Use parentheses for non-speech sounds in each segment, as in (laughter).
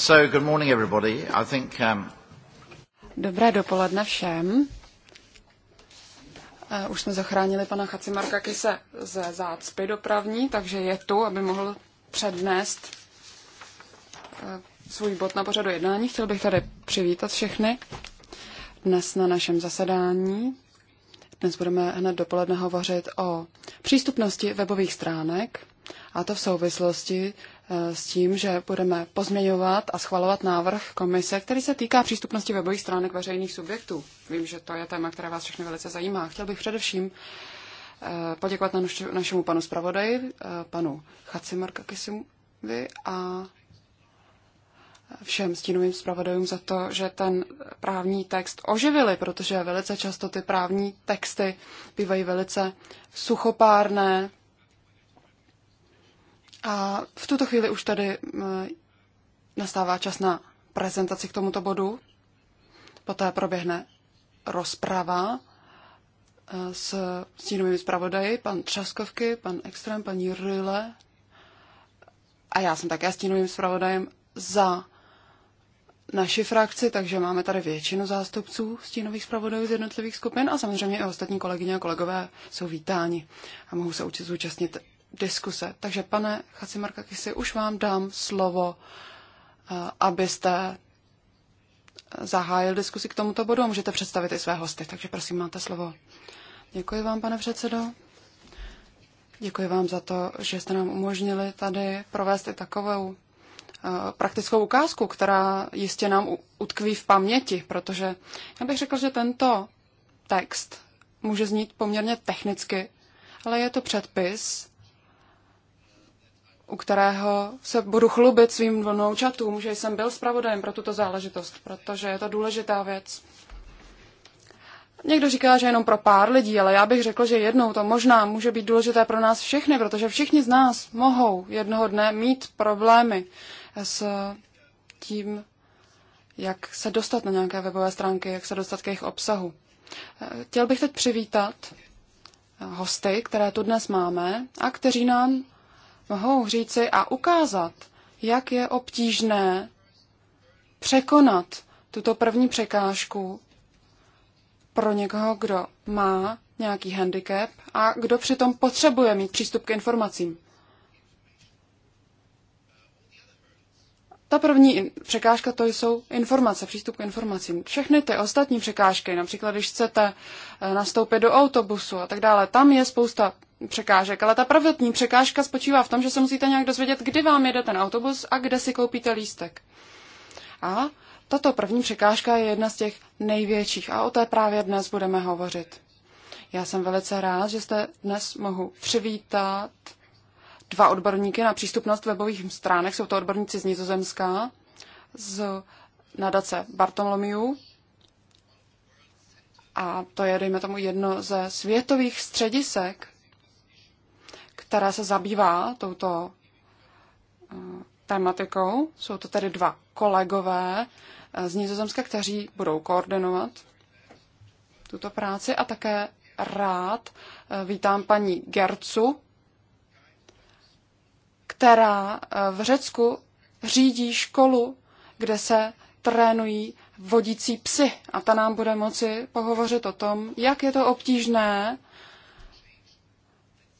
So, good morning everybody. I think, um... Dobré dopoledne všem. Eh, už jsme zachránili pana Chacimarka Kise ze zácpy dopravní, takže je tu, aby mohl přednést eh, svůj bod na pořadu jednání. Chtěl bych tady přivítat všechny dnes na našem zasedání. Dnes budeme hned dopoledne hovořit o přístupnosti webových stránek, a to v souvislosti e, s tím, že budeme pozměňovat a schvalovat návrh komise, který se týká přístupnosti webových stránek veřejných subjektů. Vím, že to je téma, které vás všechny velice zajímá. Chtěl bych především e, poděkovat našemu panu zpravodaji, e, panu Chacimarkakisumovi a všem stínovým zpravodajům za to, že ten právní text oživili, protože velice často ty právní texty bývají velice suchopárné. A v tuto chvíli už tady eh, nastává čas na prezentaci k tomuto bodu. Poté proběhne rozprava eh, s stínovými zpravodaji, pan Třaskovky, pan Extrém, paní Ryle. A já jsem také stínovým zpravodajem za naši frakci, takže máme tady většinu zástupců stínových zpravodajů z jednotlivých skupin a samozřejmě i ostatní kolegyně a kolegové jsou vítáni a mohou se učit zúčastnit diskuse. Takže pane Chacimarka Kisi, už vám dám slovo, eh, abyste zahájil diskusi k tomuto bodu a můžete představit i své hosty. Takže prosím, máte slovo. Děkuji vám, pane předsedo. Děkuji vám za to, že jste nám umožnili tady provést i takovou Eh, praktickou ukázku, která jistě nám utkví v paměti, protože já bych řekl, že tento text může znít poměrně technicky, ale je to předpis, u kterého se budu chlubit svým vnoučatům, že jsem byl zpravodajem pro tuto záležitost, protože je to důležitá věc. Někdo říká, že jenom pro pár lidí, ale já bych řekl, že jednou to možná může být důležité pro nás všechny, protože všichni z nás mohou jednoho dne mít problémy s tím, jak se dostat na nějaké webové stránky, jak se dostat k jejich obsahu. Chtěl bych teď přivítat hosty, které tu dnes máme a kteří nám mohou říci a ukázat, jak je obtížné překonat tuto první překážku pro někoho, kdo má nějaký handicap a kdo přitom potřebuje mít přístup k informacím. Ta první překážka to jsou informace, přístup k informacím. Všechny ty ostatní překážky, například když chcete eh, nastoupit do autobusu a tak dále, tam je spousta překážek, ale ta prvotní překážka spočívá v tom, že se musíte nějak dozvědět, kdy vám jede ten autobus a kde si koupíte lístek. A tato první překážka je jedna z těch největších a o té právě dnes budeme hovořit. Já jsem velice rád, že jste dnes mohu přivítat dva odborníky na přístupnost webových stránek, jsou to odborníci z Nizozemska, z nadace Bartolomiu. A to je, dejme tomu, jedno ze světových středisek, která se zabývá touto eh, tématikou. Jsou to tedy dva kolegové eh, z Nizozemska, kteří budou koordinovat tuto práci a také rád eh, vítám paní Gercu, která eh, v Řecku řídí školu, kde se trénují vodící psy. A ta nám bude moci pohovořit o tom, jak je to obtížné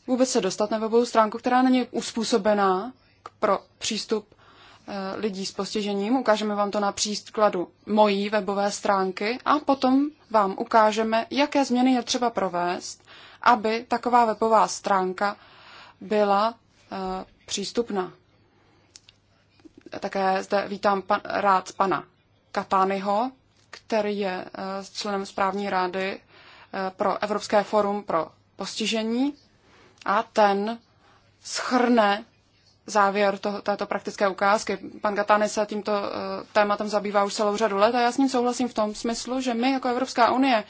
vůbec se dostat na webovou stránku, která není uspůsobená pro přístup eh, lidí s postižením. Ukážeme vám to na příkladu mojí webové stránky a potom vám ukážeme, jaké změny je třeba provést, aby taková webová stránka byla eh, přístupná. Také zde vítám pan, rád pana Katányho, který je eh, členem správní rady eh, pro Evropské forum pro postižení a ten schrne závěr to, této praktické ukázky. Pan Gatány se tímto eh, tématem zabývá už celou řadu let a já s ním souhlasím v tom smyslu, že my jako Evropská unie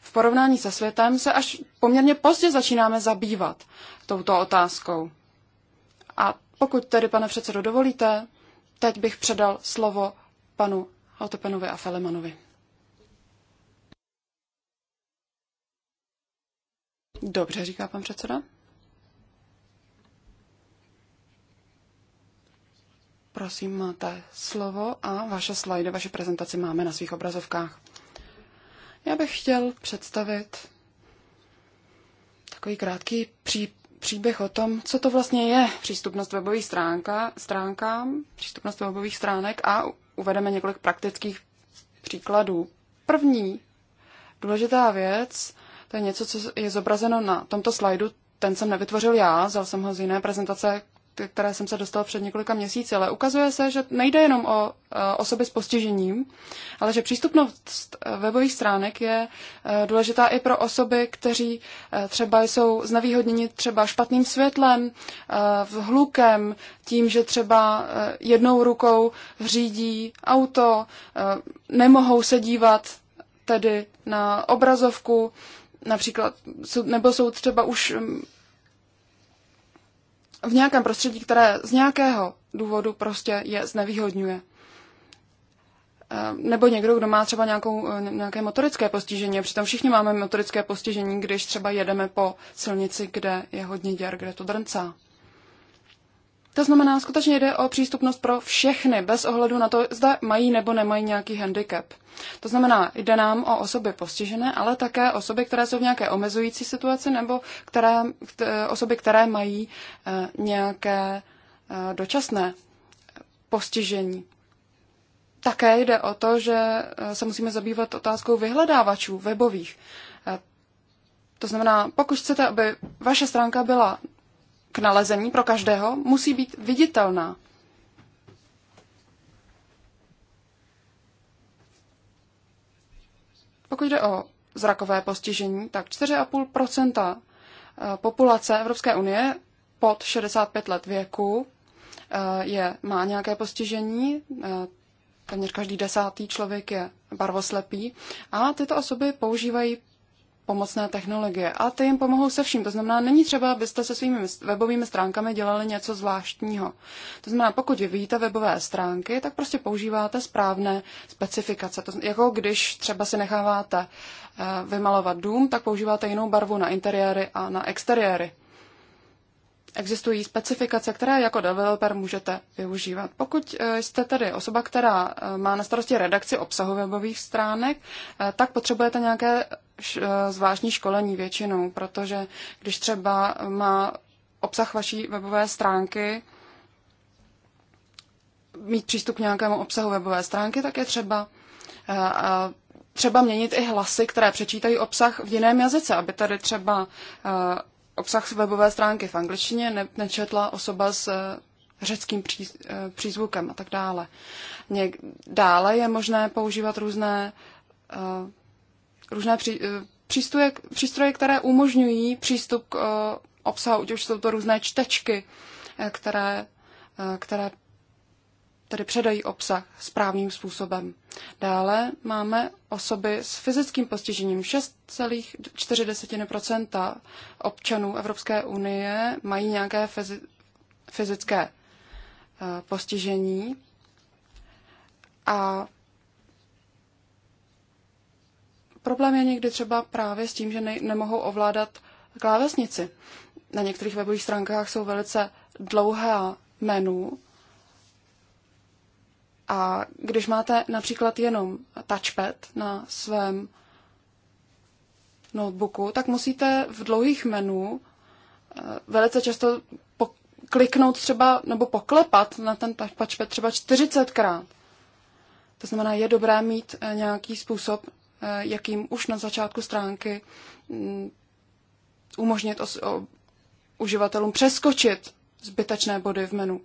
v porovnání se světem se až poměrně pozdě začínáme zabývat touto otázkou. A pokud tedy, pane předsedo, dovolíte, teď bych předal slovo panu Altepenovi a Felemanovi. Dobře, říká pan předseda. Prosím, máte slovo a vaše slajdy, vaše prezentaci máme na svých obrazovkách. Já bych chtěl představit takový krátký pří, příběh o tom, co to vlastně je přístupnost webových stránka, stránkám, přístupnost webových stránek a uvedeme několik praktických příkladů. První důležitá věc, to je něco, co je zobrazeno na tomto slajdu, ten jsem nevytvořil já, vzal jsem ho z jiné prezentace které jsem se dostal před několika měsíci, ale ukazuje se, že nejde jenom o e, osoby s postižením, ale že přístupnost e, webových stránek je e, důležitá i pro osoby, kteří třeba jsou znevýhodněni třeba špatným světlem, hlukem, tím, že třeba jednou rukou řídí auto, nemohou se dívat tedy na obrazovku, například, nebo jsou třeba už v nějakém prostředí, které z nějakého důvodu prostě je znevýhodňuje. Eh, nebo někdo, kdo má třeba nějakou, eh, nějaké motorické postižení. Přitom všichni máme motorické postižení, když třeba jedeme po silnici, kde je hodně děr, kde to drncá. To znamená, skutečně jde o přístupnost pro všechny, bez ohledu na to, zda mají nebo nemají nějaký handicap. To znamená, jde nám o osoby postižené, ale také osoby, které jsou v nějaké omezující situaci nebo které, osoby, které mají e, nějaké e, dočasné postižení. Také jde o to, že e, se musíme zabývat otázkou vyhledávačů webových. To znamená, pokud chcete, aby vaše stránka byla k nalezení pro každého musí být viditelná. Pokud jde o zrakové postižení, tak 4,5 eh, populace Evropské unie pod 65 let věku eh, je, má nějaké postižení, eh, téměř každý desátý člověk je barvoslepý a tyto osoby používají pomocné technologie. A ty jim pomohou se vším. To znamená, není třeba, abyste se svými webovými stránkami dělali něco zvláštního. To znamená, pokud vyvíjíte webové stránky, tak prostě používáte správné specifikace. To znamená, jako když třeba si necháváte eh, vymalovat dům, tak používáte jinou barvu na interiéry a na exteriéry. Existují specifikace, které jako developer můžete využívat. Pokud eh, jste tedy osoba, která eh, má na starosti redakci obsahu webových stránek, tak potřebujete nějaké Eh, zvláštní školení většinou, protože když třeba má obsah vaší webové stránky, mít přístup k nějakému obsahu webové stránky, tak je třeba eh, eh, třeba měnit i hlasy, které přečítají obsah v jiném jazyce, aby tady třeba obsah z webové stránky v angličtině nečetla osoba s řeckým přízvukem a tak dále. dále je možné používat různé různé při, eh, přístroje, přístroje, které umožňují přístup k eh, obsahu, už jsou to různé čtečky, eh, které, které tedy předají obsah správným způsobem. Dále máme osoby s fyzickým postižením. 6,4 občanů Evropské unie mají nějaké fyzické postižení a Problém je někdy třeba právě s tím, že ne- nemohou ovládat klávesnici. Na některých webových stránkách jsou velice dlouhá menu a když máte například jenom touchpad na svém notebooku, tak musíte v dlouhých menu eh, velice často kliknout třeba nebo poklepat na ten touchpad třeba 40krát. To znamená, je dobré mít eh, nějaký způsob, Eh, jakým už na začátku stránky mm, umožnit os- o, uživatelům přeskočit zbytečné body v menu.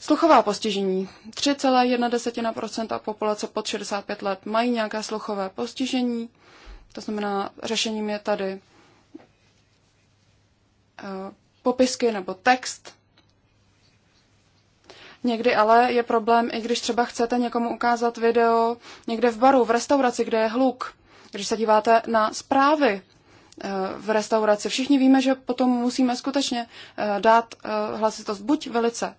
Sluchová postižení. 3,1% populace pod 65 let mají nějaké sluchové postižení. To znamená, řešením je tady eh, popisky nebo text Někdy ale je problém, i když třeba chcete někomu ukázat video někde v baru, v restauraci, kde je hluk. Když se díváte na zprávy eh, v restauraci, všichni víme, že potom musíme skutečně eh, dát eh, hlasitost buď velice,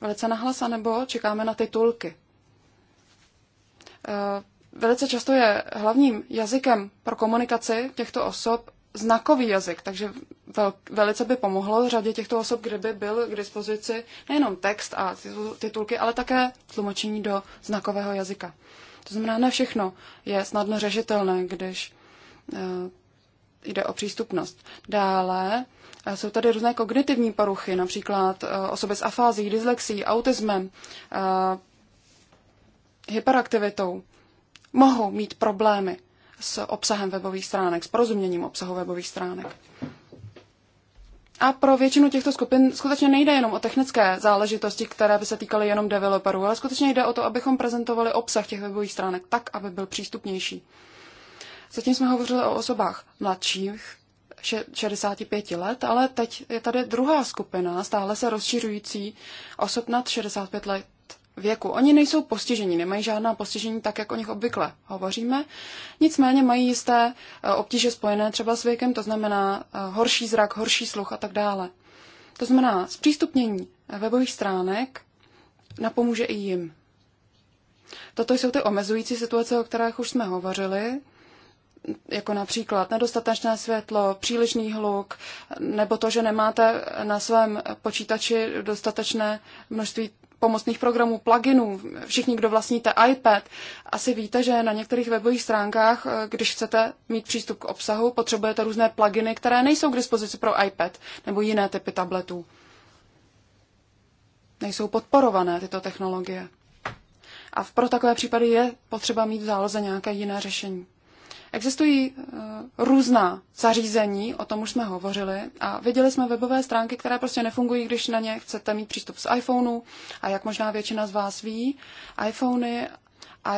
velice nahlas, nebo čekáme na titulky. Velice často je hlavním jazykem pro komunikaci těchto osob znakový jazyk, takže vel, velice by pomohlo řadě těchto osob, kdyby byl k dispozici nejenom text a titulky, ale také tlumočení do znakového jazyka. To znamená, ne všechno je snadno řešitelné, když uh, jde o přístupnost. Dále uh, jsou tady různé kognitivní poruchy, například uh, osoby s afází, dyslexí, autismem, uh, hyperaktivitou. Mohou mít problémy s obsahem webových stránek, s porozuměním obsahu webových stránek. A pro většinu těchto skupin skutečně nejde jenom o technické záležitosti, které by se týkaly jenom developerů, ale skutečně jde o to, abychom prezentovali obsah těch webových stránek tak, aby byl přístupnější. Zatím jsme hovořili o osobách mladších, 65 let, ale teď je tady druhá skupina, stále se rozšiřující osob nad 65 let, věku. Oni nejsou postižení, nemají žádná postižení tak, jak o nich obvykle hovoříme. Nicméně mají jisté e, obtíže spojené třeba s věkem, to znamená e, horší zrak, horší sluch a tak dále. To znamená, zpřístupnění webových stránek napomůže i jim. Toto jsou ty omezující situace, o kterých už jsme hovořili, jako například nedostatečné světlo, přílišný hluk, nebo to, že nemáte na svém počítači dostatečné množství pomocných programů, pluginů. Všichni, kdo vlastníte iPad, asi víte, že na některých webových stránkách, eh, když chcete mít přístup k obsahu, potřebujete různé pluginy, které nejsou k dispozici pro iPad nebo jiné typy tabletů. Nejsou podporované tyto technologie. A pro takové případy je potřeba mít v záloze nějaké jiné řešení. Existují eh, různá zařízení, o tom už jsme hovořili, a viděli jsme webové stránky, které prostě nefungují, když na ně chcete mít přístup z iPhoneu. A jak možná většina z vás ví, iPhony,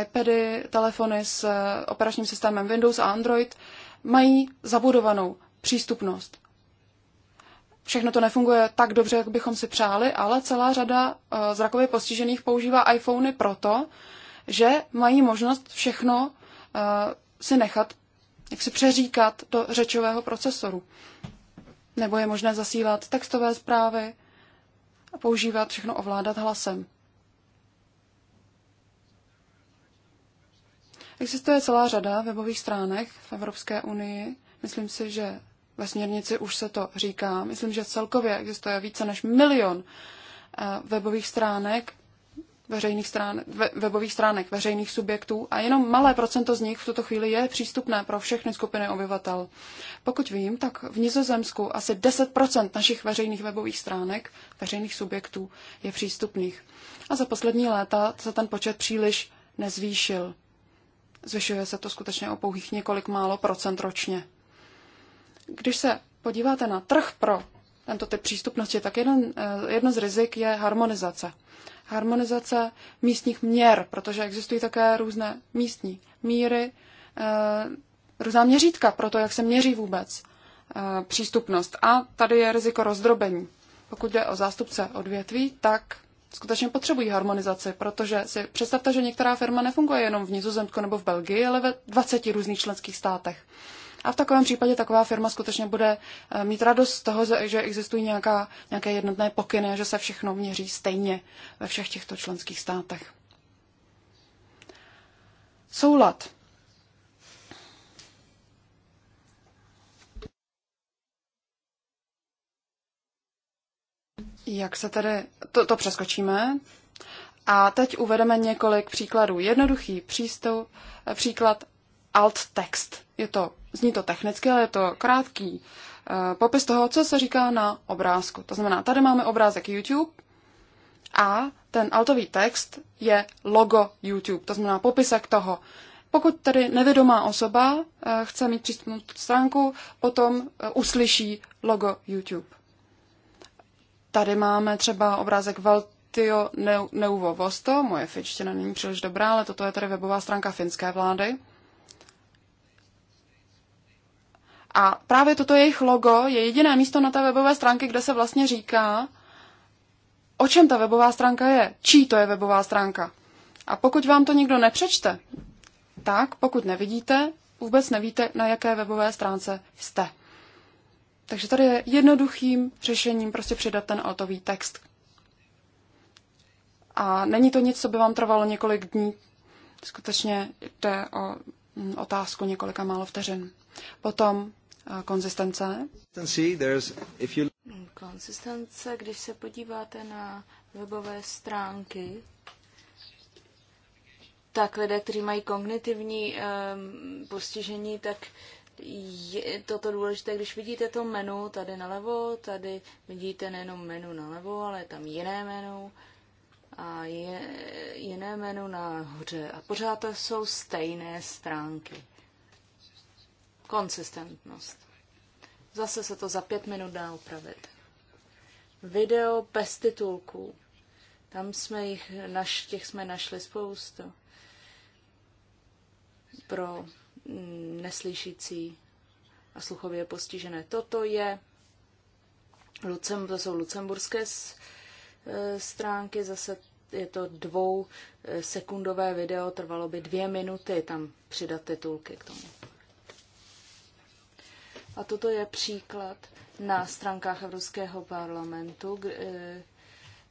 iPady, telefony s eh, operačním systémem Windows a Android mají zabudovanou přístupnost. Všechno to nefunguje tak dobře, jak bychom si přáli, ale celá řada eh, zrakově postižených používá iPhony proto, že mají možnost všechno si nechat, jak si přeříkat do řečového procesoru. Nebo je možné zasílat textové zprávy a používat všechno ovládat hlasem. Existuje celá řada webových stránek v Evropské unii. Myslím si, že ve směrnici už se to říká. Myslím, že celkově existuje více než milion eh, webových stránek veřejných strán, ve, webových stránek veřejných subjektů a jenom malé procento z nich v tuto chvíli je přístupné pro všechny skupiny obyvatel. Pokud vím, tak v Nizozemsku asi 10% našich veřejných webových stránek veřejných subjektů je přístupných. A za poslední léta se ten počet příliš nezvýšil. Zvyšuje se to skutečně o pouhých několik málo procent ročně. Když se podíváte na trh pro tento typ přístupnosti, tak jeden, eh, jedno z rizik je harmonizace. Harmonizace místních měr, protože existují také různé místní míry, eh, různá měřítka pro to, jak se měří vůbec eh, přístupnost. A tady je riziko rozdrobení. Pokud jde o zástupce odvětví, tak skutečně potřebují harmonizaci, protože si představte, že některá firma nefunguje jenom v Nizozemsku nebo v Belgii, ale ve 20 různých členských státech. A v takovém případě taková firma skutečně bude eh, mít radost z toho, že existují nějaká, nějaké jednotné pokyny a že se všechno měří stejně ve všech těchto členských státech. Soulad. Jak se tedy... To, to přeskočíme. A teď uvedeme několik příkladů. Jednoduchý přístup, eh, příklad alt text. Je to, zní to technicky, ale je to krátký eh, popis toho, co se říká na obrázku. To znamená, tady máme obrázek YouTube a ten altový text je logo YouTube, to znamená popisek toho. Pokud tedy nevědomá osoba eh, chce mít přístup stránku, potom eh, uslyší logo YouTube. Tady máme třeba obrázek Valtio Neuvo Vosto, moje fičtina není příliš dobrá, ale toto je tedy webová stránka finské vlády. A právě toto jejich logo je jediné místo na té webové stránky, kde se vlastně říká, o čem ta webová stránka je, čí to je webová stránka. A pokud vám to nikdo nepřečte, tak pokud nevidíte, vůbec nevíte, na jaké webové stránce jste. Takže tady je jednoduchým řešením prostě přidat ten altový text. A není to nic, co by vám trvalo několik dní. Skutečně jde o mm, otázku několika málo vteřin. Potom konzistence? Konzistence, když se podíváte na webové stránky, tak lidé, kteří mají kognitivní um, postižení, tak je toto důležité, když vidíte to menu tady nalevo, tady vidíte nejenom menu nalevo, ale je tam jiné menu a je, jiné menu nahoře. A pořád to jsou stejné stránky. Konsistentnost. Zase se to za pět minut dá upravit. Video bez titulků. Tam jsme jich, naš, těch jsme našli spoustu. Pro mm, neslyšící a sluchově postižené. Toto je Lucem, to jsou lucemburské e, stránky, zase je to dvou e, sekundové video, trvalo by dvě minuty tam přidat titulky k tomu. A toto je příklad na stránkách Evropského parlamentu. Eh,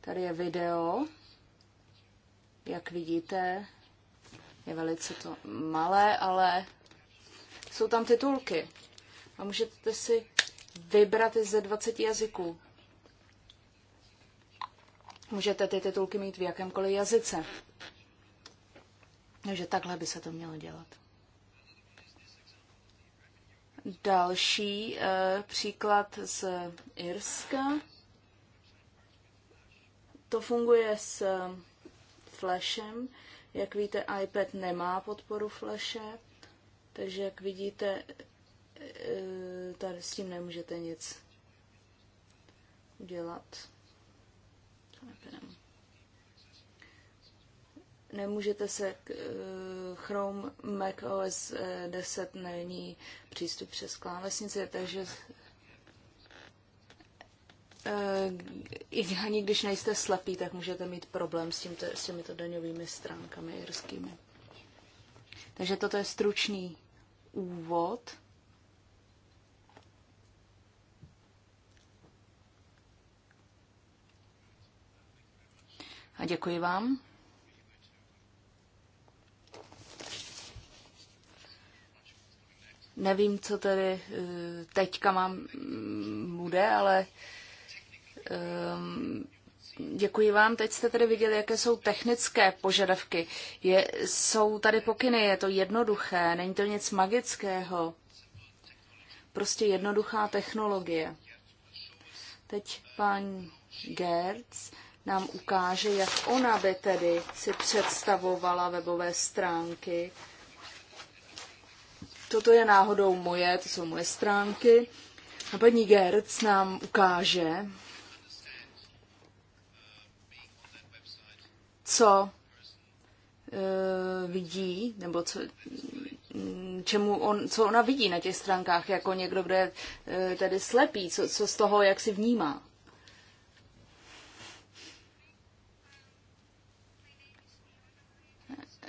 tady je video, jak vidíte, je velice to malé, ale jsou tam titulky. A můžete si vybrat ze 20 jazyků. Můžete ty titulky mít v jakémkoliv jazyce. Takže takhle by se to mělo dělat. Další uh, příklad z Irska. To funguje s eh, flashem. Jak víte, iPad nemá podporu flashe, takže jak vidíte, eh, tady s tím nemůžete nic udělat. To nemůžete se k eh, Chrome Mac OS 10 eh, není přístup přes klávesnici, takže eh, i ani když nejste slepí, tak můžete mít problém s, tímto, s těmito daňovými stránkami jirskými. Takže toto je stručný úvod. A děkuji vám. Nevím, co tedy eh, teďka mám mm, bude, ale um, děkuji vám. Teď jste tedy viděli, jaké jsou technické požadavky. Je, jsou tady pokyny, je to jednoduché, není to nic magického. Prostě jednoduchá technologie. Teď pan Gertz nám ukáže, jak ona by tedy si představovala webové stránky Toto je náhodou moje, to jsou moje stránky. A paní Gertz nám ukáže, co uh, vidí, nebo co, mm, čemu on, co ona vidí na těch stránkách, jako někdo, kdo je e, tedy slepý, co, co z toho, jak si vnímá.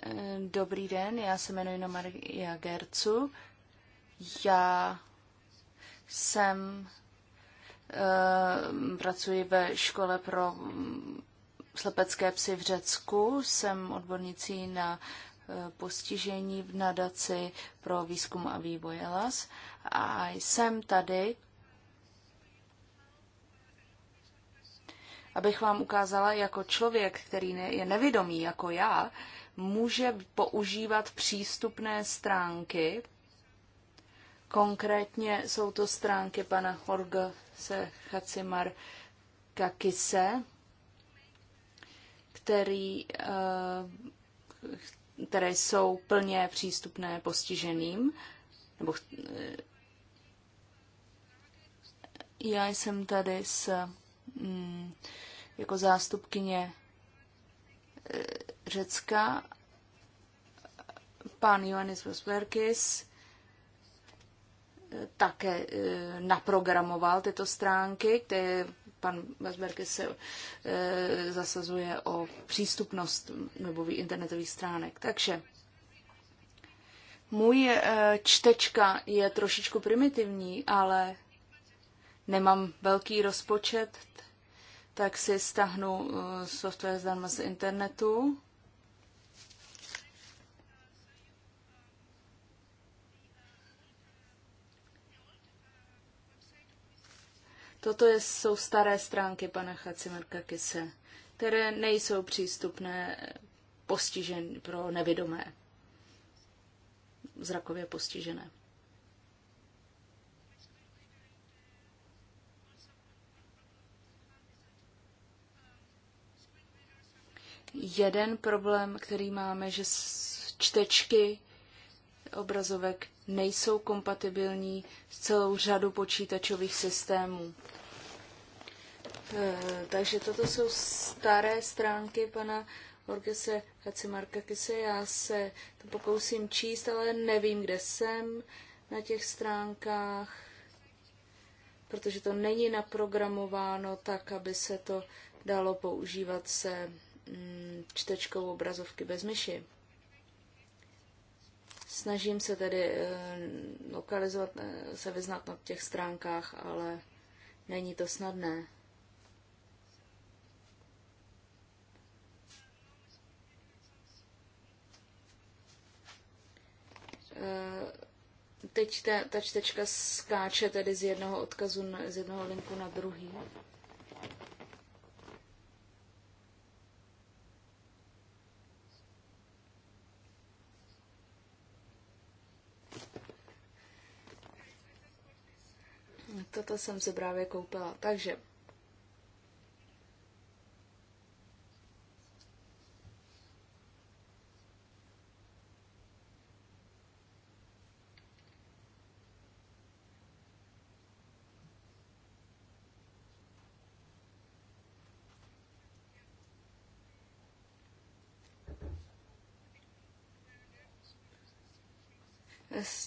Eh, dobrý den, já se jmenuji Maria Gercu. Já jsem eh, pracuji ve škole pro mm, slepecké psy v Řecku. Jsem odbornicí na eh, postižení v nadaci pro výzkum a vývoj LAS. A jsem tady, abych vám ukázala jako člověk, který je nevědomý jako já, může používat přístupné stránky. Konkrétně jsou to stránky pana Horga se Chacimar Kakise, který, eh, které jsou plně přístupné postiženým. Nebo, eh, já jsem tady s, mm, jako zástupkyně Řecka, pan Ioannis Vosperkis, eh, také eh, naprogramoval tyto stránky, které pan Vosperkis se eh, zasazuje o přístupnost webových internetových stránek. Takže můj čtečka je trošičku primitivní, ale nemám velký rozpočet, tak si stahnu uh, software zdarma z internetu. Toto je, jsou staré stránky pana Chacimerka Kise, které nejsou přístupné postižen, pro nevidomé, zrakově postižené. Jeden problém, který máme, že čtečky obrazovek nejsou kompatibilní s celou řadu počítačových systémů. Eh, takže toto jsou staré stránky pana Orgese Hacimarka Kise. Já se to pokusím číst, ale nevím, kde jsem na těch stránkách, protože to není naprogramováno tak, aby se to dalo používat se Mm, čtečkou obrazovky bez myši. Snažím se tedy eh, lokalizovat, eh, se vyznat na těch stránkách, ale není to snadné. Eh, teď ta, ta čtečka skáče tedy z jednoho odkazu, z jednoho linku na druhý. Toto jsem si právě koupila. Takže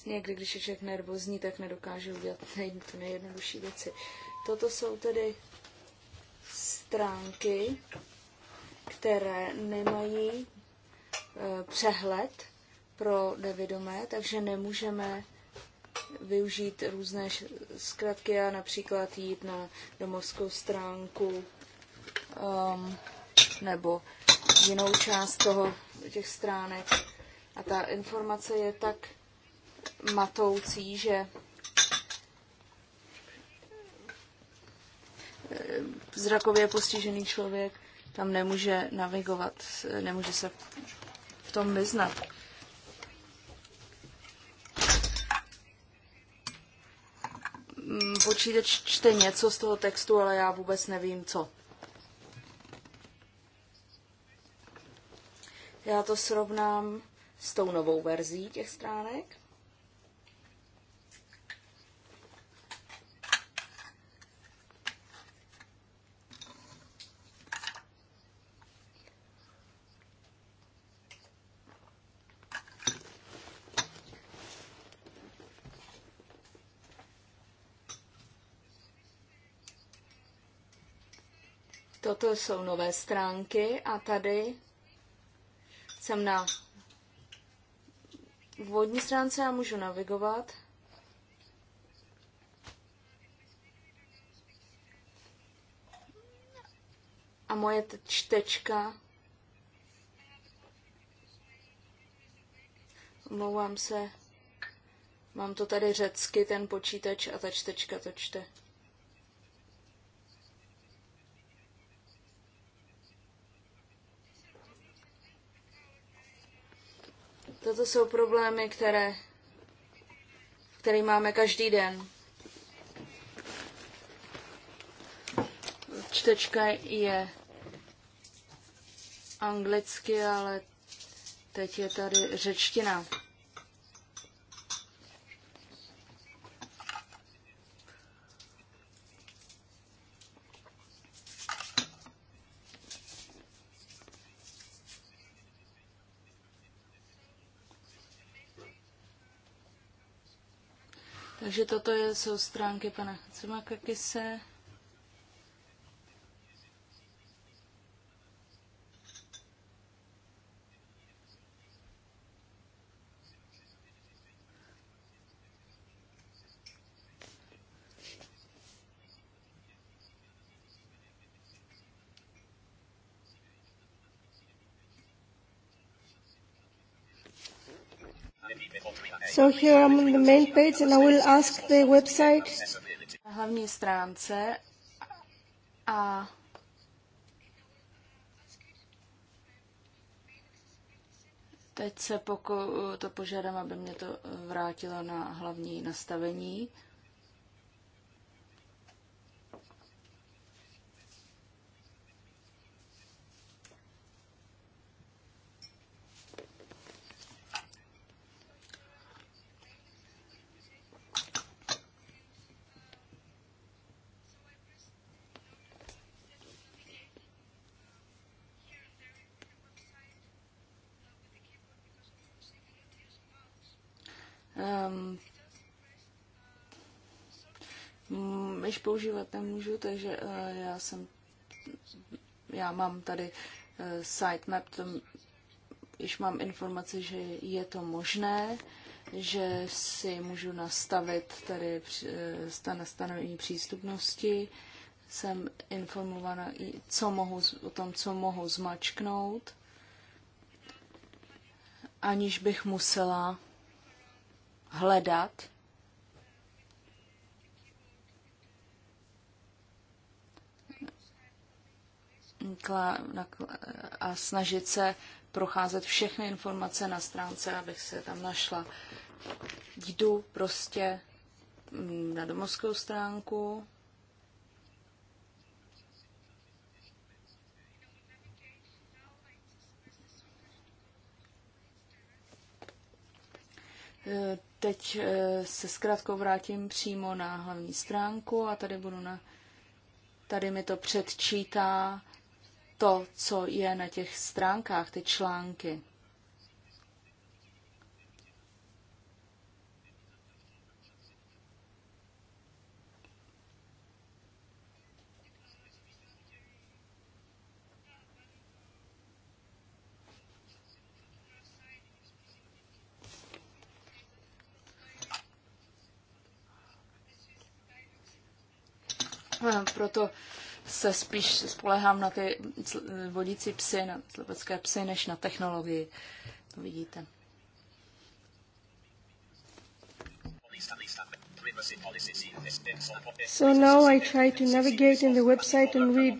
někdy, když je člověk nervózní, tak nedokáže udělat to nejjednodušší věci. Toto jsou tedy stránky, které nemají e, přehled pro nevědomé, takže nemůžeme využít různé zkratky a například jít na domovskou stránku um, nebo jinou část toho, těch stránek. A ta informace je tak matoucí, že eh, zrakově postižený člověk tam nemůže navigovat, nemůže se v tom vyznat. Mm, Počítač čte něco z toho textu, ale já vůbec nevím, co. Já to srovnám s tou novou verzí těch stránek. Toto jsou nové stránky a tady jsem na vodní stránce a můžu navigovat. A moje čtečka. Omlouvám se. Mám to tady řecky, ten počítač a ta čtečka to čte. Toto jsou problémy, které, které máme každý den. Čtečka je anglicky, ale teď je tady řečtina. Takže toto je, jsou stránky pana Cimakakise. So here I'm on the main page and I will ask the website. Na hlavní stránce a Teď se poku- to požádám, aby mě to vrátilo na hlavní nastavení. Um, ehm, již mm, používat nemůžu, takže uh, já jsem, já mám tady uh, sitemap, tam již mám informace, že je to možné, že si můžu nastavit tady uh, eh, nastavení přístupnosti, jsem informována, co mohu, o tom, co mohu zmačknout, aniž bych musela hledat a snažit se procházet všechny informace na stránce, abych se tam našla. Jdu prostě mm, na domovskou stránku, Teď eh, se zkrátkou vrátím přímo na hlavní stránku a tady budu na... Tady mi to předčítá to, co je na těch stránkách, ty články. Proto se spíš spolehám na ty vodící psy, na slepecké psy, než na technologii. To vidíte. So now I try to navigate in the website and read.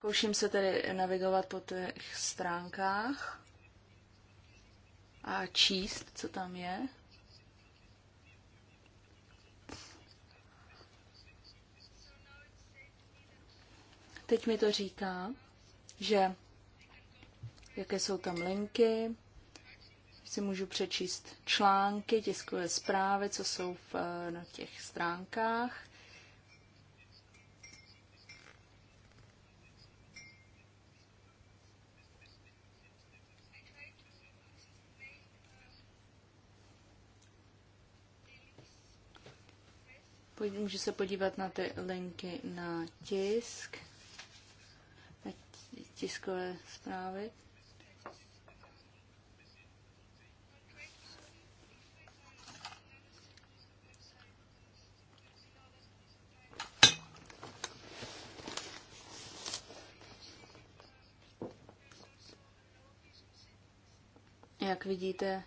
Pokouším se tedy navigovat po těch stránkách a číst, co tam je. Teď mi to říká, že jaké jsou tam linky, si můžu přečíst články, tiskové zprávy, co jsou v, na těch stránkách. Můžu se podívat na ty linky na tisk tiskové zprávy. Jak vidíte,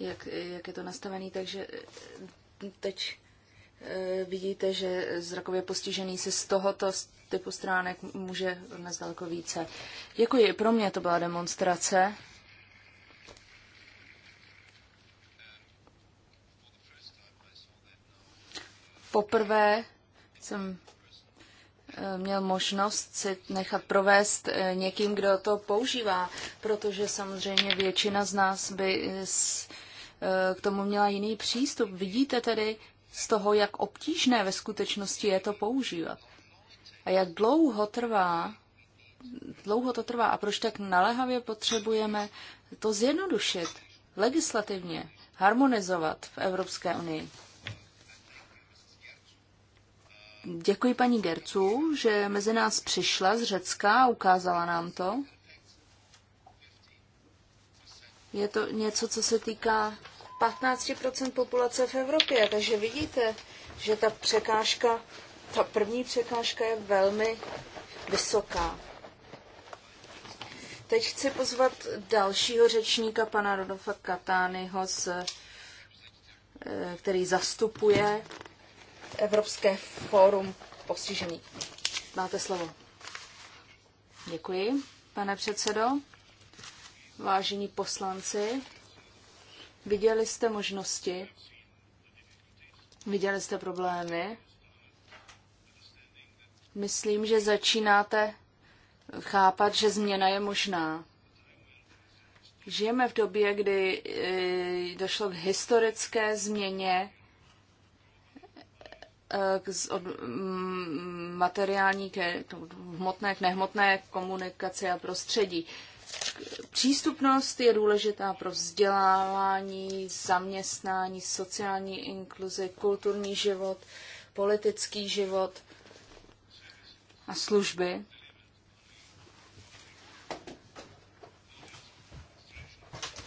jak, jak je to nastavený, takže eh, teď eh, vidíte, že zrakově postižený se z tohoto typu stránek může dnes daleko více. Děkuji, pro mě to byla demonstrace. Poprvé jsem eh, měl možnost si nechat provést někým, kdo to používá, protože samozřejmě většina z nás by s Eh, k tomu měla jiný přístup. Vidíte tedy z toho, jak obtížné ve skutečnosti je to používat. A jak dlouho trvá, dlouho to trvá a proč tak naléhavě potřebujeme to zjednodušit legislativně, harmonizovat v Evropské unii. Děkuji paní Gercu, že mezi nás přišla z Řecka a ukázala nám to. Je to něco, co se týká 15% populace v Evropě. Takže vidíte, že ta překážka, ta první překážka je velmi vysoká. Teď chci pozvat dalšího řečníka, pana Rodolfa Katányho, eh, který zastupuje Evropské fórum postižených. Máte slovo. Děkuji, pane předsedo. Vážení poslanci, Viděli jste možnosti, viděli jste problémy. Myslím, že začínáte chápat, že změna je možná. Žijeme v době, kdy eh, došlo k historické změně eh, k od mm, materiální k hmotné k nehmotné komunikaci a prostředí. Přístupnost je důležitá pro vzdělávání, zaměstnání, sociální inkluzi, kulturní život, politický život a služby.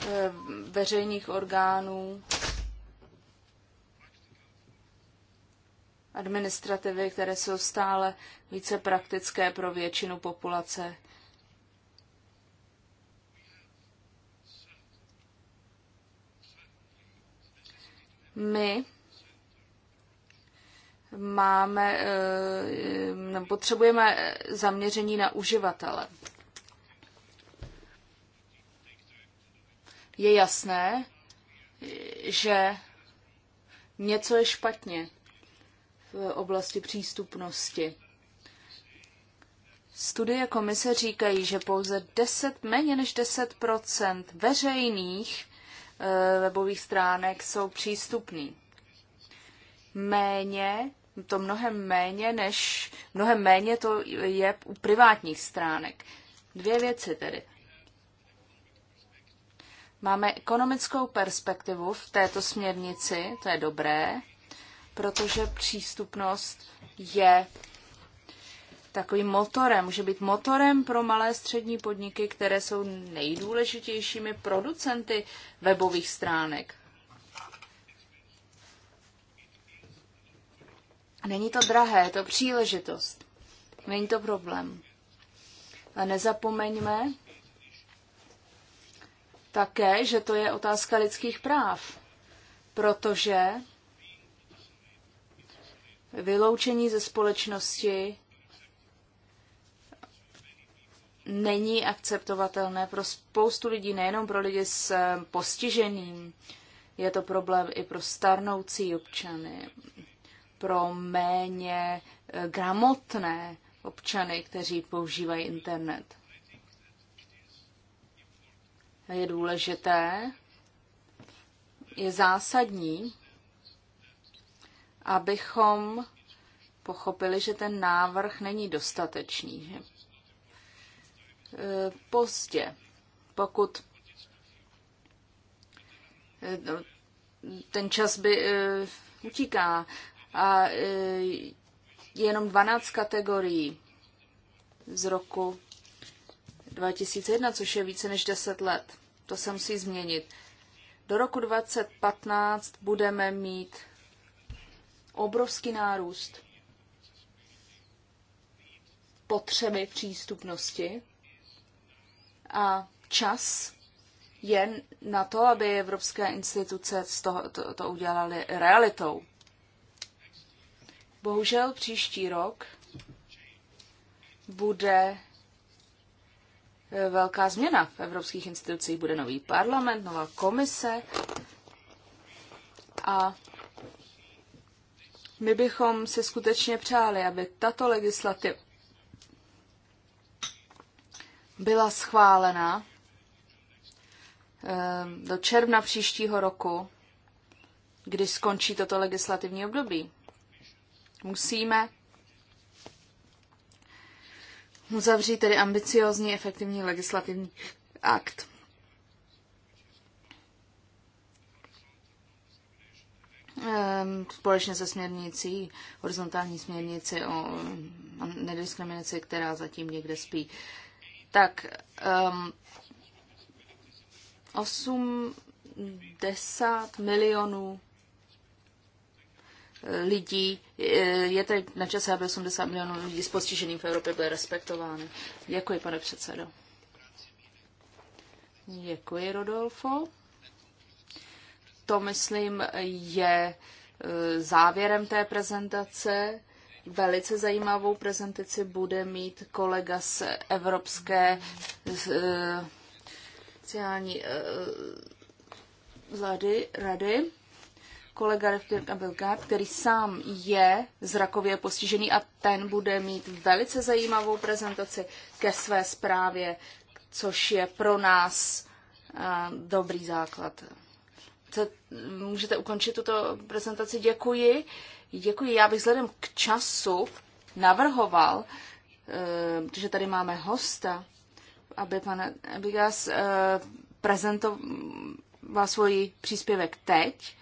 Eh, veřejných orgánů, administrativy, které jsou stále více praktické pro většinu populace My máme, eh, potřebujeme zaměření na uživatele. Je jasné, že něco je špatně v oblasti přístupnosti. Studie komise říkají, že pouze 10, méně než 10 veřejných Eh, webových stránek jsou přístupný. Méně, to mnohem méně, než, mnohem méně to je u privátních stránek. Dvě věci tedy. Máme ekonomickou perspektivu v této směrnici, to je dobré, protože přístupnost je takovým motorem, může být motorem pro malé střední podniky, které jsou nejdůležitějšími producenty webových stránek. Není to drahé, je to příležitost. Není to problém. A nezapomeňme také, že to je otázka lidských práv, protože vyloučení ze společnosti není akceptovatelné pro spoustu lidí, nejenom pro lidi s eh, postižením. Je to problém i pro starnoucí občany, pro méně eh, gramotné občany, kteří používají internet. Je důležité, je zásadní, abychom pochopili, že ten návrh není dostatečný, že pozdě. Pokud eh, ten čas by eh, utíká a eh, jenom 12 kategorií z roku 2001, což je více než 10 let. To se musí změnit. Do roku 2015 budeme mít obrovský nárůst potřeby přístupnosti a čas je na to, aby evropské instituce z toho, to, to udělali realitou. Bohužel příští rok bude e, velká změna v evropských institucích. Bude nový parlament, nová komise a my bychom si skutečně přáli, aby tato legislativa byla schválena eh, do června příštího roku, kdy skončí toto legislativní období. Musíme uzavřít tedy ambiciozní efektivní legislativní akt. Ehm, společně se směrnicí, horizontální směrnici o nediskriminaci, která zatím někde spí. Tak um, 80 milionů eh, lidí, eh, je tady na čase, aby 80 milionů lidí s postižením v Evropě byly respektovány. Děkuji, pane předsedo. Děkuji, Rodolfo. To, myslím, je eh, závěrem té prezentace. Velice zajímavou prezentaci bude mít kolega z Evropské eh, sociální eh, vlády, rady, kolega Abelka, který sám je zrakově postižený a ten bude mít velice zajímavou prezentaci ke své zprávě, což je pro nás eh, dobrý základ. Můžete ukončit tuto prezentaci? Děkuji. Děkuji. Já bych vzhledem k času navrhoval, eh, protože tady máme hosta, aby pan vás eh, prezentoval svůj příspěvek teď,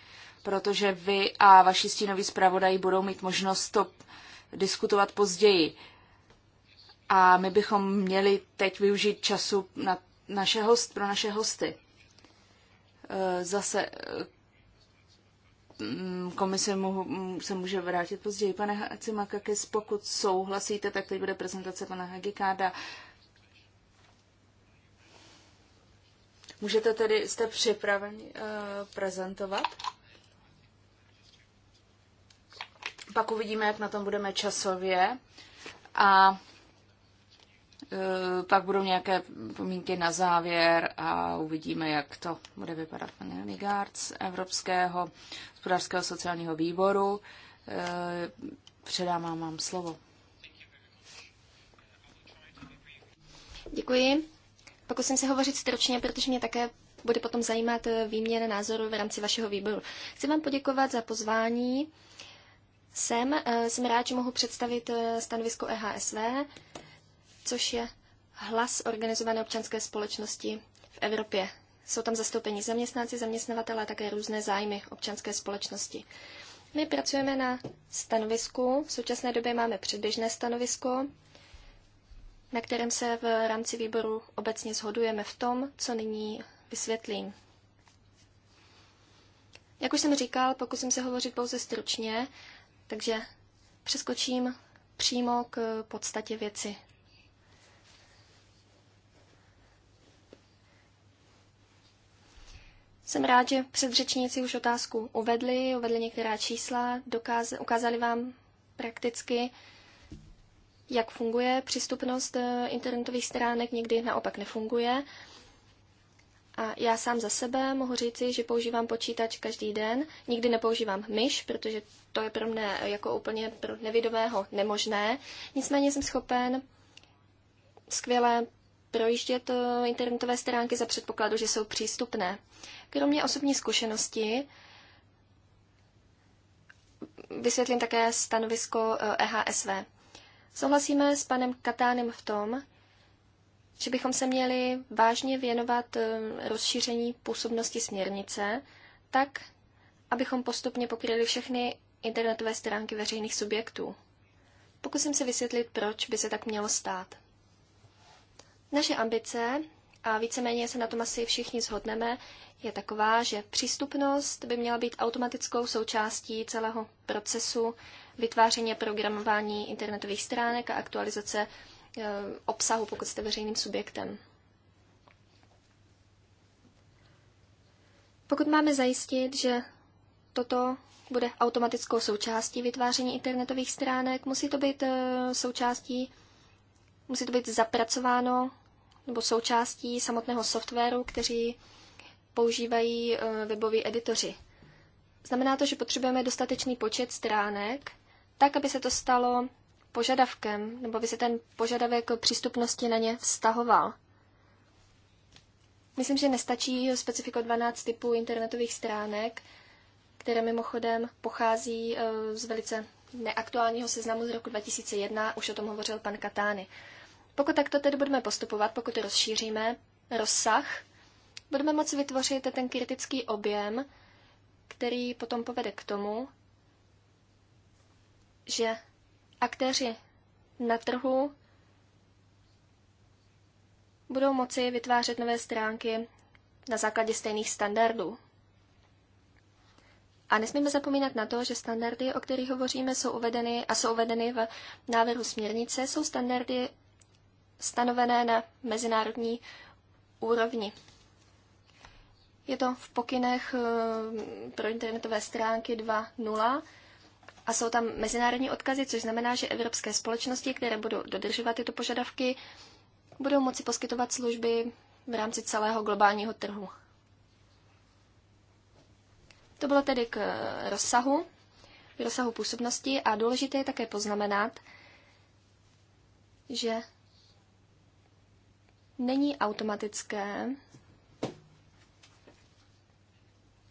protože vy a vaši stínoví zpravodají budou mít možnost to diskutovat později. A my bychom měli teď využít času na naše host, pro naše hosty. Eh, zase Mm, komise mm, se může vrátit později. Pane Hacimakakis, pokud souhlasíte, tak teď bude prezentace pana Hagikáda. Můžete tedy, jste připraveni uh, prezentovat? Pak uvidíme, jak na tom budeme časově. A Eh, pak budou nějaké pomínky na závěr a uvidíme, jak to bude vypadat. Pan Ligard z Evropského hospodářského sociálního výboru. Eh, předám vám, vám slovo. Děkuji. Pokusím se hovořit stručně, protože mě také bude potom zajímat eh, výměna názoru v rámci vašeho výboru. Chci vám poděkovat za pozvání. Jsem, jsem rád, že mohu představit stanovisko EHSV což je hlas organizované občanské společnosti v Evropě. Jsou tam zastoupení zaměstnanci, zaměstnavatele a také různé zájmy občanské společnosti. My pracujeme na stanovisku, v současné době máme předběžné stanovisko, na kterém se v rámci výboru obecně shodujeme v tom, co nyní vysvětlím. Jak už jsem říkal, pokusím se hovořit pouze stručně, takže přeskočím přímo k podstatě věci. Jsem rád, že předřečníci už otázku uvedli, uvedli některá čísla, dokáz, ukázali vám prakticky, jak funguje přístupnost eh, internetových stránek, někdy naopak nefunguje. A já sám za sebe mohu říci, že používám počítač každý den, nikdy nepoužívám myš, protože to je pro mě jako úplně pro nevidového nemožné. Nicméně jsem schopen skvěle projíždět eh, internetové stránky za předpokladu, že jsou přístupné. Kromě osobní zkušenosti vysvětlím také stanovisko EHSV. E Souhlasíme s panem Katánem v tom, že bychom se měli vážně věnovat eh, rozšíření působnosti směrnice tak, abychom postupně pokryli všechny internetové stránky veřejných subjektů. Pokusím se vysvětlit, proč by se tak mělo stát. Naše ambice, a víceméně se na tom asi všichni shodneme, je taková, že přístupnost by měla být automatickou součástí celého procesu vytváření a programování internetových stránek a aktualizace e, obsahu, pokud jste veřejným subjektem. Pokud máme zajistit, že toto bude automatickou součástí vytváření internetových stránek, musí to být e, součástí, musí to být zapracováno nebo součástí samotného softwaru, kteří používají eh, webový editoři. Znamená to, že potřebujeme dostatečný počet stránek, tak, aby se to stalo požadavkem, nebo aby se ten požadavek přístupnosti na ně vztahoval. Myslím, že nestačí specifiko 12 typů internetových stránek, které mimochodem pochází eh, z velice neaktuálního seznamu z roku 2001, už o tom hovořil pan Katány. Pokud takto tedy budeme postupovat, pokud rozšíříme rozsah, budeme moci vytvořit ten kritický objem, který potom povede k tomu, že aktéři na trhu budou moci vytvářet nové stránky na základě stejných standardů. A nesmíme zapomínat na to, že standardy, o kterých hovoříme, jsou uvedeny a jsou uvedeny v návrhu směrnice, jsou standardy stanovené na mezinárodní úrovni. Je to v pokynech eh, pro internetové stránky 2.0 a jsou tam mezinárodní odkazy, což znamená, že evropské společnosti, které budou dodržovat tyto požadavky, budou moci poskytovat služby v rámci celého globálního trhu. To bylo tedy k eh, rozsahu, k rozsahu působnosti a důležité je také poznamenat, že není automatické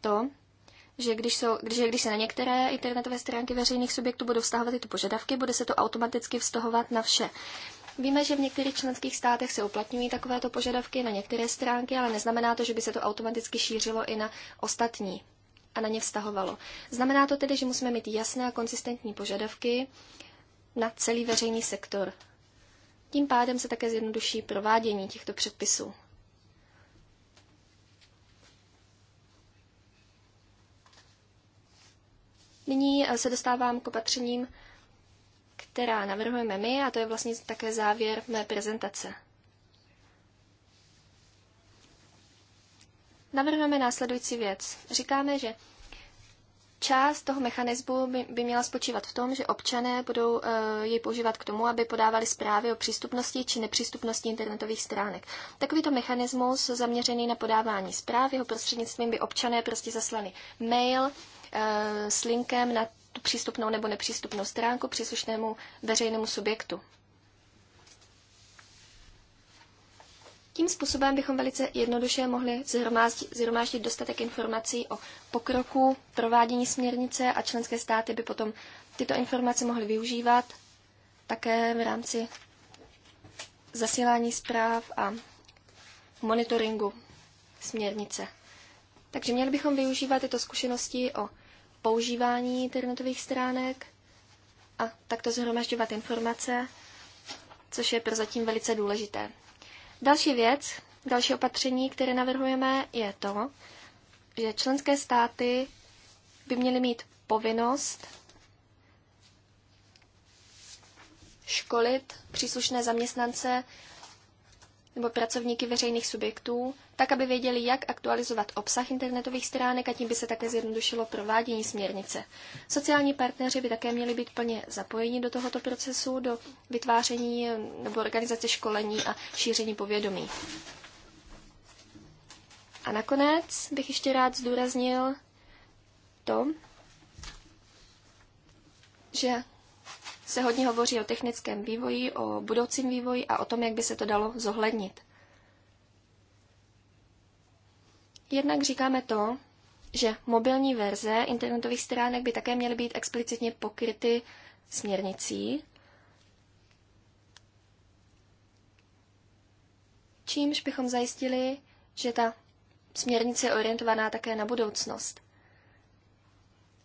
to, že když, jsou, když když se na některé internetové stránky veřejných subjektů budou vztahovat tyto požadavky, bude se to automaticky vztahovat na vše. Víme, že v některých členských státech se uplatňují takovéto požadavky na některé stránky, ale neznamená to, že by se to automaticky šířilo i na ostatní a na ně vztahovalo. Znamená to tedy, že musíme mít jasné a konsistentní požadavky na celý veřejný sektor tím pádem se také zjednoduší provádění těchto předpisů. Nyní se dostávám k opatřením, která navrhujeme my, a to je vlastně také závěr mé prezentace. Navrhujeme následující věc. Říkáme, že Část toho mechanismu by, by měla spočívat v tom, že občané budou uh, jej používat k tomu, aby podávali zprávy o přístupnosti či nepřístupnosti internetových stránek. Takovýto mechanismus zaměřený na podávání zpráv, jeho prostřednictvím by občané prostě zaslali mail uh, s linkem na tu přístupnou nebo nepřístupnou stránku příslušnému veřejnému subjektu. Tím způsobem bychom velice jednoduše mohli zhromáždit dostatek informací o pokroku provádění směrnice a členské státy by potom tyto informace mohly využívat také v rámci zasílání zpráv a monitoringu směrnice. Takže měli bychom využívat tyto zkušenosti o používání internetových stránek a takto zhromažďovat informace, což je prozatím velice důležité. Další věc, další opatření, které navrhujeme, je to, že členské státy by měly mít povinnost školit příslušné zaměstnance nebo pracovníky veřejných subjektů tak aby věděli, jak aktualizovat obsah internetových stránek a tím by se také zjednodušilo provádění směrnice. Sociální partneři by také měli být plně zapojeni do tohoto procesu, do vytváření eh, nebo organizace školení a šíření povědomí. A nakonec bych ještě rád zdůraznil to, že se hodně hovoří o technickém vývoji, o budoucím vývoji a o tom, jak by se to dalo zohlednit. Jednak říkáme to, že mobilní verze internetových stránek by také měly být explicitně pokryty směrnicí, čímž bychom zajistili, že ta směrnice je orientovaná také na budoucnost.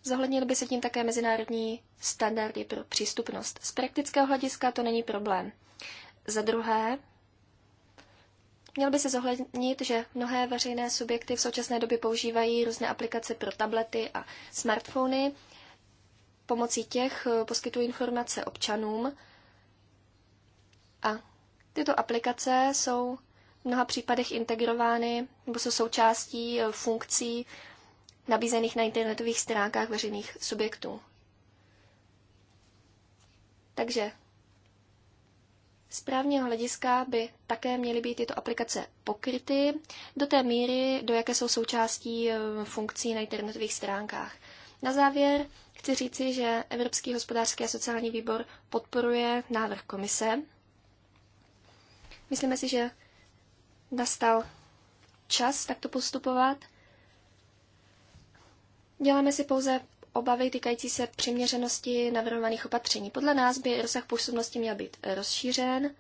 Zohlednili by se tím také mezinárodní standardy pro přístupnost. Z praktického hlediska to není problém. Za druhé, Měl by se zohlednit, že mnohé veřejné subjekty v současné době používají různé aplikace pro tablety a smartfony. Pomocí těch eh, poskytují informace občanům a tyto aplikace jsou v mnoha případech integrovány nebo jsou součástí eh, funkcí nabízených na internetových stránkách veřejných subjektů. Takže z právního hlediska by také měly být tyto aplikace pokryty do té míry, do jaké jsou součástí eh, funkcí na internetových stránkách. Na závěr chci říci, že Evropský hospodářský a sociální výbor podporuje návrh komise. Myslíme si, že nastal čas takto postupovat. Děláme si pouze obavy týkající se přiměřenosti navrhovaných opatření. Podle nás by rozsah působnosti měl být rozšířen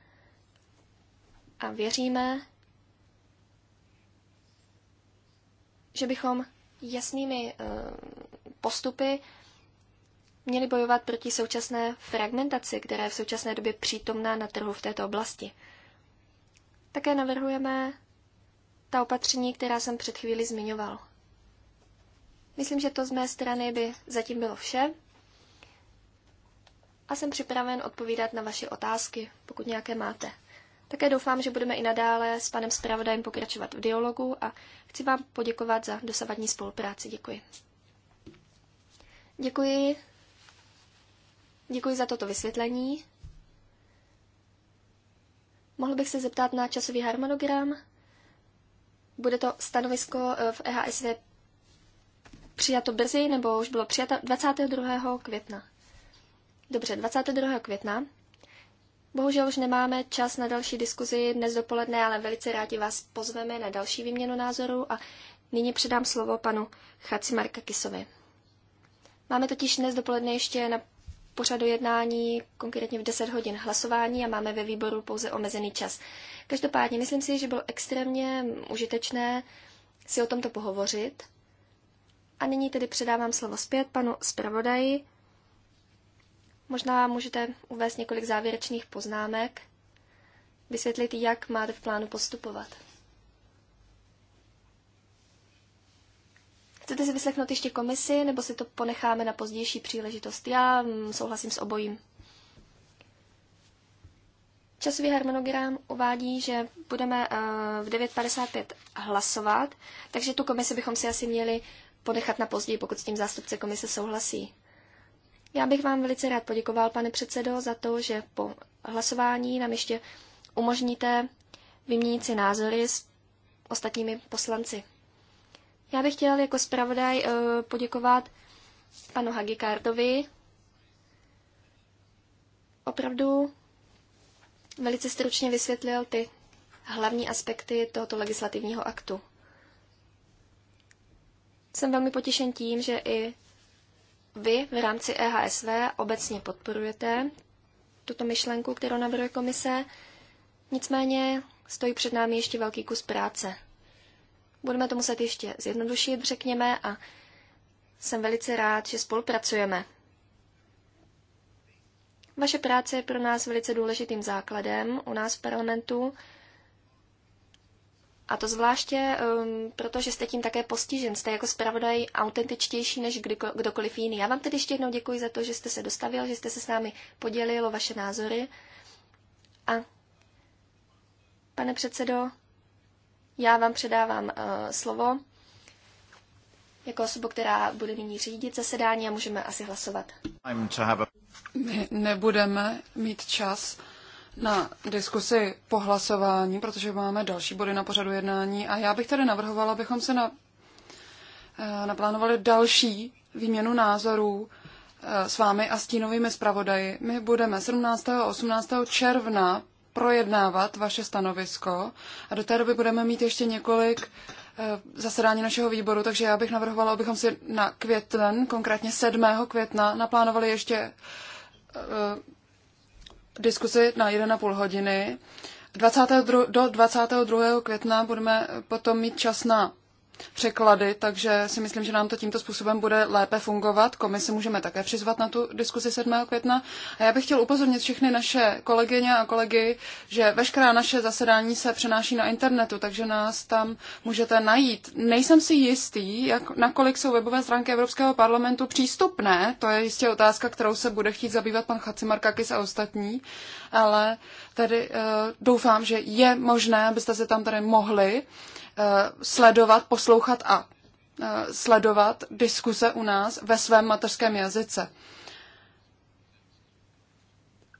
a věříme, že bychom jasnými eh, postupy měli bojovat proti současné fragmentaci, která je v současné době přítomná na trhu v této oblasti. Také navrhujeme ta opatření, která jsem před chvíli zmiňoval. Myslím, že to z mé strany by zatím bylo vše. A jsem připraven odpovídat na vaše otázky, pokud nějaké máte. Také doufám, že budeme i nadále s panem zpravodajem pokračovat v dialogu a chci vám poděkovat za dosavadní spolupráci. Děkuji. Děkuji. Děkuji za toto vysvětlení. Mohl bych se zeptat na časový harmonogram? Bude to stanovisko eh, v EHSV přijato brzy, nebo už bylo přijato 22. května. Dobře, 22. května. Bohužel už nemáme čas na další diskuzi dnes dopoledne, ale velice rádi vás pozveme na další výměnu názorů a nyní předám slovo panu Chacimarka Kisovi. Máme totiž dnes dopoledne ještě na pořadu jednání, konkrétně v 10 hodin hlasování a máme ve výboru pouze omezený čas. Každopádně myslím si, že bylo extrémně užitečné si o tomto pohovořit a nyní tedy předávám slovo zpět panu zpravodaji. Možná můžete uvést několik závěrečných poznámek, vysvětlit, jak máte v plánu postupovat. Chcete si vyslechnout ještě komisi, nebo si to ponecháme na pozdější příležitost? Já mm, souhlasím s obojím. Časový harmonogram uvádí, že budeme eh, v 9.55 hlasovat, takže tu komisi bychom si asi měli ponechat na později, pokud s tím zástupce komise souhlasí. Já bych vám velice rád poděkoval, pane předsedo, za to, že po hlasování nám ještě umožníte vyměnit si názory s ostatními poslanci. Já bych chtěl jako zpravodaj eh, poděkovat panu Hagikardovi. Opravdu velice stručně vysvětlil ty hlavní aspekty tohoto legislativního aktu. Jsem velmi potěšen tím, že i vy v rámci EHSV obecně podporujete tuto myšlenku, kterou navrhuje komise. Nicméně stojí před námi ještě velký kus práce. Budeme to muset ještě zjednodušit, řekněme, a jsem velice rád, že spolupracujeme. Vaše práce je pro nás velice důležitým základem u nás v parlamentu a to zvláště um, proto, že jste tím také postižen. Jste jako zpravodaj autentičtější než kdyko, kdokoliv jiný. Já vám tedy ještě jednou děkuji za to, že jste se dostavil, že jste se s námi podělil o vaše názory. A pane předsedo, já vám předávám uh, slovo jako osobu, která bude nyní řídit zasedání a můžeme asi hlasovat. My nebudeme mít čas na diskusi po hlasování, protože máme další body na pořadu jednání a já bych tady navrhovala, abychom se na, eh, naplánovali další výměnu názorů eh, s vámi a stínovými zpravodaji. My budeme 17. a 18. června projednávat vaše stanovisko a do té doby budeme mít ještě několik eh, zasedání našeho výboru, takže já bych navrhovala, abychom si na květen, konkrétně 7. května, naplánovali ještě diskuzi na 1,5 hodiny. 20. do 22. května budeme potom mít čas na překlady, takže si myslím, že nám to tímto způsobem bude lépe fungovat. Komisi můžeme také přizvat na tu diskusi 7. května. A já bych chtěl upozornit všechny naše kolegyně a kolegy, že veškerá naše zasedání se přenáší na internetu, takže nás tam můžete najít. Nejsem si jistý, jak, nakolik jsou webové stránky Evropského parlamentu přístupné. To je jistě otázka, kterou se bude chtít zabývat pan Chacimarkakis a ostatní, ale tedy uh, doufám, že je možné, abyste se tam tady mohli uh, Eh, sledovat, poslouchat a eh, sledovat diskuze u nás ve svém mateřském jazyce.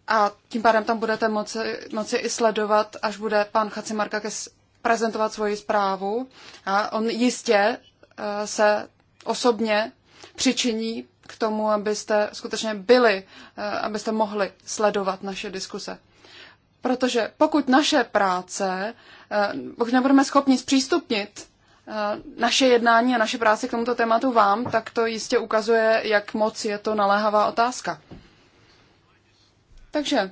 A tím pádem tam budete moci, moci i sledovat, až bude pan Markakis prezentovat svoji zprávu. A on jistě eh, se osobně přičiní k tomu, abyste skutečně byli, abyste mohli sledovat naše diskuse. Protože pokud naše práce Eh, pokud nebudeme schopni zpřístupnit eh, naše jednání a naše práce k tomuto tématu vám, tak to jistě ukazuje, jak moc je to naléhavá otázka. Takže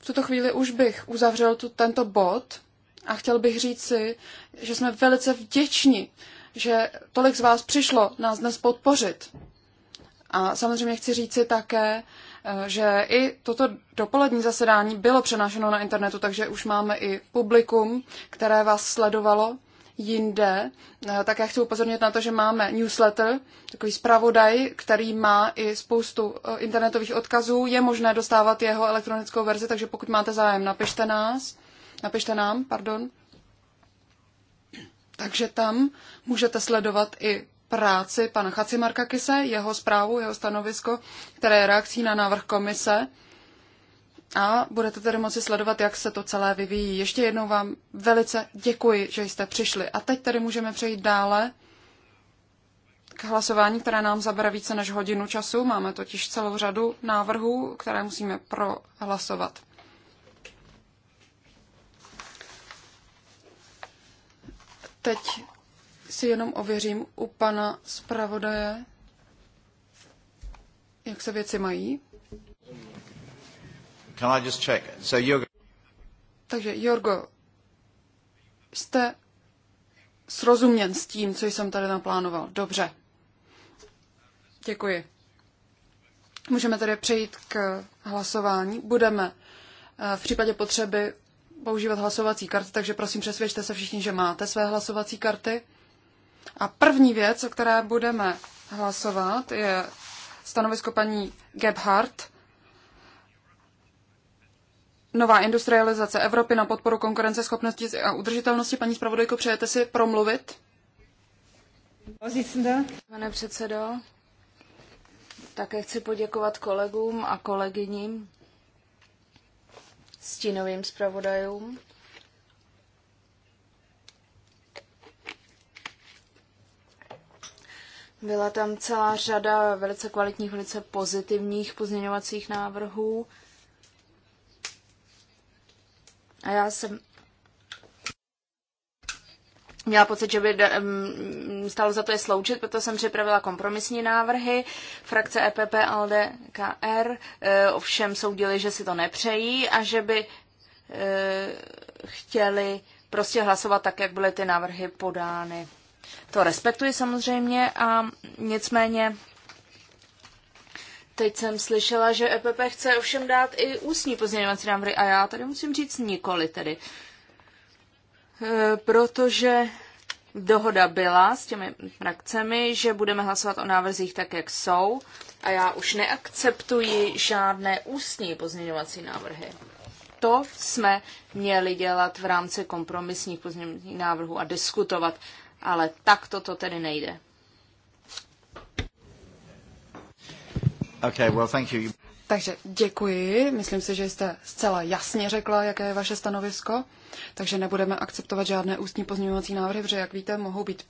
v tuto chvíli už bych uzavřel tu, tento bod a chtěl bych říct si, že jsme velice vděční, že tolik z vás přišlo nás dnes podpořit. A samozřejmě chci říci také, Eh, že i toto dopolední zasedání bylo přenášeno na internetu, takže už máme i publikum, které vás sledovalo jinde. Eh, Také chci upozornit na to, že máme newsletter, takový zpravodaj, který má i spoustu eh, internetových odkazů. Je možné dostávat jeho elektronickou verzi, takže pokud máte zájem, napište nás. Napište nám, pardon. Takže tam můžete sledovat i práci pana Chacimarka Kise, jeho zprávu, jeho stanovisko, které je reakcí na návrh komise. A budete tedy moci sledovat, jak se to celé vyvíjí. Ještě jednou vám velice děkuji, že jste přišli. A teď tedy můžeme přejít dále k hlasování, které nám zabere více než hodinu času. Máme totiž celou řadu návrhů, které musíme prohlasovat. Teď si jenom ověřím u pana zpravodaje, jak se věci mají. Can I just check? So you're... Takže Jorgo, jste srozuměn s tím, co jsem tady naplánoval. Dobře. Děkuji. Můžeme tedy přejít k hlasování. Budeme eh, v případě potřeby používat hlasovací karty, takže prosím přesvědčte se všichni, že máte své hlasovací karty. A první věc, o které budeme hlasovat, je stanovisko paní Gebhardt. Nová industrializace Evropy na podporu konkurenceschopnosti a udržitelnosti. Paní zpravodajko, přejete si promluvit? Pane předsedo, také chci poděkovat kolegům a kolegyním, stínovým zpravodajům Byla tam celá řada velice kvalitních, velice pozitivních pozměňovacích návrhů. A já jsem měla pocit, že by eh, stalo za to je sloučit, proto jsem připravila kompromisní návrhy. Frakce EPP, ALDE, KR eh, ovšem soudili, že si to nepřejí a že by eh, chtěli prostě hlasovat tak, jak byly ty návrhy podány. To respektuji samozřejmě a nicméně teď jsem slyšela, že EPP chce ovšem dát i ústní pozměňovací návrhy a já tady musím říct nikoli tedy. E, protože dohoda byla s těmi frakcemi, že budeme hlasovat o návrzích tak, jak jsou a já už neakceptuji žádné ústní pozměňovací návrhy. To jsme měli dělat v rámci kompromisních pozměňovacích návrhů a diskutovat ale tak toto tedy nejde. Okay, well, thank you. Takže děkuji. Myslím si, že jste zcela jasně řekla, jaké je vaše stanovisko. Takže nebudeme akceptovat žádné ústní pozměňovací návrhy, protože, jak víte, mohou být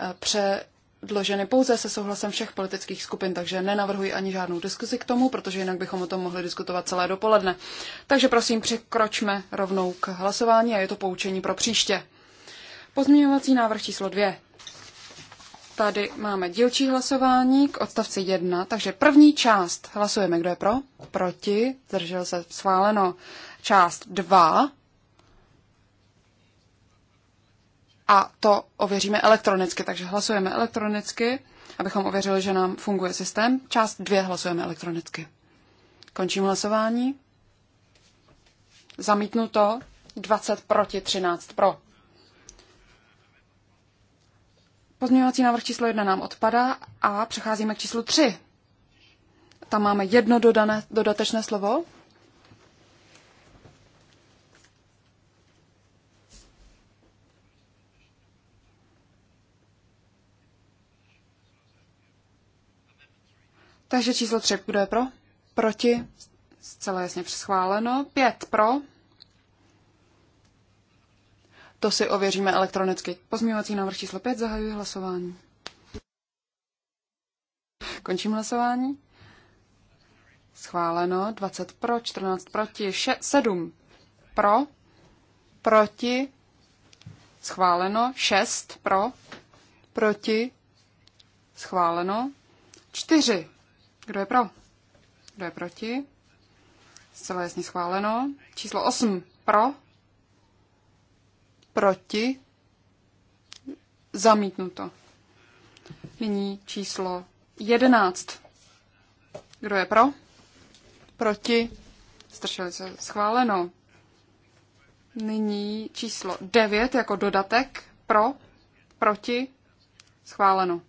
eh, předloženy pouze se souhlasem všech politických skupin. Takže nenavrhuji ani žádnou diskuzi k tomu, protože jinak bychom o tom mohli diskutovat celé dopoledne. Takže prosím, překročme rovnou k hlasování a je to poučení pro příště. Pozměňovací návrh číslo 2. Tady máme dílčí hlasování k odstavci 1, takže první část hlasujeme, kdo je pro, proti, zdržel se schváleno část 2 a to ověříme elektronicky, takže hlasujeme elektronicky, abychom ověřili, že nám funguje systém. Část 2 hlasujeme elektronicky. Končím hlasování. Zamítnuto 20 proti 13 pro. Pozměňovací návrh číslo 1 nám odpadá a přecházíme k číslu 3. Tam máme jedno dodané, dodatečné slovo. Takže číslo 3, kdo je pro? Proti? Zcela jasně přeschváleno. 5 pro. To si ověříme elektronicky. Pozměňovací návrh číslo 5 zahajuje hlasování. Končím hlasování. Schváleno. 20 pro, 14 proti, 6, 7 pro, proti, schváleno. 6 pro, proti, schváleno. 4. Kdo je pro? Kdo je proti? Zcela jasně schváleno. Číslo 8 pro, proti, zamítnuto. Nyní číslo 11. Kdo je pro? Proti? Zdrželi se schváleno. Nyní číslo 9 jako dodatek. Pro? Proti? Schváleno.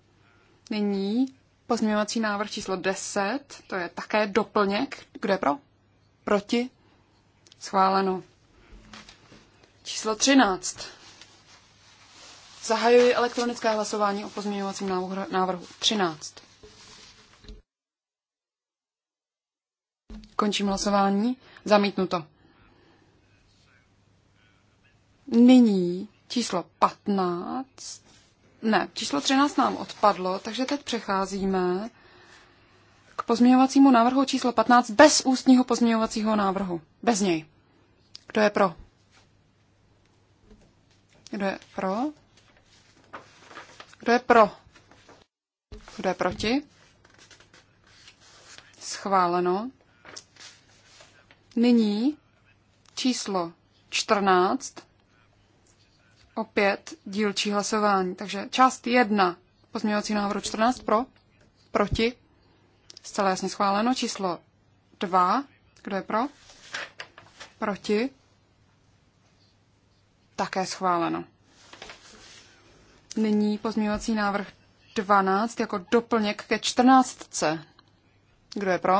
Nyní pozměňovací návrh číslo 10, to je také doplněk. Kdo je pro? Proti? Schváleno. Číslo 13. Zahajuji elektronické hlasování o pozměňovacím návrhu 13. Končím hlasování. Zamítnuto. Nyní číslo 15. Ne, číslo 13 nám odpadlo, takže teď přecházíme k pozměňovacímu návrhu číslo 15 bez ústního pozměňovacího návrhu. Bez něj. Kdo je pro? Kdo je pro? Kdo je pro? Kdo je proti? Schváleno. Nyní číslo 14. Opět dílčí hlasování. Takže část 1 pozměňovací návrhu 14 pro, proti, zcela jasně schváleno. Číslo 2, kdo je pro, proti, také schváleno. Nyní pozměňovací návrh 12 jako doplněk ke 14. Kdo je pro?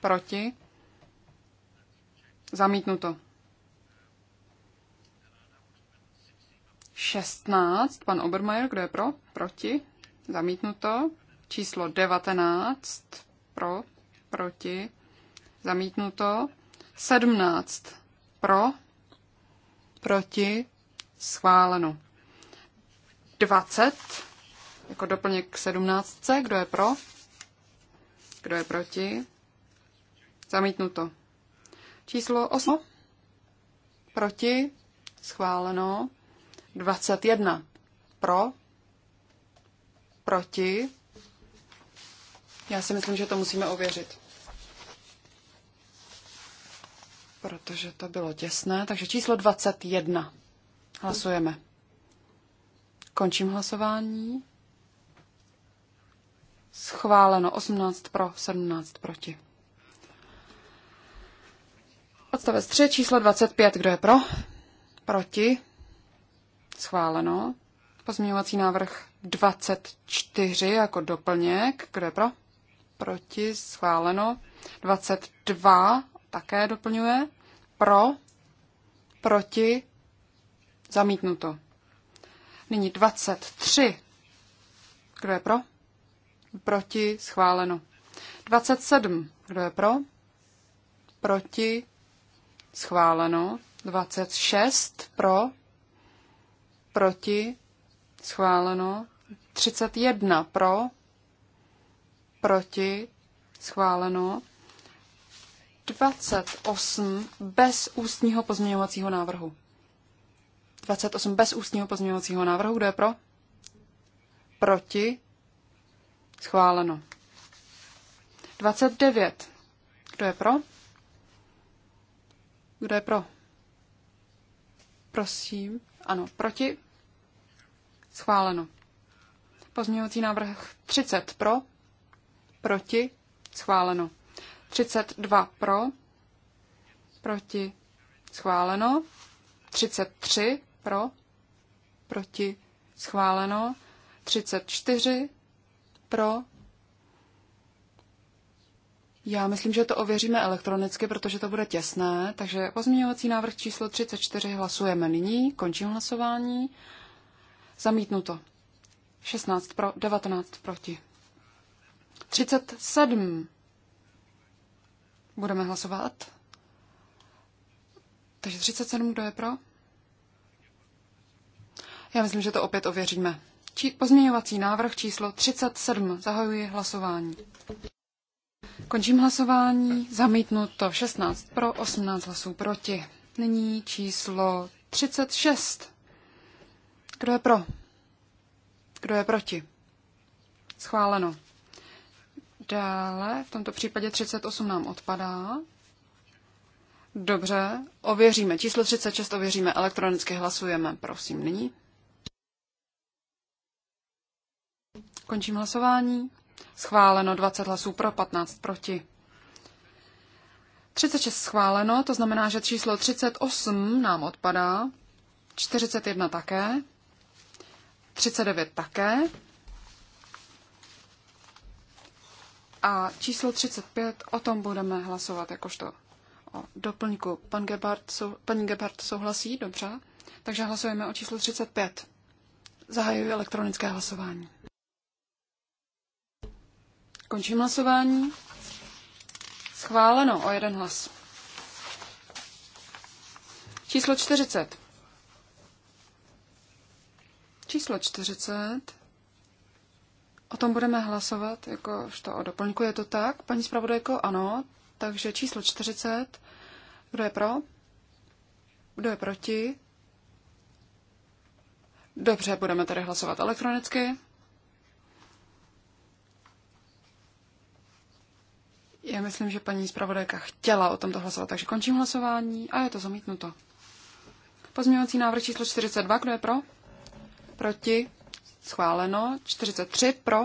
Proti? Zamítnuto. 16, pan Obermajer, kdo je pro? Proti? Zamítnuto. Číslo 19, pro? Proti? Zamítnuto. 17, pro? proti, schváleno. 20 jako doplněk k 17. Kdo je pro? Kdo je proti? Zamítnuto. Číslo 8. Proti. Schváleno. 21. Pro. Proti. Já si myslím, že to musíme ověřit. protože to bylo těsné. Takže číslo 21. Hlasujeme. Končím hlasování. Schváleno 18 pro, 17 proti. Odstavec 3, číslo 25. Kdo je pro? Proti? Schváleno. Pozměňovací návrh 24 jako doplněk. Kdo je pro? Proti? Schváleno. 22 také doplňuje. Pro, proti, zamítnuto. Nyní 23. Kdo je pro? Proti, schváleno. 27. Kdo je pro? Proti, schváleno. 26. Pro, proti, schváleno. 31. Pro, proti, schváleno. 28 bez ústního pozměňovacího návrhu. 28 bez ústního pozměňovacího návrhu. Kdo je pro? Proti? Schváleno. 29. Kdo je pro? Kdo je pro? Prosím. Ano, proti? Schváleno. Pozměňovací návrh 30 pro? Proti? Schváleno. 32 pro, proti schváleno, 33 pro, proti schváleno, 34 pro. Já myslím, že to ověříme elektronicky, protože to bude těsné, takže pozměňovací návrh číslo 34 hlasujeme nyní, končím hlasování. Zamítnuto. 16 pro, 19 proti. 37 Budeme hlasovat. Takže 37, kdo je pro? Já myslím, že to opět ověříme. Čí, pozměňovací návrh číslo 37. Zahajuji hlasování. Končím hlasování. Zamítnuto 16 pro, 18 hlasů proti. Nyní číslo 36. Kdo je pro? Kdo je proti? Schváleno. Dále, v tomto případě 38 nám odpadá. Dobře, ověříme. Číslo 36 ověříme, elektronicky hlasujeme. Prosím, nyní. Končím hlasování. Schváleno 20 hlasů pro, 15 proti. 36 schváleno, to znamená, že číslo 38 nám odpadá, 41 také, 39 také, A číslo 35, o tom budeme hlasovat jakožto o doplňku. Pan Gebhardt, sou, paní Gebhardt souhlasí, dobře. Takže hlasujeme o číslo 35. Zahajuji elektronické hlasování. Končím hlasování. Schváleno o jeden hlas. Číslo 40. Číslo 40. O tom budeme hlasovat, jakožto o doplňku. Je to tak, paní zpravodajko? Ano. Takže číslo 40. Kdo je pro? Kdo je proti? Dobře, budeme tady hlasovat elektronicky. Já myslím, že paní zpravodajka chtěla o tomto hlasovat, takže končím hlasování a je to zamítnuto. Pozměňovací návrh číslo 42, kdo je pro? Proti? schváleno, 43 pro,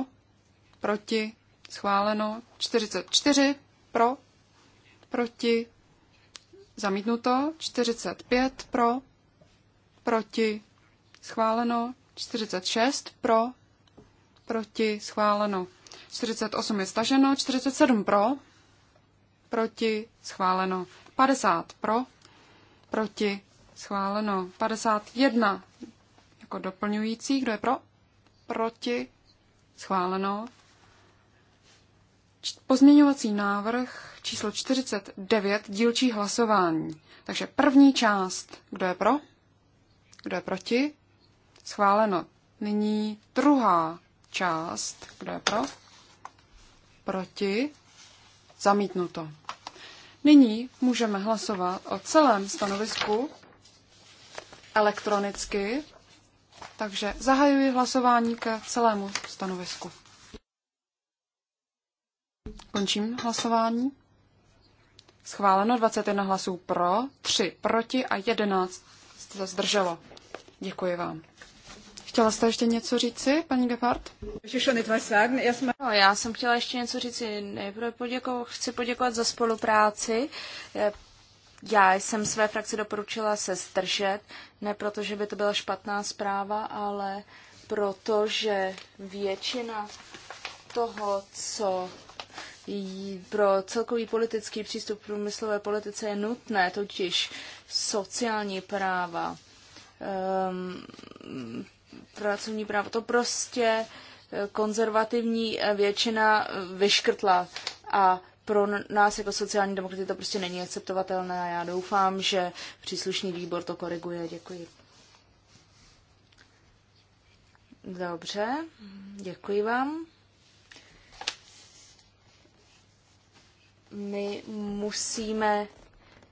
proti, schváleno, 44 pro, proti, zamítnuto, 45 pro, proti, schváleno, 46 pro, proti, schváleno, 48 je staženo, 47 pro, proti, schváleno, 50 pro, proti, schváleno, 51 jako doplňující, kdo je pro? proti, schváleno. Pozměňovací návrh číslo 49, dílčí hlasování. Takže první část, kdo je pro, kdo je proti, schváleno. Nyní druhá část, kdo je pro, proti, zamítnuto. Nyní můžeme hlasovat o celém stanovisku elektronicky. Takže zahajuji hlasování ke celému stanovisku. Končím hlasování. Schváleno 21 hlasů pro, 3 proti a 11 se zdrželo. Děkuji vám. Chtěla jste ještě něco říci, paní Gepard? No, já jsem chtěla ještě něco říci. Nejprve poděko- chci poděkovat za spolupráci. Já jsem své frakci doporučila se stržet, ne proto, že by to byla špatná zpráva, ale protože většina toho, co pro celkový politický přístup k průmyslové politice je nutné, totiž sociální práva, um, pracovní práva, to prostě konzervativní většina vyškrtla a pro nás jako sociální demokraty to prostě není akceptovatelné a já doufám, že příslušný výbor to koriguje. Děkuji. Dobře, děkuji vám. My musíme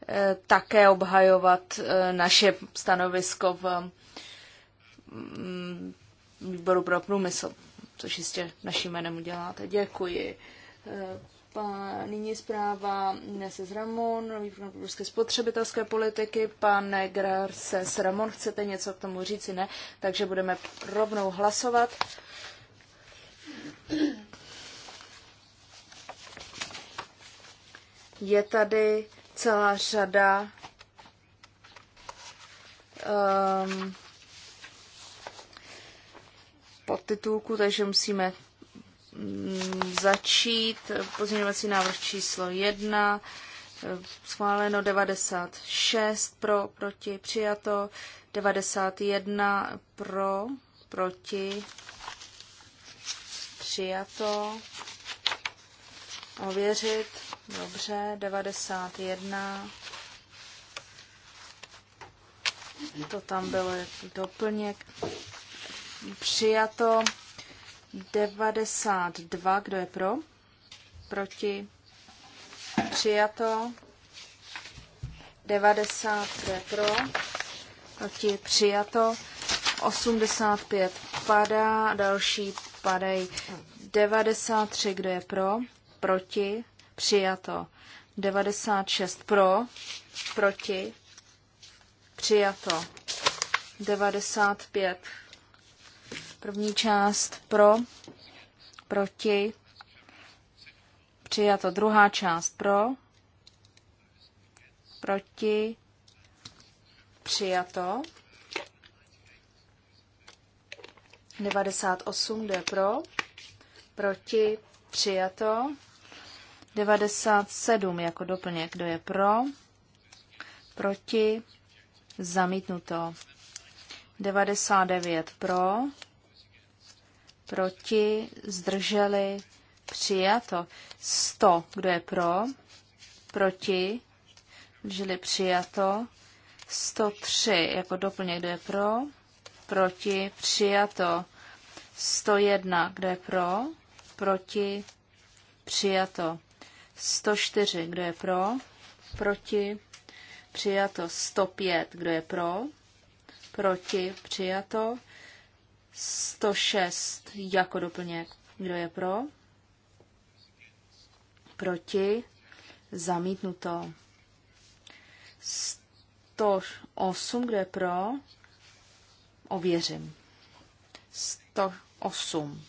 eh, také obhajovat eh, naše stanovisko v mm, výboru pro průmysl, což jistě naším jménem uděláte. Děkuji eh, Pa, nyní zpráva Neses Ramon, nový program ruské spotřebitelské politiky. Pane Garces Ramon, chcete něco k tomu říci? Ne, takže budeme rovnou hlasovat. Je tady celá řada um, podtitulků, takže musíme Mm, začít. Pozměňovací návrh číslo 1, eh, schváleno 96 pro, proti, přijato 91 pro, proti, přijato, ověřit, dobře, 91. To tam bylo doplněk. Přijato 92, kdo je pro? Proti? Přijato. 90, kdo je pro? Proti? Přijato. 85 padá, další padají. 93, kdo je pro? Proti? Přijato. 96 pro, proti, přijato. 95 První část pro, proti, přijato. Druhá část pro, proti, přijato. 98 jde pro, proti, přijato. 97 jako doplněk, kdo je pro, proti, zamítnuto. 99 pro, proti, zdrželi, přijato. 100, kdo je pro, proti, zdrželi, přijato. 103 jako doplněk, kdo je pro, proti, přijato. 101, kdo je pro, proti, přijato. 104, kdo je pro, proti, přijato. 105, kdo je pro, proti, přijato. 106 jako doplněk. Kdo je pro? Proti? Zamítnuto. 108, kdo je pro? Ověřím. 108.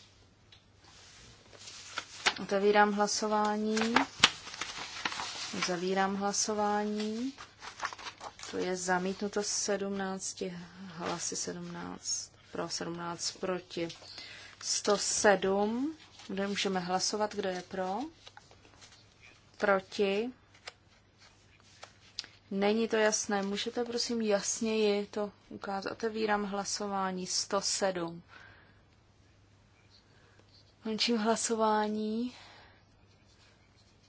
Otevírám hlasování. Zavírám hlasování. To je zamítnuto 17 hlasy 17 pro, 17 proti. 107, kde můžeme hlasovat, kdo je pro, proti. Není to jasné, můžete prosím jasněji to ukázat. Otevírám hlasování 107. Končím hlasování.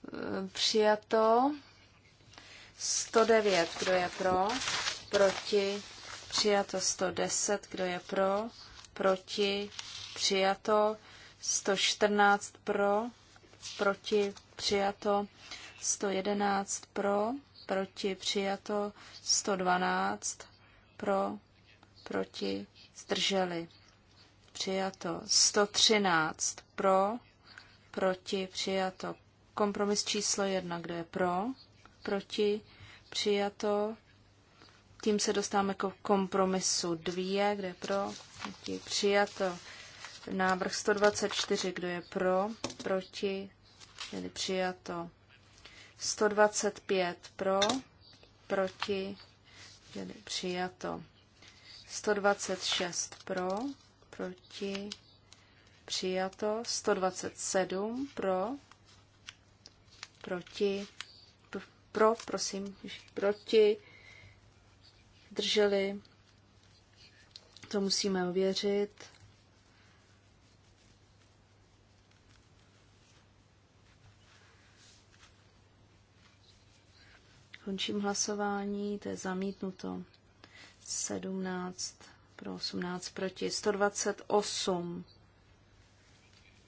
E, přijato. 109, kdo je pro, proti přijato 110, kdo je pro, proti, přijato 114 pro, proti, přijato 111 pro, proti, přijato 112 pro, proti, zdrželi. Přijato 113 pro, proti, přijato. Kompromis číslo 1, kdo je pro, proti, přijato tím se dostáváme k kompromisu 2, kde je pro, proti, přijato. Návrh 124, kdo je pro, proti, tedy přijato. 125 pro, proti, tedy přijato. 126 pro, proti, přijato. 127 pro, proti, pro, prosím, proti, drželi. To musíme ověřit. Končím hlasování, to je zamítnuto. 17 pro 18 proti. 128.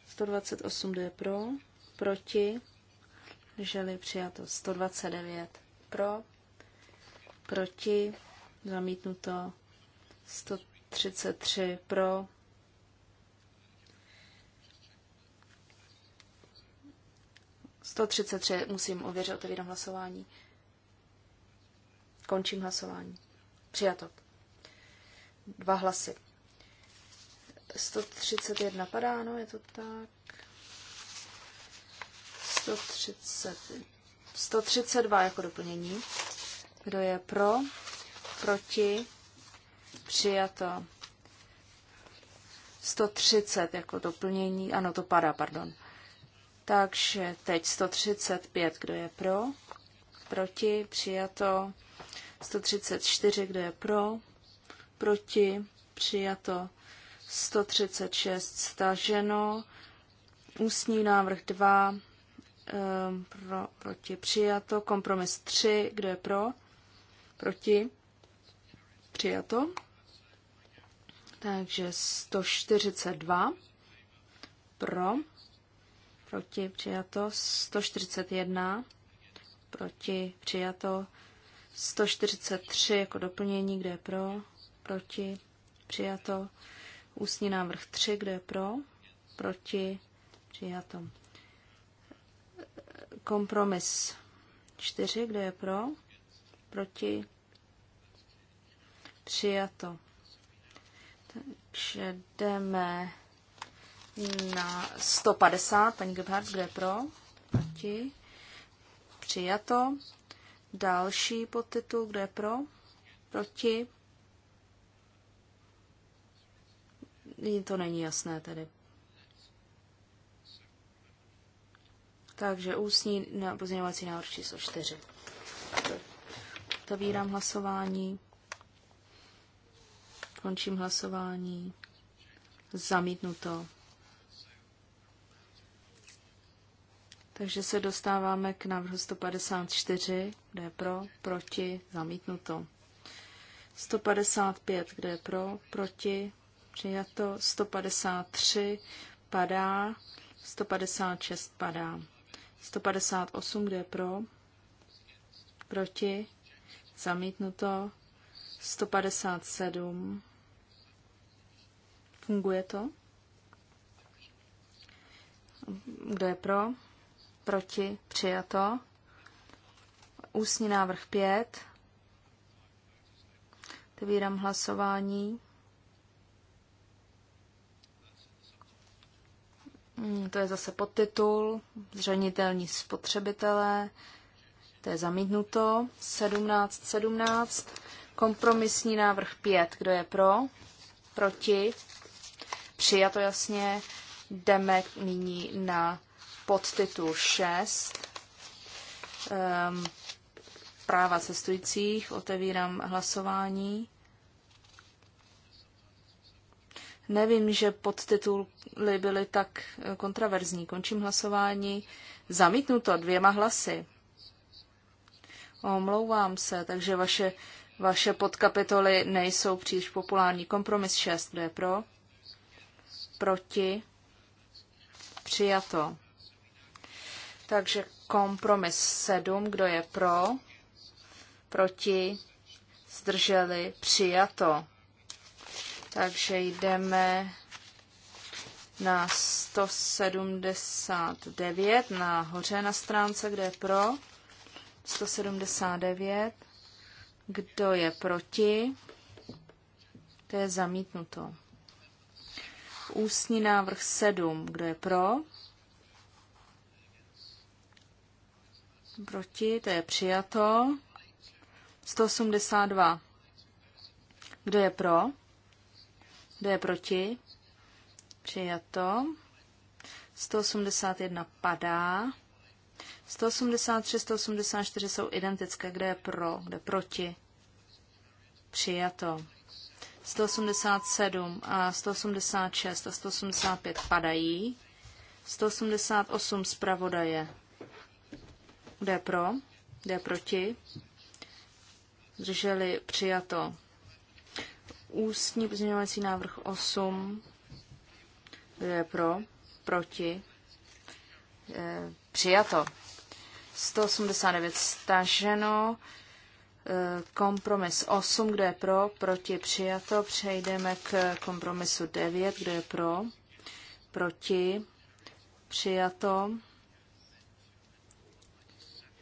128 jde pro, proti, drželi přijato. 129 pro, proti, zamítnuto 133 pro, Sto třicet tři musím ověřit, otevírám hlasování. Končím hlasování. Přijato. Dva hlasy. 131 padá, no je to tak. 130, 132 jako doplnění. Kdo je pro? proti, přijato. 130 jako doplnění, ano, to padá, pardon. Takže teď 135, kdo je pro, proti, přijato. 134, kdo je pro, proti, přijato. 136, staženo. Ústní návrh 2, ehm, pro, proti, přijato. Kompromis 3, kdo je pro, proti, Přijato. Takže 142 pro, proti přijato 141, proti přijato 143 jako doplnění, kde je pro, proti přijato ústní návrh 3, kde je pro, proti přijato kompromis 4, kde je pro, proti Přijato. Takže jdeme na 150. Paní Gebhardt, kde pro? Proti. Přijato. Další podtitul, kde pro? Proti. To není jasné tedy. Takže ústní pozměňovací návrh číslo 4. Otevírám hlasování. Končím hlasování. Zamítnuto. Takže se dostáváme k návrhu 154, kde je pro, proti, zamítnuto. 155, kde je pro, proti, přijato. 153 padá, 156 padá. 158, kde je pro, proti, zamítnuto. 157 Funguje to? Kdo je pro? Proti? Přijato. Ústní návrh 5. Otevírám hlasování. Hmm, to je zase podtitul. Zřenitelní spotřebitelé. To je zamítnuto. 17, 17. Kompromisní návrh 5. Kdo je pro? Proti? Přijato jasně. Jdeme nyní na podtitul 6. Um, ehm, práva cestujících. Otevírám hlasování. Nevím, že podtituly byly tak kontraverzní. Končím hlasování. Zamítnuto dvěma hlasy. Omlouvám se, takže vaše, vaše podkapitoly nejsou příliš populární. Kompromis 6, kdo je pro? proti, přijato. Takže kompromis 7, kdo je pro, proti, zdrželi, přijato. Takže jdeme na 179, nahoře na stránce, kde je pro, 179, kdo je proti, to je zamítnuto. Ústní návrh 7. Kdo je pro? Proti, to je přijato. 182. Kdo je pro? Kdo je proti? Přijato. 181 padá. 183, 184 jsou identické. Kdo je pro? Kdo je proti? Přijato. 187 a 186 a 185 padají. 188 zpravodaje. Jde pro, jde proti. Drželi přijato. Ústní pozměňovací návrh 8. Jde pro, proti. Eh, přijato. 189 staženo. Kompromis 8, kdo je pro, proti přijato. Přejdeme k kompromisu 9, kdo je pro, proti přijato.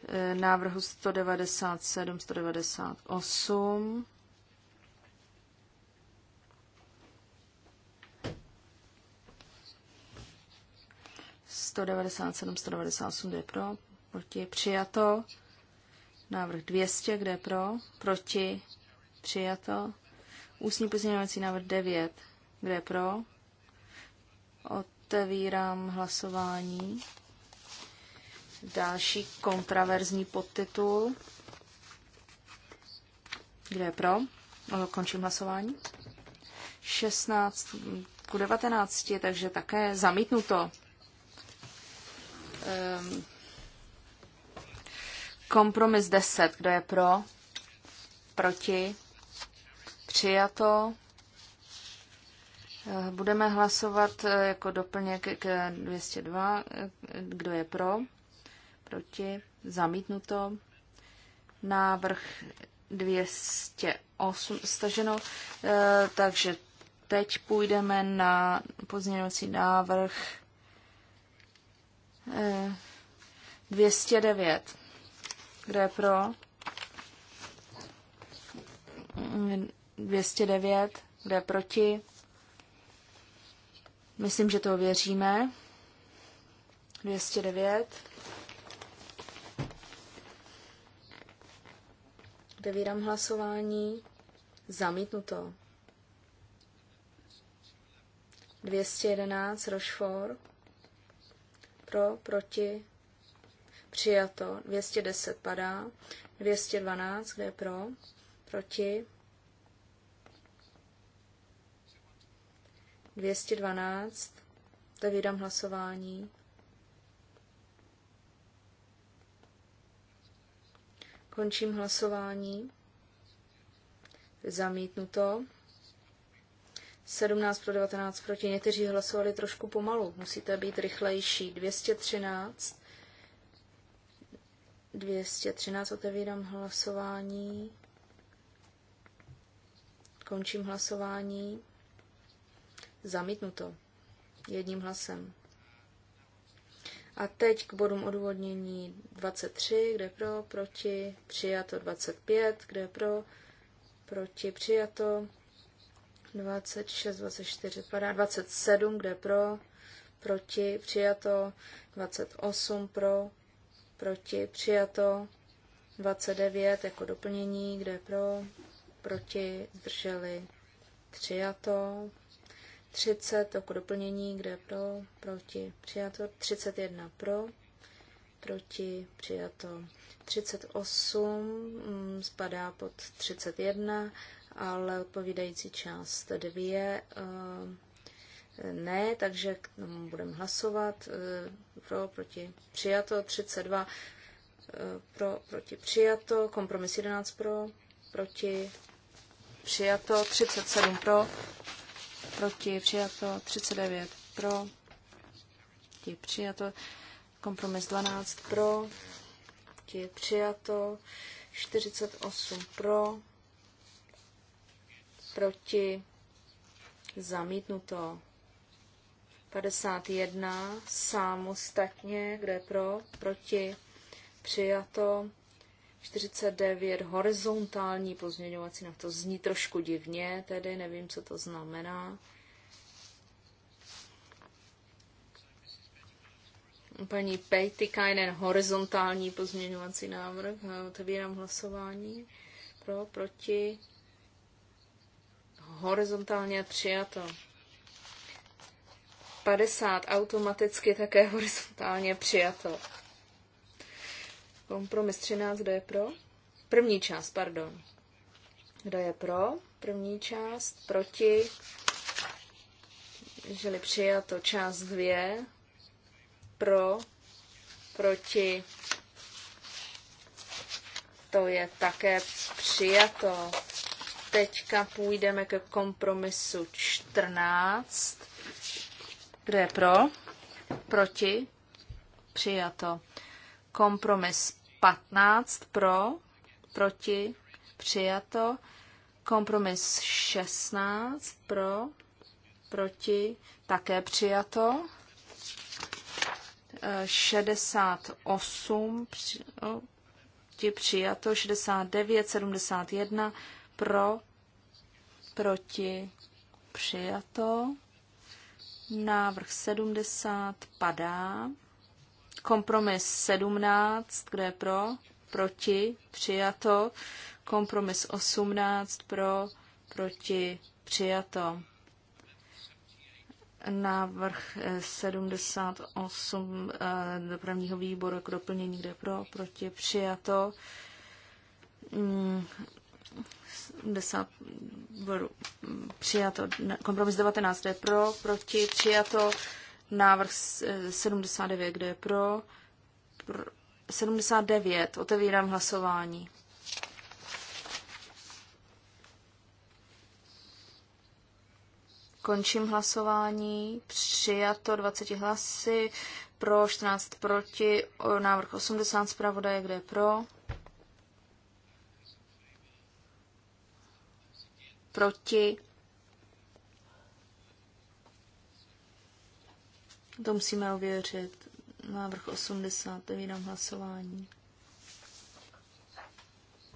E, návrhu 197, 198. Sto devadesát sedm, sto devadesát osm, je pro, proti přijato. Návrh 200, kde pro, proti, přijato. Ústní pozměňovací návrh 9, kde pro. Otevírám hlasování. Další kontraverzní podtitul. Kde je pro? Končím hlasování. 16 k 19, takže také zamítnuto. Um, Kompromis 10. Kdo je pro? Proti? Přijato. Eh, budeme hlasovat eh, jako doplněk k 202. Eh, kdo je pro? Proti? Zamítnuto. Návrh 208 staženo. Takže teď půjdeme na pozměňovací návrh 209. Kdo je pro? 209. Kdo je proti? Myslím, že to věříme. 209. Otevírám hlasování. Zamítnuto. 211 Rochefort. Pro, proti, Přijato 210 padá. 212, kde je pro? Proti. 212. To vydám hlasování. Končím hlasování. Zamítnuto. 17 pro 19 proti. Někteří hlasovali trošku pomalu. Musíte být rychlejší. 213. 213 otevírám hlasování. Končím hlasování. Zamítnuto. Jedním hlasem. A teď k bodům odůvodnění 23, kde pro, proti, přijato 25, kde pro, proti, přijato 26, 24, padá 27, kde pro, proti, přijato 28, pro, proti, přijato 29 jako doplnění, kde pro, proti, zdrželi, přijato 30 jako doplnění, kde pro, proti, přijato 31 pro, proti, přijato 38, mm, spadá pod 31, ale odpovídající část 2 ne, takže k tomu budeme hlasovat. E, pro, proti, přijato, 32 e, pro, proti, přijato, kompromis 11 pro, proti, přijato, 37 pro, proti, přijato, 39 pro, proti, přijato, kompromis 12 pro, proti, přijato, 48 pro, proti, zamítnuto. 51 samostatně, kde pro, proti, přijato. 49 horizontální pozměňovací návrh. To zní trošku divně, tedy nevím, co to znamená. Paní Pejtikainen horizontální pozměňovací návrh. Otevírám hlasování. Pro, proti. Horizontálně přijato. 50 automaticky také (laughs) horizontálně přijato. Kompromis 13, kdo je pro? První část, pardon. Kdo je pro? První část, proti. Žili přijato část 2, pro, proti. To je také přijato. Teďka půjdeme ke kompromisu 14 kdo je pro? Proti? Přijato. Kompromis 15 pro, proti, přijato. Kompromis 16 pro, proti, také přijato. 68 proti, přijato. 69, 71 pro, proti, přijato. Návrh 70 padá. Kompromis 17, kde je pro? Proti, přijato. Kompromis 18 pro, proti, přijato. Návrh 78 eh, eh, dopravního výboru k doplnění, kde pro, proti, přijato. Mm, 10 přijato, kompromis 19, kde je pro, proti, přijato, návrh 79, kde je pro, pro 79, otevírám hlasování. Končím hlasování. Přijato 20 hlasy, pro 14 proti, návrh 80 zpravodaje, kde je pro, proti. To musíme ověřit. Návrh 80, vydám hlasování.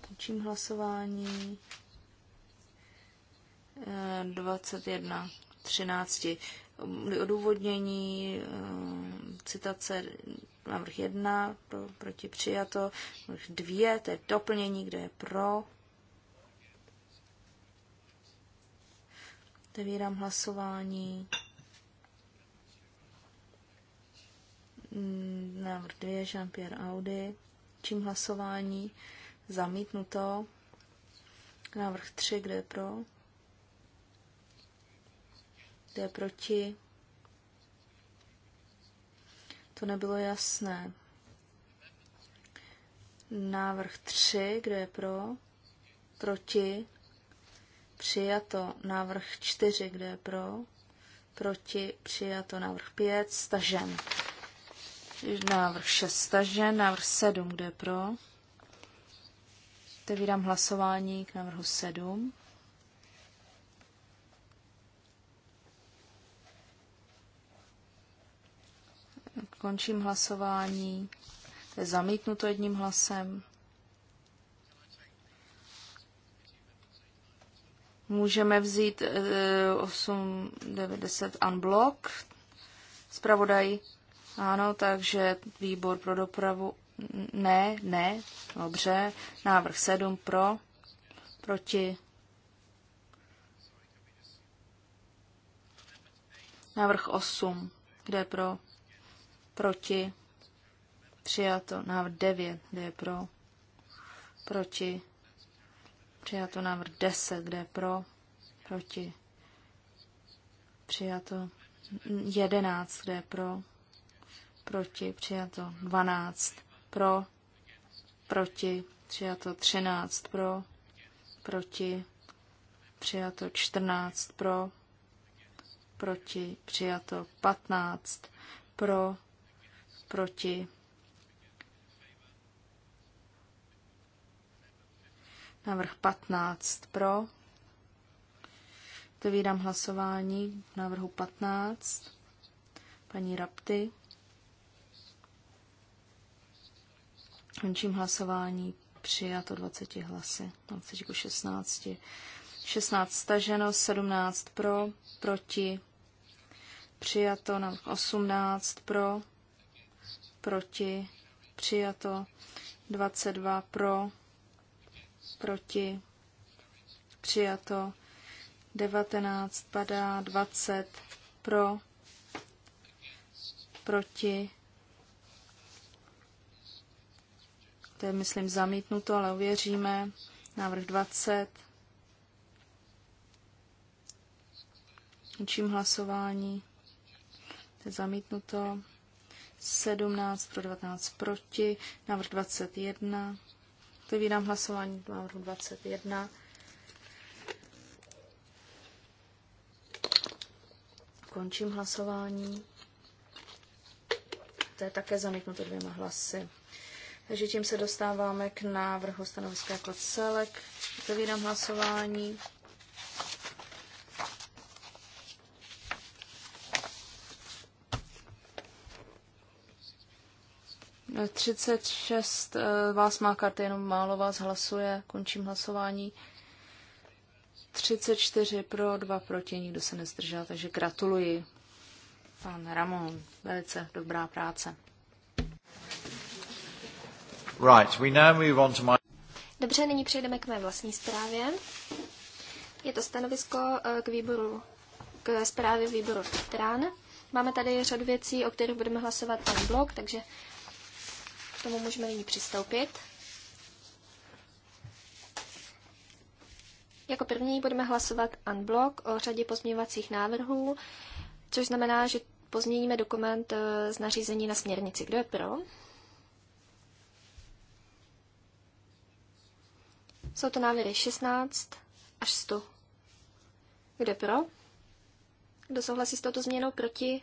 Končím hlasování. 21, eh, 13. Odůvodnění, eh, citace, návrh 1, pro, proti přijato, návrh 2, to je doplnění, kde je pro, Otevírám hlasování. Mm, Návrh 2, Jean-Pierre Audi. Čím hlasování? Zamítnuto. Návrh 3, kde je pro? Kde je proti? To nebylo jasné. Návrh 3, kde je pro? Proti? přijato návrh 4, kde je pro, proti, přijato návrh 5, stažen. Návrh 6 stažen, návrh 7, kde je pro. Otevírám hlasování k návrhu 7. Končím hlasování. To je zamítnuto jedním hlasem. Můžeme vzít 8, 9, 10 unblock. Spravodaj? Ano, takže výbor pro dopravu? Ne, ne, dobře. Návrh 7 pro, proti. Návrh 8, kde pro, proti. Přijato. Návrh 9, kde je pro, proti Přijato návrh 10, kde je pro, proti. Přijato 11, kde je pro, proti. Přijato 12, pro, proti. Přijato 13, pro, proti. Přijato 14, pro, proti. Přijato 15, pro, proti. Návrh 15 pro. Otevírám hlasování v návrhu 15. Paní Rapty. Končím hlasování. Přijato 20 hlasy. 20 ku 16. 16 staženo, 17 pro, proti. Přijato na 18 pro, proti. Přijato 22 pro, proti, přijato, 19 padá, 20 pro, proti, to je, myslím, zamítnuto, ale uvěříme, návrh 20, Učím hlasování. To je zamítnuto. 17 pro 19 proti. Návrh 21. Otevírám hlasování návrhu 21. Končím hlasování. To je také zamítnuto dvěma hlasy. Takže tím se dostáváme k návrhu stanoviska jako celek. Otevírám hlasování. 36 eh, vás má karty, jenom málo vás hlasuje. Končím hlasování. 34 pro, 2 proti, nikdo se nezdržel, takže gratuluji. Pan Ramon, velice dobrá práce. Right, we now move on to my... Dobře, nyní přejdeme k mé vlastní zprávě. Je to stanovisko eh, k výboru, k zprávě výboru Trán. Máme tady řadu věcí, o kterých budeme hlasovat pan blok, takže k tomu můžeme nyní přistoupit. Jako první budeme hlasovat unblock o řadě pozměňovacích návrhů, což znamená, že pozměníme dokument eh, z nařízení na směrnici. Kdo je pro? Jsou to návrhy 16 až 100. Kdo je pro? Kdo souhlasí s touto změnou proti?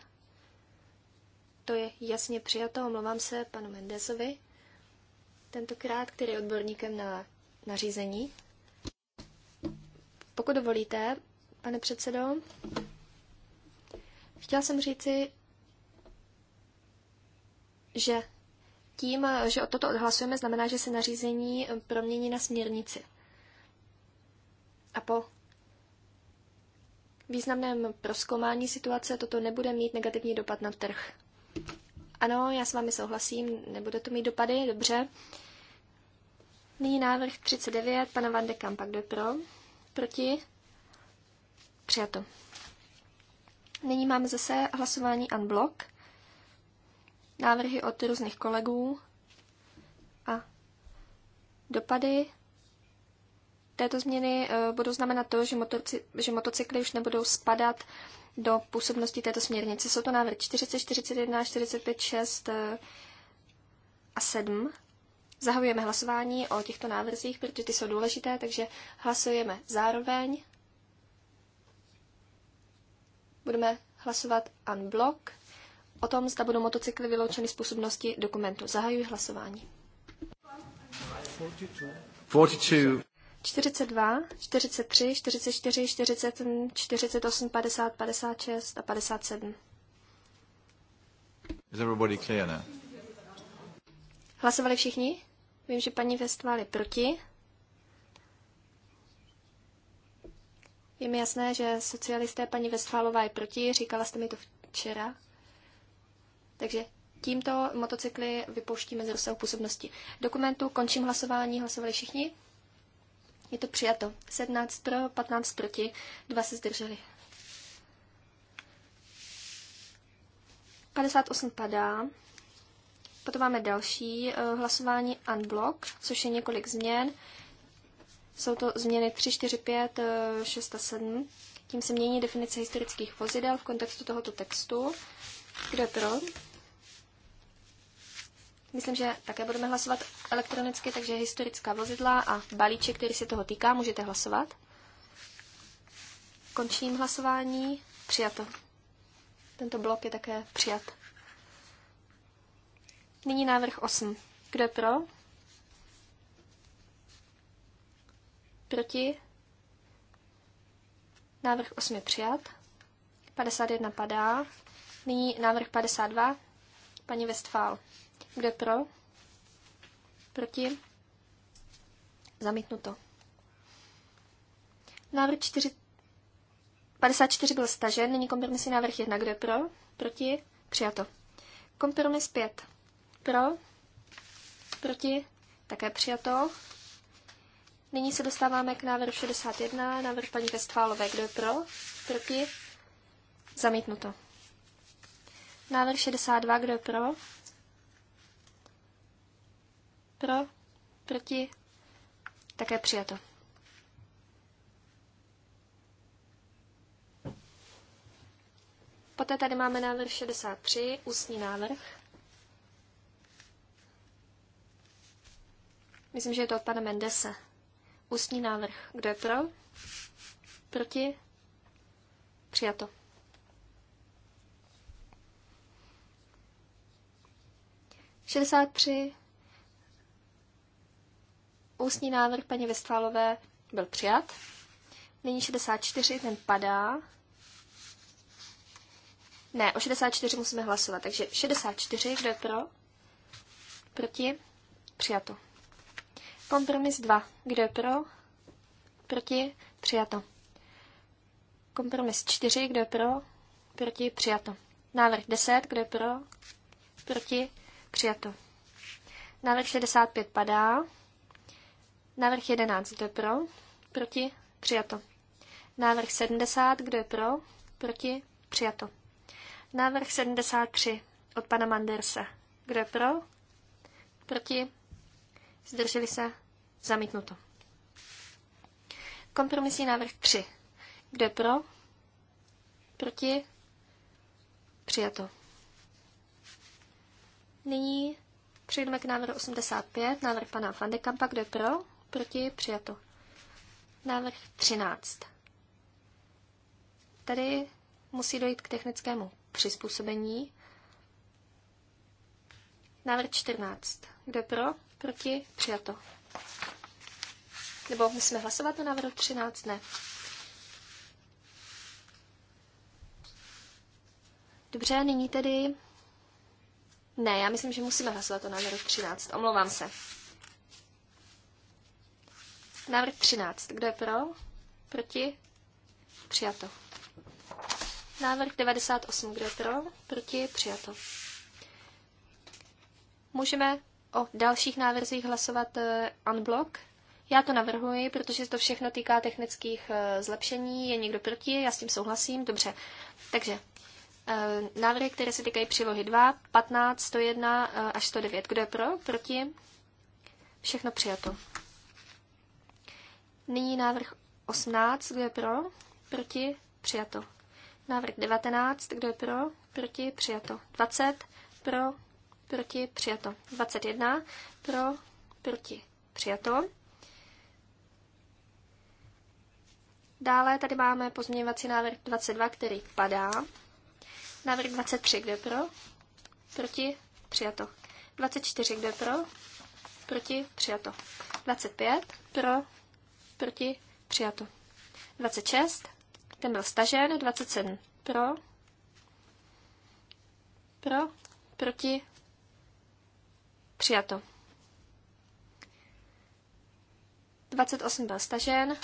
To je jasně přijato, omlouvám se panu Mendezovi, tentokrát, který je odborníkem na nařízení. Pokud dovolíte, pane předsedo, chtěla jsem říci, že tím, že o toto odhlasujeme, znamená, že se nařízení promění na směrnici. A po významném proskoumání situace toto nebude mít negativní dopad na trh. Ano, já s vámi souhlasím, nebude to mít dopady, dobře. Nyní návrh 39, pana Van de Kampa, kdo je pro? Proti? Přijato. Nyní máme zase hlasování unblock. Návrhy od různých kolegů a dopady této změny eh, budou znamenat to, že, motoci, že motocykly už nebudou spadat do působnosti této směrnice. Jsou to návrhy 40, 41, 45, 6 a 7. Zahajujeme hlasování o těchto návrzích, protože ty jsou důležité, takže hlasujeme zároveň. Budeme hlasovat unblock o tom, zda budou motocykly vyloučeny z působnosti dokumentu. Zahajuji hlasování. 42. 42. 42, 43, 44, 40, 48, 50, 56 a 57. Is everybody clear now? Hlasovali všichni? Vím, že paní Vestval je proti. Je mi jasné, že socialisté paní Vestfálová je proti, říkala jste mi to včera. Takže tímto motocykly vypouštíme z rozsahu působnosti. Dokumentu končím hlasování, hlasovali všichni. Je to přijato. 17 pro, 15 proti, dva se zdrželi. 58 padá. Potom máme další eh, hlasování unblock, což je několik změn. Jsou to změny 3, 4, 5, 6 a 7. Tím se mění definice historických vozidel v kontextu tohoto textu. Kdo je pro? Myslím, že také budeme hlasovat elektronicky, takže historická vozidla a balíček, který se toho týká, můžete hlasovat. Končím hlasování. Přijato. Tento blok je také přijat. Nyní návrh 8. Kdo je pro? Proti? Návrh 8 je přijat. 51 padá. Nyní návrh 52. Paní Westfál. Kde pro? Proti? Zamítnuto. Návrh 4... 54 byl stažen, nyní kompromisní návrh 1. Kdo je pro? Proti? Přijato. Kompromis 5. Pro? Proti? Také přijato. Nyní se dostáváme k návrhu 61, návrh paní Vestfálové. Kdo je pro? Proti? Zamítnuto. Návrh 62, kdo je pro? Pro? Proti? Také přijato. Poté tady máme návrh 63, ústní návrh. Myslím, že je to od pana Mendese. Ústní návrh. Kdo je pro? Proti? Přijato. Šedesát tři Ústní návrh paní Vestalové byl přijat. Nyní 64, ten padá. Ne, o 64 musíme hlasovat. Takže 64, kdo je pro? Proti? Přijato. Kompromis 2. Kdo je pro? Proti? Přijato. Kompromis 4. Kdo je pro? Proti? Přijato. Návrh 10. Kdo je pro? Proti? Přijato. Návrh 65 padá. Návrh 11, kdo je pro? Proti? Přijato. Návrh 70, kdo je pro? Proti? Přijato. Návrh 73 od pana Manderse. Kdo je pro? Proti? Zdrželi se? Zamítnuto. Kompromisní návrh 3. Kdo je pro? Proti? Přijato. Nyní přejdeme k návrhu 85, návrh pana Fandekampa. Kdo je pro? proti, přijato. Návrh 13. Tady musí dojít k technickému přizpůsobení. Návrh 14. Kdo pro, proti, přijato. Nebo musíme hlasovat na návrhu 13? Ne. Dobře, nyní tedy... Ne, já myslím, že musíme hlasovat o návrhu 13. Omlouvám se. Návrh 13. Kdo je pro? Proti? Přijato. Návrh 98. Kdo je pro? Proti? Přijato. Můžeme o dalších návrzích hlasovat eh, unblock. Já to navrhuji, protože se to všechno týká technických eh, zlepšení. Je někdo proti? Já s tím souhlasím. Dobře. Takže eh, návrhy, které se týkají přílohy 2, 15, 101 až 109. Kdo je pro? Proti? Všechno přijato. Nyní návrh 18, kdo je pro, proti, přijato. Návrh 19, kdo je pro, proti, přijato. 20, pro, proti, přijato. 21, pro, proti, přijato. Dále tady máme pozměňovací návrh 22, který padá. Návrh 23, kdo je pro? Proti? Přijato. 24, kdo je pro? Proti? Přijato. 25, pro? proti, přijato. 26, ten byl stažen, 27 pro, pro, proti, přijato. 28 byl stažen,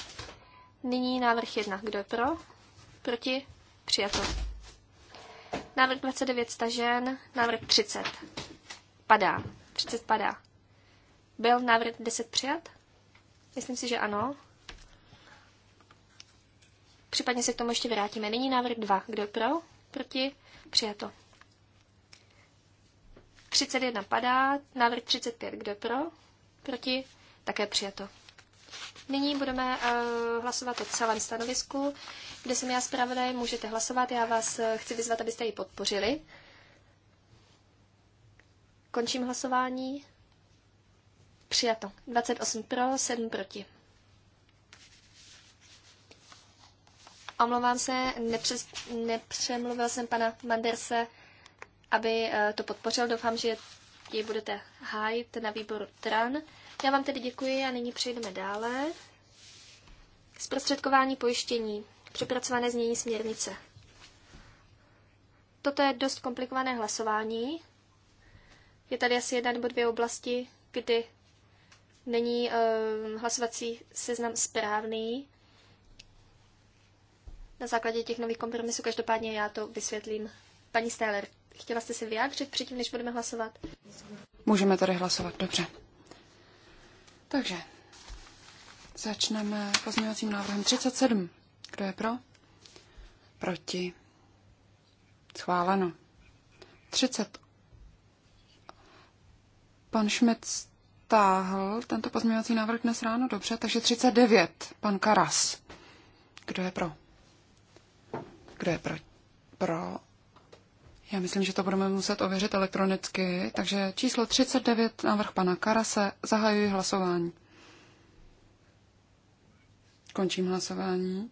nyní návrh 1, kdo je pro, proti, přijato. Návrh 29 stažen, návrh 30 padá, 30 padá. Byl návrh 10 přijat? Myslím si, že ano. Případně se k tomu ještě vrátíme. Nyní návrh 2. Kdo pro? Proti? Přijato. 31 padá. Návrh 35. Kdo pro? Proti? Také přijato. Nyní budeme uh, hlasovat o celém stanovisku, kde jsem já zpravodaj, můžete hlasovat. Já vás eh, chci vyzvat, abyste ji podpořili. Končím hlasování. Přijato. 28 pro, 7 proti. Omlouvám se, nepřes, nepřemluvil jsem pana Manderse, aby eh, to podpořil. Doufám, že jej budete hájit na výboru TRAN. Já vám tedy děkuji a nyní přejdeme dále. Zprostředkování pojištění. Přepracované znění směrnice. Toto je dost komplikované hlasování. Je tady asi jedna nebo dvě oblasti, kdy není uh, hlasovací seznam správný. Na základě těch nových kompromisů každopádně já to vysvětlím. Paní Steller, chtěla jste se vyjádřit předtím, než budeme hlasovat? Můžeme tady hlasovat, dobře. Takže začneme pozměňovacím návrhem 37. Kdo je pro? Proti. Schváleno. 30. Pan Šmec stáhl tento pozměňovací návrh dnes ráno, dobře, takže 39, pan Karas. Kdo je pro? Kdo je pro? pro? Já myslím, že to budeme muset ověřit elektronicky, takže číslo 39, návrh pana Karase, zahajuji hlasování. Končím hlasování.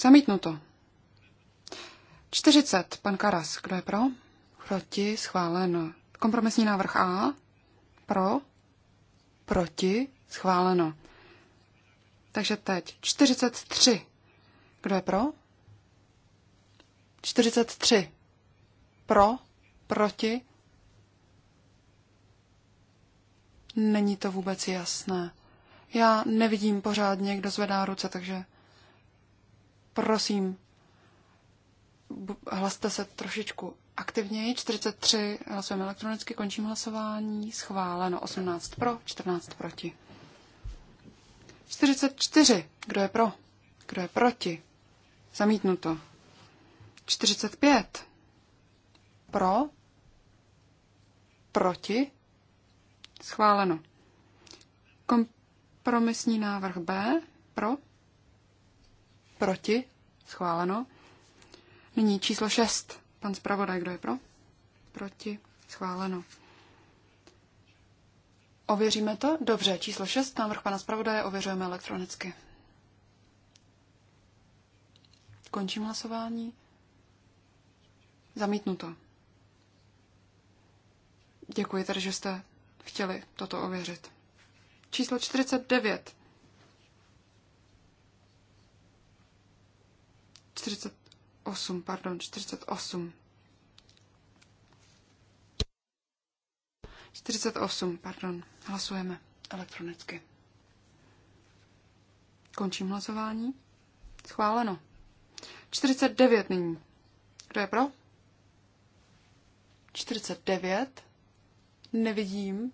Zamítnuto. 40. Pan Karas. Kdo je pro? Proti. Schváleno. Kompromisní návrh A. Pro. Proti. Schváleno. Takže teď 43. Kdo je pro? 43. Pro. Proti. Není to vůbec jasné. Já nevidím pořád někdo zvedá ruce, takže prosím, hlaste se trošičku aktivněji. 43 hlasujeme elektronicky, končím hlasování. Schváleno 18 pro, 14 proti. 44. Kdo je pro? Kdo je proti? Zamítnuto. 45. Pro? Proti? Schváleno. Kompromisní návrh B. Pro? Proti? Schváleno. Nyní číslo 6. Pan zpravodaj, kdo je pro? Proti? Schváleno. Ověříme to? Dobře, číslo 6, návrh pana zpravodaje, ověřujeme elektronicky. Končím hlasování. Zamítnuto. Děkuji tedy, že jste chtěli toto ověřit. Číslo 49. 40, 48, pardon, 48. 48, pardon, hlasujeme elektronicky. Končím hlasování. Schváleno. 49 nyní. Kdo je pro? 49. Nevidím.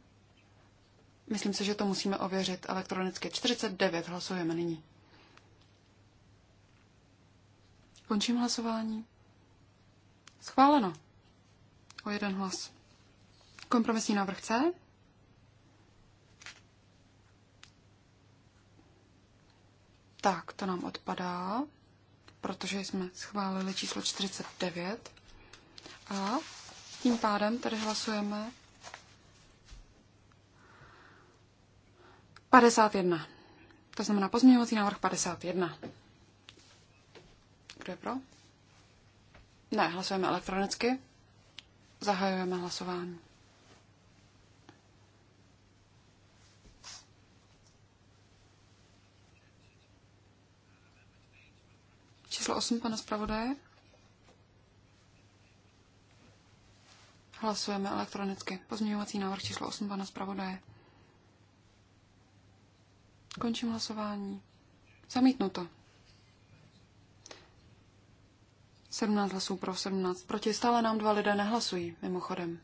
Myslím si, že to musíme ověřit elektronicky. 49 hlasujeme nyní. Končím hlasování. Schváleno. O jeden hlas. Kompromisní návrh C. Tak, to nám odpadá, protože jsme schválili číslo 49. A tím pádem tady hlasujeme 51. To znamená pozměňovací návrh 51. Kdo je pro? Ne, hlasujeme elektronicky. Zahajujeme hlasování. Číslo 8, pane zpravodaje. Hlasujeme elektronicky. Pozměňovací návrh číslo 8, pana zpravodaje. Končím hlasování. Zamítnuto. 17 hlasů pro 17 proti. Stále nám dva lidé nehlasují, mimochodem.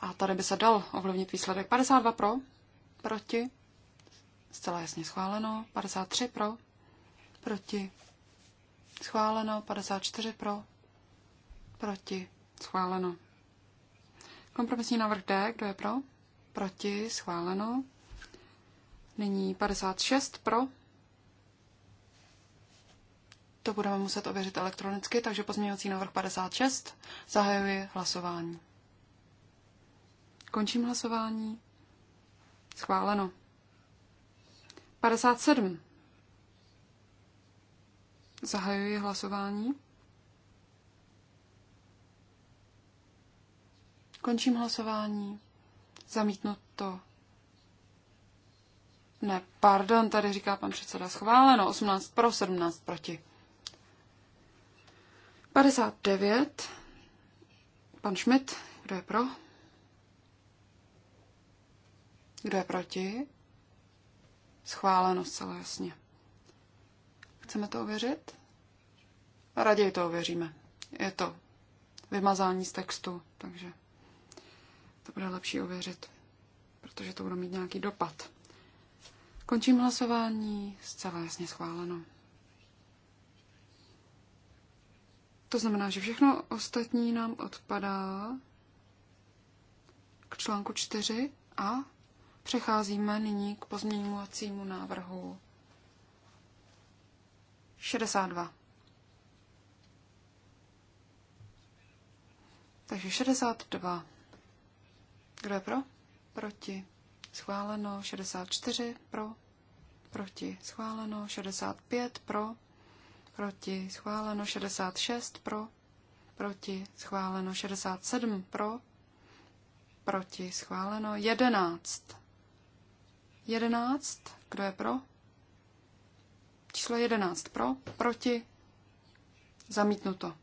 A tady by se dal ovlivnit výsledek. 52 pro, proti, zcela jasně schváleno. 53 pro, proti, schváleno. 54 pro, proti, schváleno. Kompromisní návrh D, kdo je pro? Proti, schváleno. Nyní 56 pro, to budeme muset ověřit elektronicky, takže pozměňovací návrh 56 zahajuji hlasování. Končím hlasování. Schváleno. 57. Zahajuji hlasování. Končím hlasování. Zamítnu to. Ne, pardon, tady říká pan předseda schváleno. 18 pro, 17 proti. 59. Pan Schmidt, kdo je pro? Kdo je proti? Schváleno zcela jasně. Chceme to ověřit? Raději to ověříme. Je to vymazání z textu, takže to bude lepší ověřit, protože to bude mít nějaký dopad. Končím hlasování, zcela jasně schváleno. To znamená, že všechno ostatní nám odpadá k článku 4 a přecházíme nyní k pozměňovacímu návrhu 62. Takže 62. Kdo je pro? Proti. Schváleno. 64. Pro. Proti. Schváleno. 65. Pro proti, schváleno 66 pro, proti, schváleno 67 pro, proti, schváleno 11. 11, kdo je pro? Číslo 11 pro, proti, zamítnuto.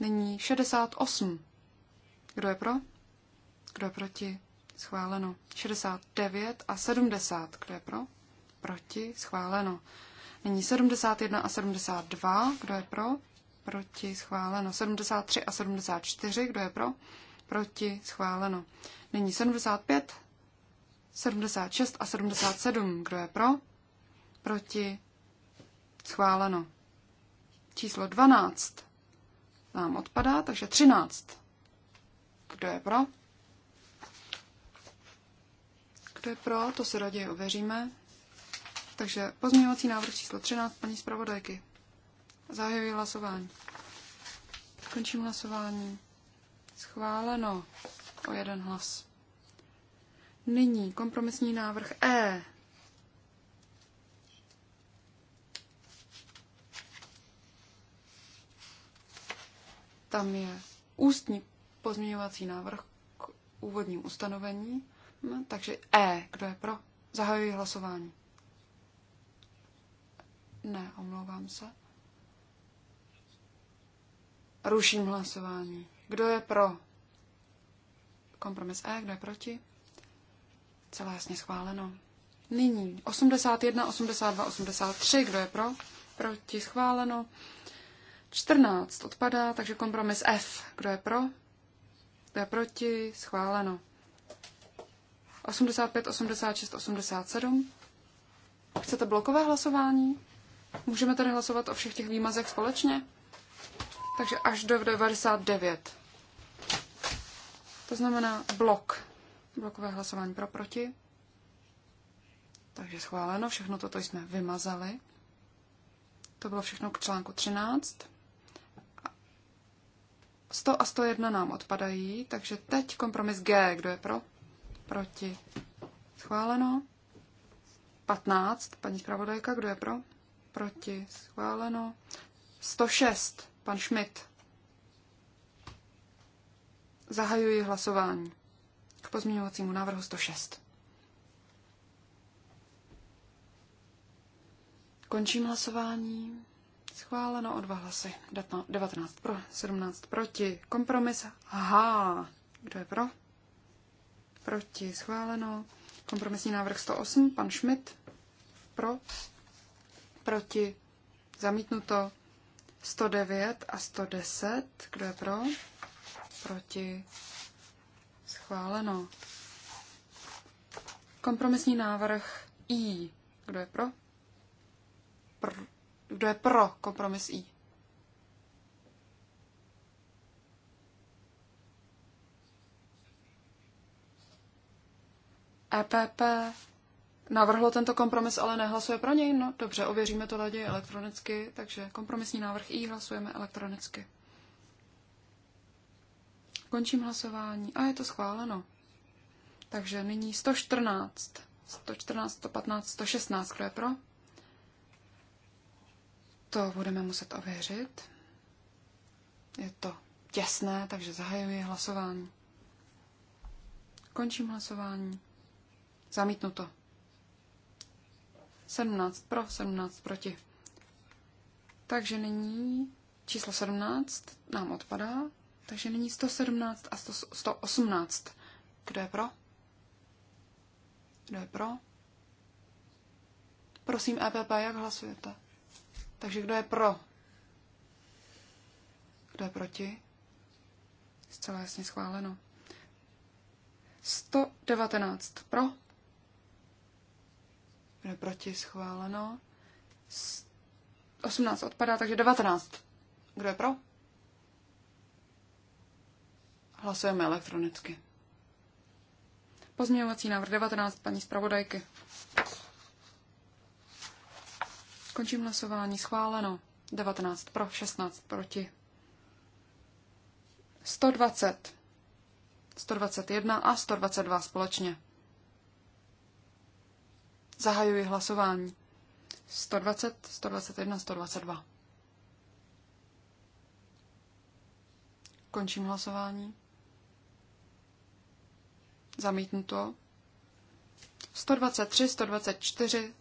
Nyní 68. Kdo je pro? Kdo je proti? Schváleno. 69 a 70. Kdo je pro? Proti? Schváleno. Nyní 71 a 72, kdo je pro? Proti schváleno. 73 a 74, kdo je pro? Proti schváleno. Nyní 75, 76 a 77, kdo je pro? Proti schváleno. Číslo 12 nám odpadá, takže 13. Kdo je pro? Kdo je pro, to si raději ověříme. Takže pozměňovací návrh číslo 13 paní zpravodajky. Zahajuji hlasování. Končím hlasování. Schváleno o jeden hlas. Nyní kompromisní návrh E. Tam je ústní pozměňovací návrh k úvodním ustanovení, takže E, kdo je pro, zahajuji hlasování. Ne, omlouvám se. Ruším hlasování. Kdo je pro? Kompromis E, kdo je proti? Celé jasně schváleno. Nyní 81, 82, 83, kdo je pro? Proti schváleno. 14 odpadá, takže kompromis F. Kdo je pro? Kdo je proti? Schváleno. 85, 86, 87. Chcete blokové hlasování? Můžeme tady hlasovat o všech těch výmazech společně? Takže až do 99. To znamená blok. Blokové hlasování pro proti. Takže schváleno, všechno toto jsme vymazali. To bylo všechno k článku 13. 100 a 101 nám odpadají, takže teď kompromis G, kdo je pro? Proti. Schváleno. 15, paní zpravodajka, kdo je pro? proti, schváleno. 106, pan Schmidt. Zahajuji hlasování k pozměňovacímu návrhu 106. Končím hlasování. Schváleno o dva hlasy. 19 pro, 17 proti. Kompromis H. Kdo je pro? Proti. Schváleno. Kompromisní návrh 108. Pan Schmidt. Pro proti, zamítnuto 109 a 110, kdo je pro, proti, schváleno. Kompromisní návrh I, kdo je pro, Pr- kdo je pro kompromis I. EPP navrhlo tento kompromis, ale nehlasuje pro něj. No dobře, ověříme to raději elektronicky, takže kompromisní návrh I hlasujeme elektronicky. Končím hlasování a je to schváleno. Takže nyní 114. 114, 115, 116, kdo je pro? To budeme muset ověřit. Je to těsné, takže zahajuji hlasování. Končím hlasování. Zamítnuto. to. 17 pro, 17 proti. Takže nyní číslo 17 nám odpadá, takže nyní 117 a 100, 118. Kdo je pro? Kdo je pro? Prosím, EPP, jak hlasujete? Takže kdo je pro? Kdo je proti? Zcela jasně schváleno. 119 pro, kdo je proti? Schváleno. 18 odpadá, takže 19. Kdo je pro? Hlasujeme elektronicky. Pozměňovací návrh 19 paní zpravodajky. Končím hlasování. Schváleno. 19 pro, 16 proti. 120. 121 a 122 společně. Zahajuji hlasování. 120, 121, 122. Končím hlasování. Zamítnuto. 123, 124.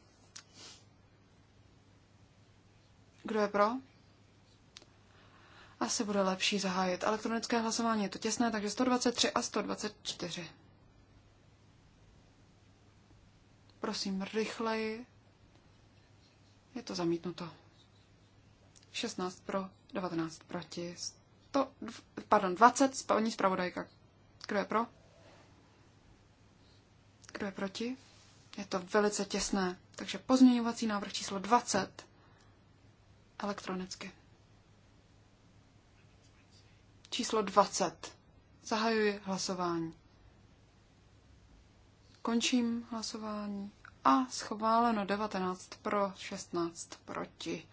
Kdo je pro? Asi bude lepší zahájit. Elektronické hlasování je to těsné, takže 123 a 124. Prosím, rychleji. Je to zamítnuto. 16 pro, 19 proti. 100, pardon, 20, paní zpravodajka. Kdo je pro? Kdo je proti? Je to velice těsné. Takže pozměňovací návrh číslo 20 elektronicky. Číslo 20. Zahajuji hlasování. Končím hlasování a schváleno 19 pro, 16 proti.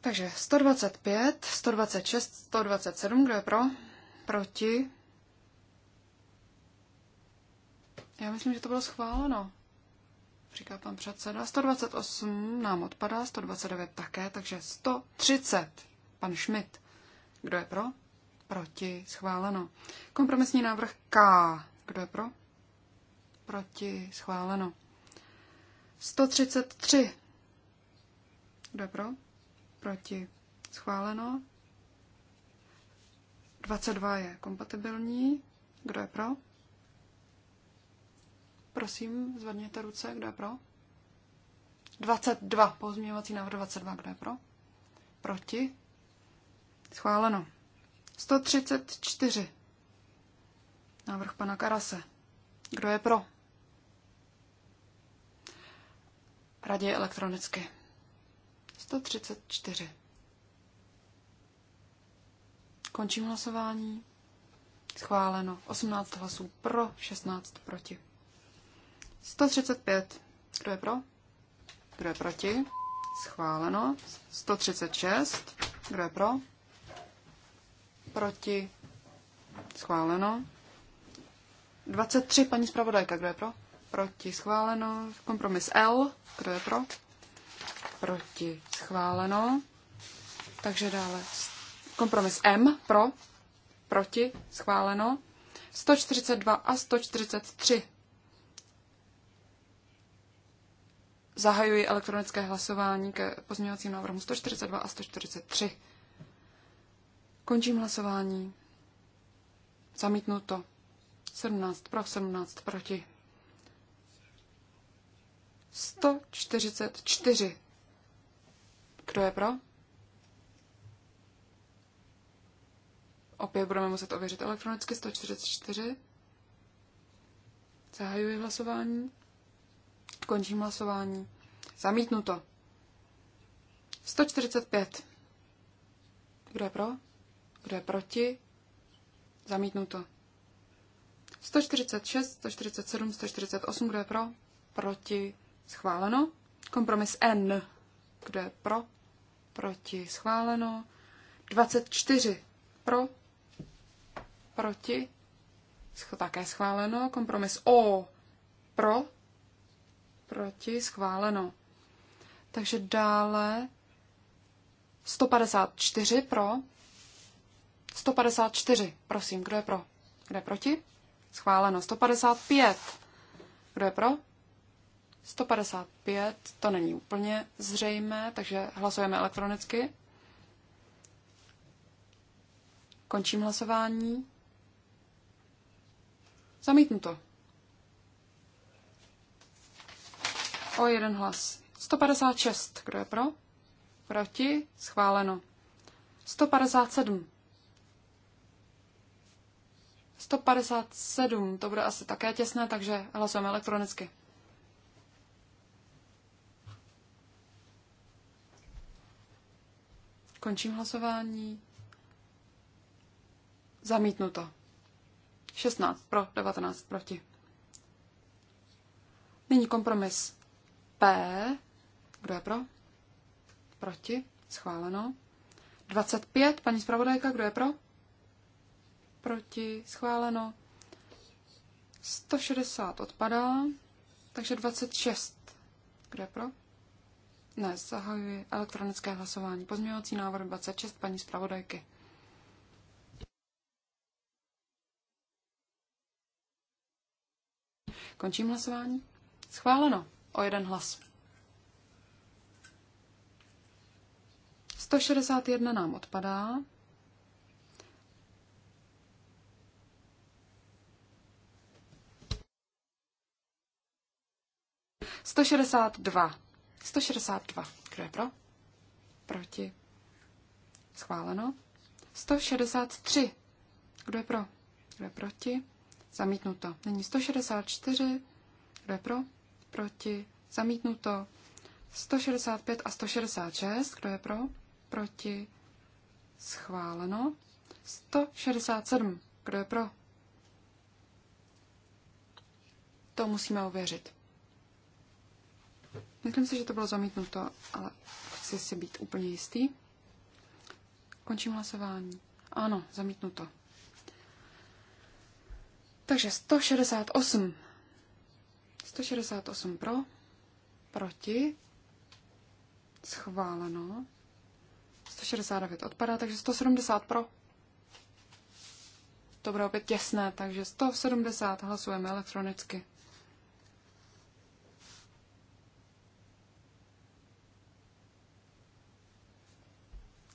Takže 125, 126, 127, kdo je pro? Proti. Já myslím, že to bylo schváleno, říká pan předseda. 128 nám odpadá, 129 také, takže 130. Pan Schmidt. Kdo je pro? Proti. Schváleno. Kompromisní návrh K. Kdo je pro? proti, schváleno. 133. Kdo je pro? Proti, schváleno. 22 je kompatibilní. Kdo je pro? Prosím, zvedněte ruce, kdo je pro? 22, pozměňovací návrh 22, kdo je pro? Proti? Schváleno. 134. Návrh pana Karase. Kdo je pro? raději elektronicky. 134. Končím hlasování. Schváleno. 18 hlasů pro, 16 proti. 135. Kdo je pro? Kdo je proti? Schváleno. 136. Kdo je pro? Proti. Schváleno. 23. Paní zpravodajka, kdo je pro? proti, schváleno. Kompromis L, kdo je pro, proti, schváleno. Takže dále kompromis M, pro, proti, schváleno. 142 a 143. Zahajuji elektronické hlasování ke pozměňovacím návrhům 142 a 143. Končím hlasování. Zamítnuto. 17 pro, 17 proti. 144. Kdo je pro? Opět budeme muset ověřit elektronicky 144. Zahajuji hlasování. Končím hlasování. Zamítnuto. 145. Kdo je pro? Kdo je proti? Zamítnuto. 146, 147, 148. Kdo je pro? Proti? Schváleno. Kompromis N. Kdo je pro? Proti. Schváleno. 24. Pro. Proti. Také schváleno. Kompromis O. Pro. Proti. Schváleno. Takže dále 154 pro. 154, prosím, kdo je pro? Kdo je proti? Schváleno. 155. Kdo je pro? 155, to není úplně zřejmé, takže hlasujeme elektronicky. Končím hlasování. Zamítnu to. O jeden hlas. 156. Kdo je pro? Proti? Schváleno. 157. 157. To bude asi také těsné, takže hlasujeme elektronicky. Končím hlasování. Zamítnuto. 16 pro, 19 proti. Nyní kompromis P. Kdo je pro? Proti. Schváleno. 25. Paní zpravodajka, kdo je pro? Proti. Schváleno. 160 odpadá. Takže 26. Kdo je pro? Ne, zahajuji elektronické hlasování. Pozměňovací návrh 26 paní zpravodajky. Končím hlasování. Schváleno. O jeden hlas. 161 nám odpadá. Sto šedesát dva. 162. Kdo je pro? Proti. Schváleno. 163. Kdo je pro? Kdo je proti? Zamítnuto. Není 164. Kdo je pro? Proti. Zamítnuto. 165 a 166. Kdo je pro? Proti. Schváleno. 167. Kdo je pro? To musíme ověřit. Myslím si, že to bylo zamítnuto, ale chci si být úplně jistý. Končím hlasování. Ano, zamítnuto. Takže 168. 168 pro, proti, schváleno. 169 odpadá, takže 170 pro. To bude opět těsné, takže 170 hlasujeme elektronicky.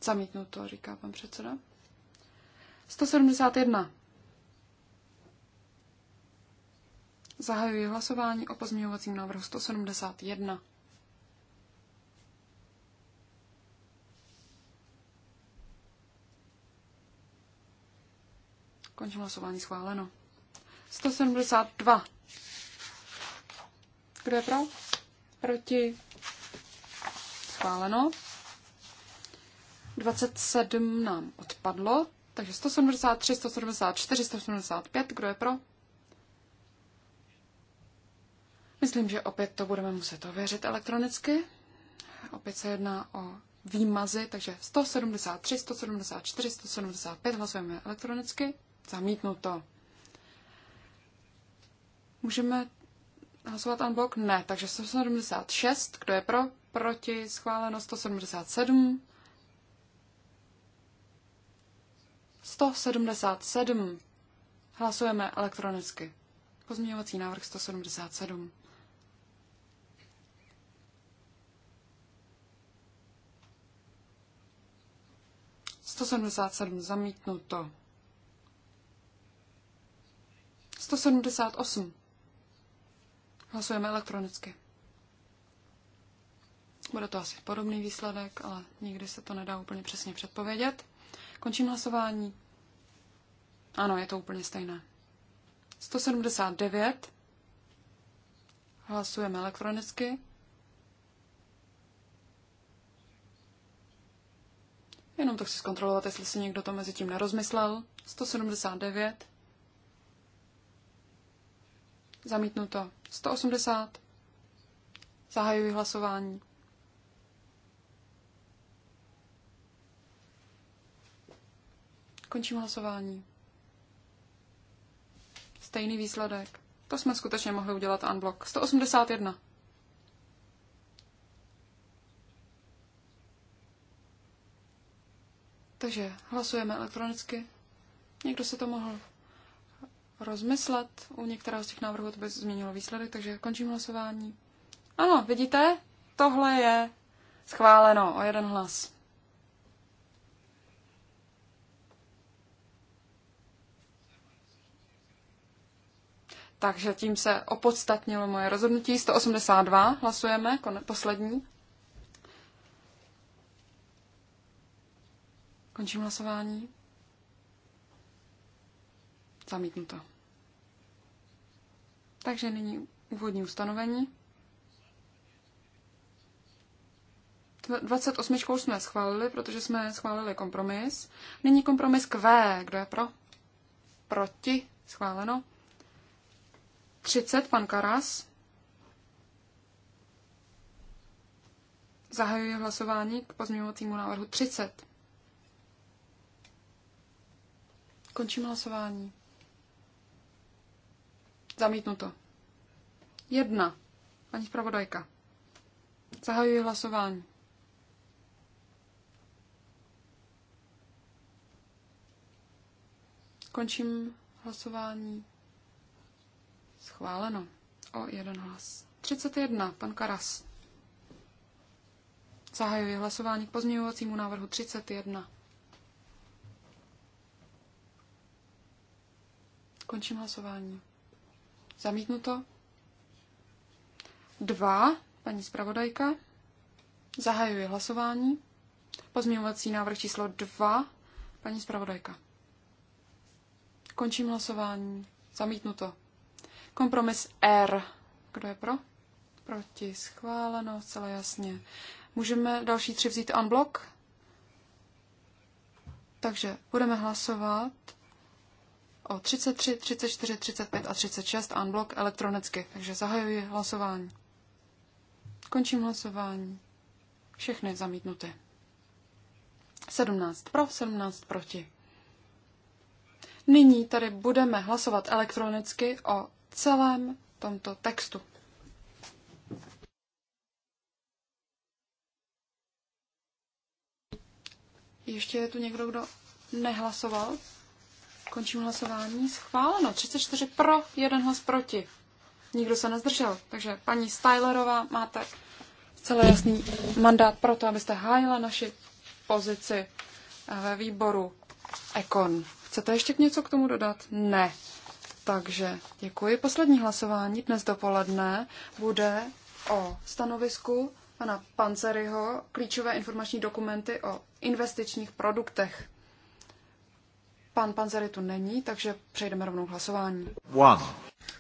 Zamítnuto, říká pan předseda. 171. Zahajuji hlasování o pozměňovacím návrhu 171. Končím hlasování schváleno. 172. Kdo je pro? Proti? Schváleno. 27 nám odpadlo, takže 173, 174, 175, kdo je pro? Myslím, že opět to budeme muset ověřit elektronicky. Opět se jedná o výmazy, takže 173, 174, 175 hlasujeme elektronicky. Zamítnu to. Můžeme hlasovat unblock? Ne. Takže 176, kdo je pro? Proti schváleno 177, 177. Hlasujeme elektronicky. Pozměňovací návrh 177. Sto sedmdesát sedm zamítnuto. Sto sedmdesát osm. Hlasujeme elektronicky. Bude to asi podobný výsledek, ale nikdy se to nedá úplně přesně předpovědět. Končím hlasování. Ano, je to úplně stejné. 179. Hlasujeme elektronicky. Jenom to chci zkontrolovat, jestli si někdo to mezi tím nerozmyslel. 179. Zamítnuto. 180. Zahajuji hlasování. Končím hlasování. Stejný výsledek. To jsme skutečně mohli udělat unblock. 181. Takže hlasujeme elektronicky. Někdo se to mohl rozmyslet. U některého z těch návrhů to by změnilo výsledek, takže končím hlasování. Ano, vidíte? Tohle je schváleno o jeden hlas. Takže tím se opodstatnilo moje rozhodnutí. 182 hlasujeme, kon, poslední. Končím hlasování. Zamítnuto. Takže nyní úvodní ustanovení. 28 jsme schválili, protože jsme schválili kompromis. Nyní kompromis Q. Kdo je pro? Proti? Schváleno. 30, pan Karas. Zahajuji hlasování k pozměňovacímu návrhu 30. Končím hlasování. Zamítnuto. Jedna. Paní zpravodajka. Zahajuji hlasování. Končím hlasování. Schváleno. O jeden hlas. 31. Pan Karas. Zahajuji hlasování k pozměňovacímu návrhu 31. Končím hlasování. Zamítnuto. 2. Paní zpravodajka. Zahajuji hlasování. Pozměňovací návrh číslo 2. Paní zpravodajka. Končím hlasování. Zamítnuto. Kompromis R. Kdo je pro? Proti schváleno, celé jasně. Můžeme další tři vzít unblock? Takže budeme hlasovat o 33, 34, 35 a 36 unblock elektronicky. Takže zahajuji hlasování. Končím hlasování. Všechny zamítnuty. 17 pro, 17 proti. Nyní tady budeme hlasovat elektronicky o celém tomto textu. Ještě je tu někdo, kdo nehlasoval? Končím hlasování. Schváleno. 34 pro, jeden hlas proti. Nikdo se nezdržel. Takže paní Stylerová, máte celé jasný mandát pro to, abyste hájila naši pozici ve výboru Ekon. Chcete ještě něco k tomu dodat? Ne. Takže děkuji. Poslední hlasování dnes dopoledne bude o stanovisku pana Panceryho klíčové informační dokumenty o investičních produktech. Pan Panzery tu není, takže přejdeme rovnou k hlasování. One.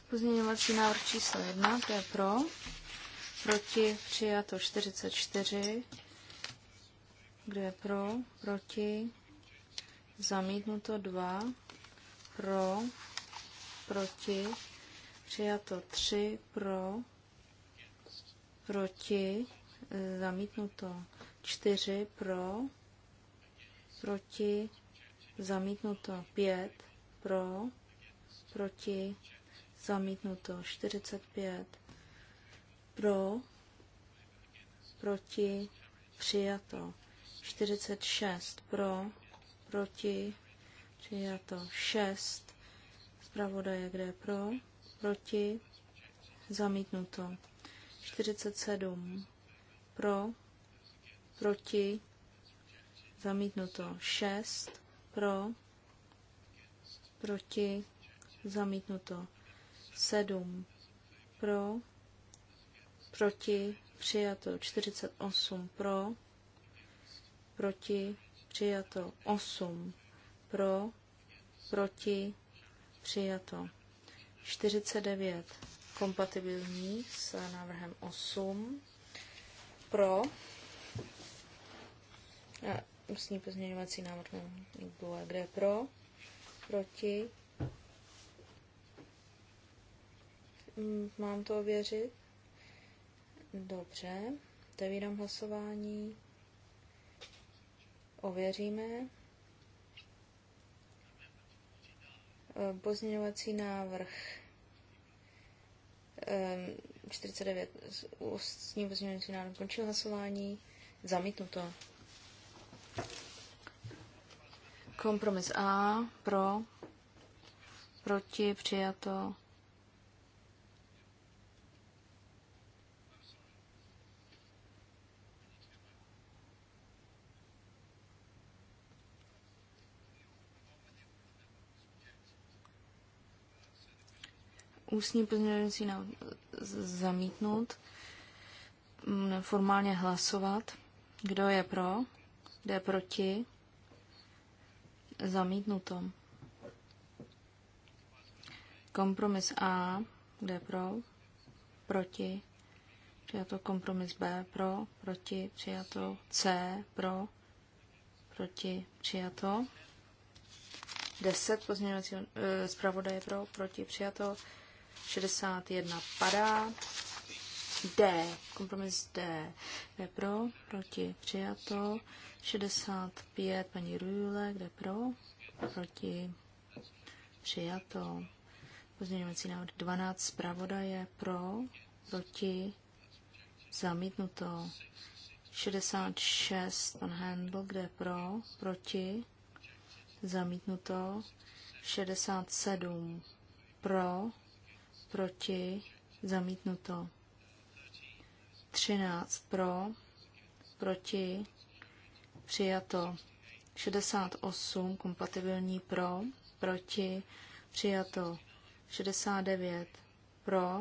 Pozměňovací návrh číslo jedna, to je pro. Proti přijato 44. Kdo je pro? Proti. Zamítnuto 2. Pro proti, přijato 3 e, pro, proti, zamítnuto 4 pro, proti, zamítnuto 5 pro, proti, zamítnuto 45 pro, proti, přijato 46 pro, proti, přijato 6 zpravodaje, kde je pro, proti, zamítnuto. 47 pro, proti, zamítnuto. 6 pro, proti, zamítnuto. 7 pro, proti, přijato. 48 pro, proti, přijato. 8 pro, proti, Přijato. 49 kompatibilní s návrhem 8 pro a ústní pozměňovací návrh Google, kde pro, proti. Mám to ověřit? Dobře, otevírám hlasování. Ověříme. Eh, pozměňovací návrh 49 ehm, ním pozměňovací návrh končil hlasování. Zamítnuto. Kompromis A pro, proti, přijato. ústní pozměňující na, zamítnout, formálně hlasovat. Kdo je pro? Kdo je proti? Zamítnuto. Kompromis A. Kdo je pro? Proti. Přijato kompromis B. Pro. Proti. Přijato C. Pro. Proti. Přijato. 10 pozměňovacího eh, zpravodaje pro. Proti. Přijato. 61 padá. D, kompromis D, kde pro, proti, přijato. 65, paní Rujule, kde pro, proti, přijato. Pozměňovací návrh 12, zpravodaje, pro, proti, zamítnuto. 66, pan Handel, kde pro, proti, zamítnuto. 67, pro, proti, zamítnuto. 13 pro, proti, přijato. 68 kompatibilní pro, proti, přijato. 69 pro,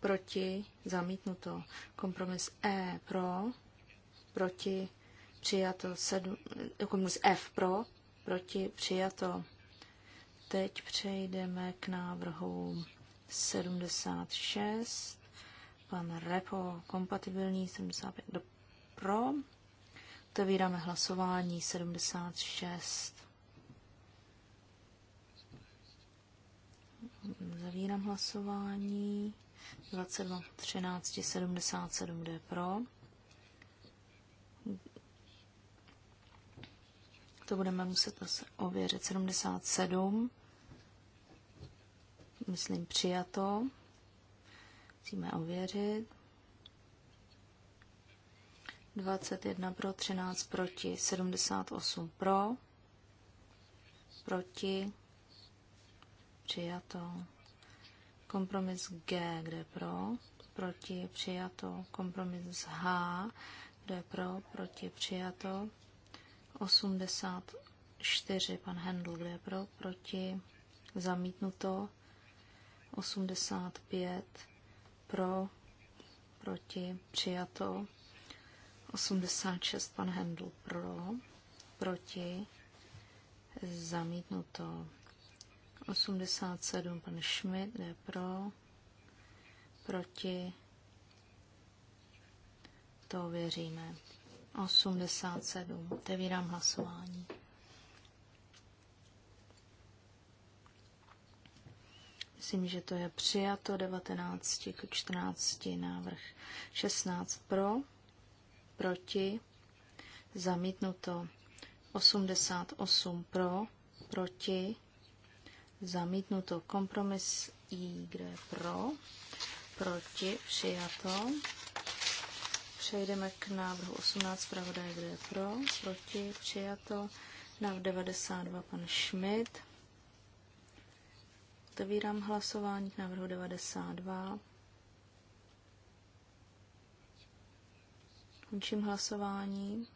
proti, zamítnuto. Kompromis E pro, proti, přijato. Sedm, kompromis F pro, proti, přijato. Teď přejdeme k návrhu 76, pan Repo kompatibilní 75 do pro. Otevíráme hlasování 76. Zavírám hlasování. 22, 13, 77 jde pro. To budeme muset zase ověřit. 77 myslím, přijato. Musíme ověřit. 21 pro, 13 proti, 78 pro, proti, přijato. Kompromis G, kde pro, proti, přijato. Kompromis H, kde pro, proti, přijato. 84, pan Hendl, kde pro, proti, zamítnuto. 85 pro, proti, přijato. 86 pan Hendl pro, proti, zamítnuto. 87 pan Schmidt je pro, proti, to věříme. 87. Otevírám hlasování. Myslím, že to je přijato 19 k 14, návrh 16 pro, proti, zamítnuto 88 pro, proti, zamítnuto kompromis I, kde je pro, proti, přijato. Přejdeme k návrhu 18 pravda, kde je pro, proti, přijato. Návrh 92 pan Schmidt Otevírám hlasování k návrhu 92. Končím hlasování.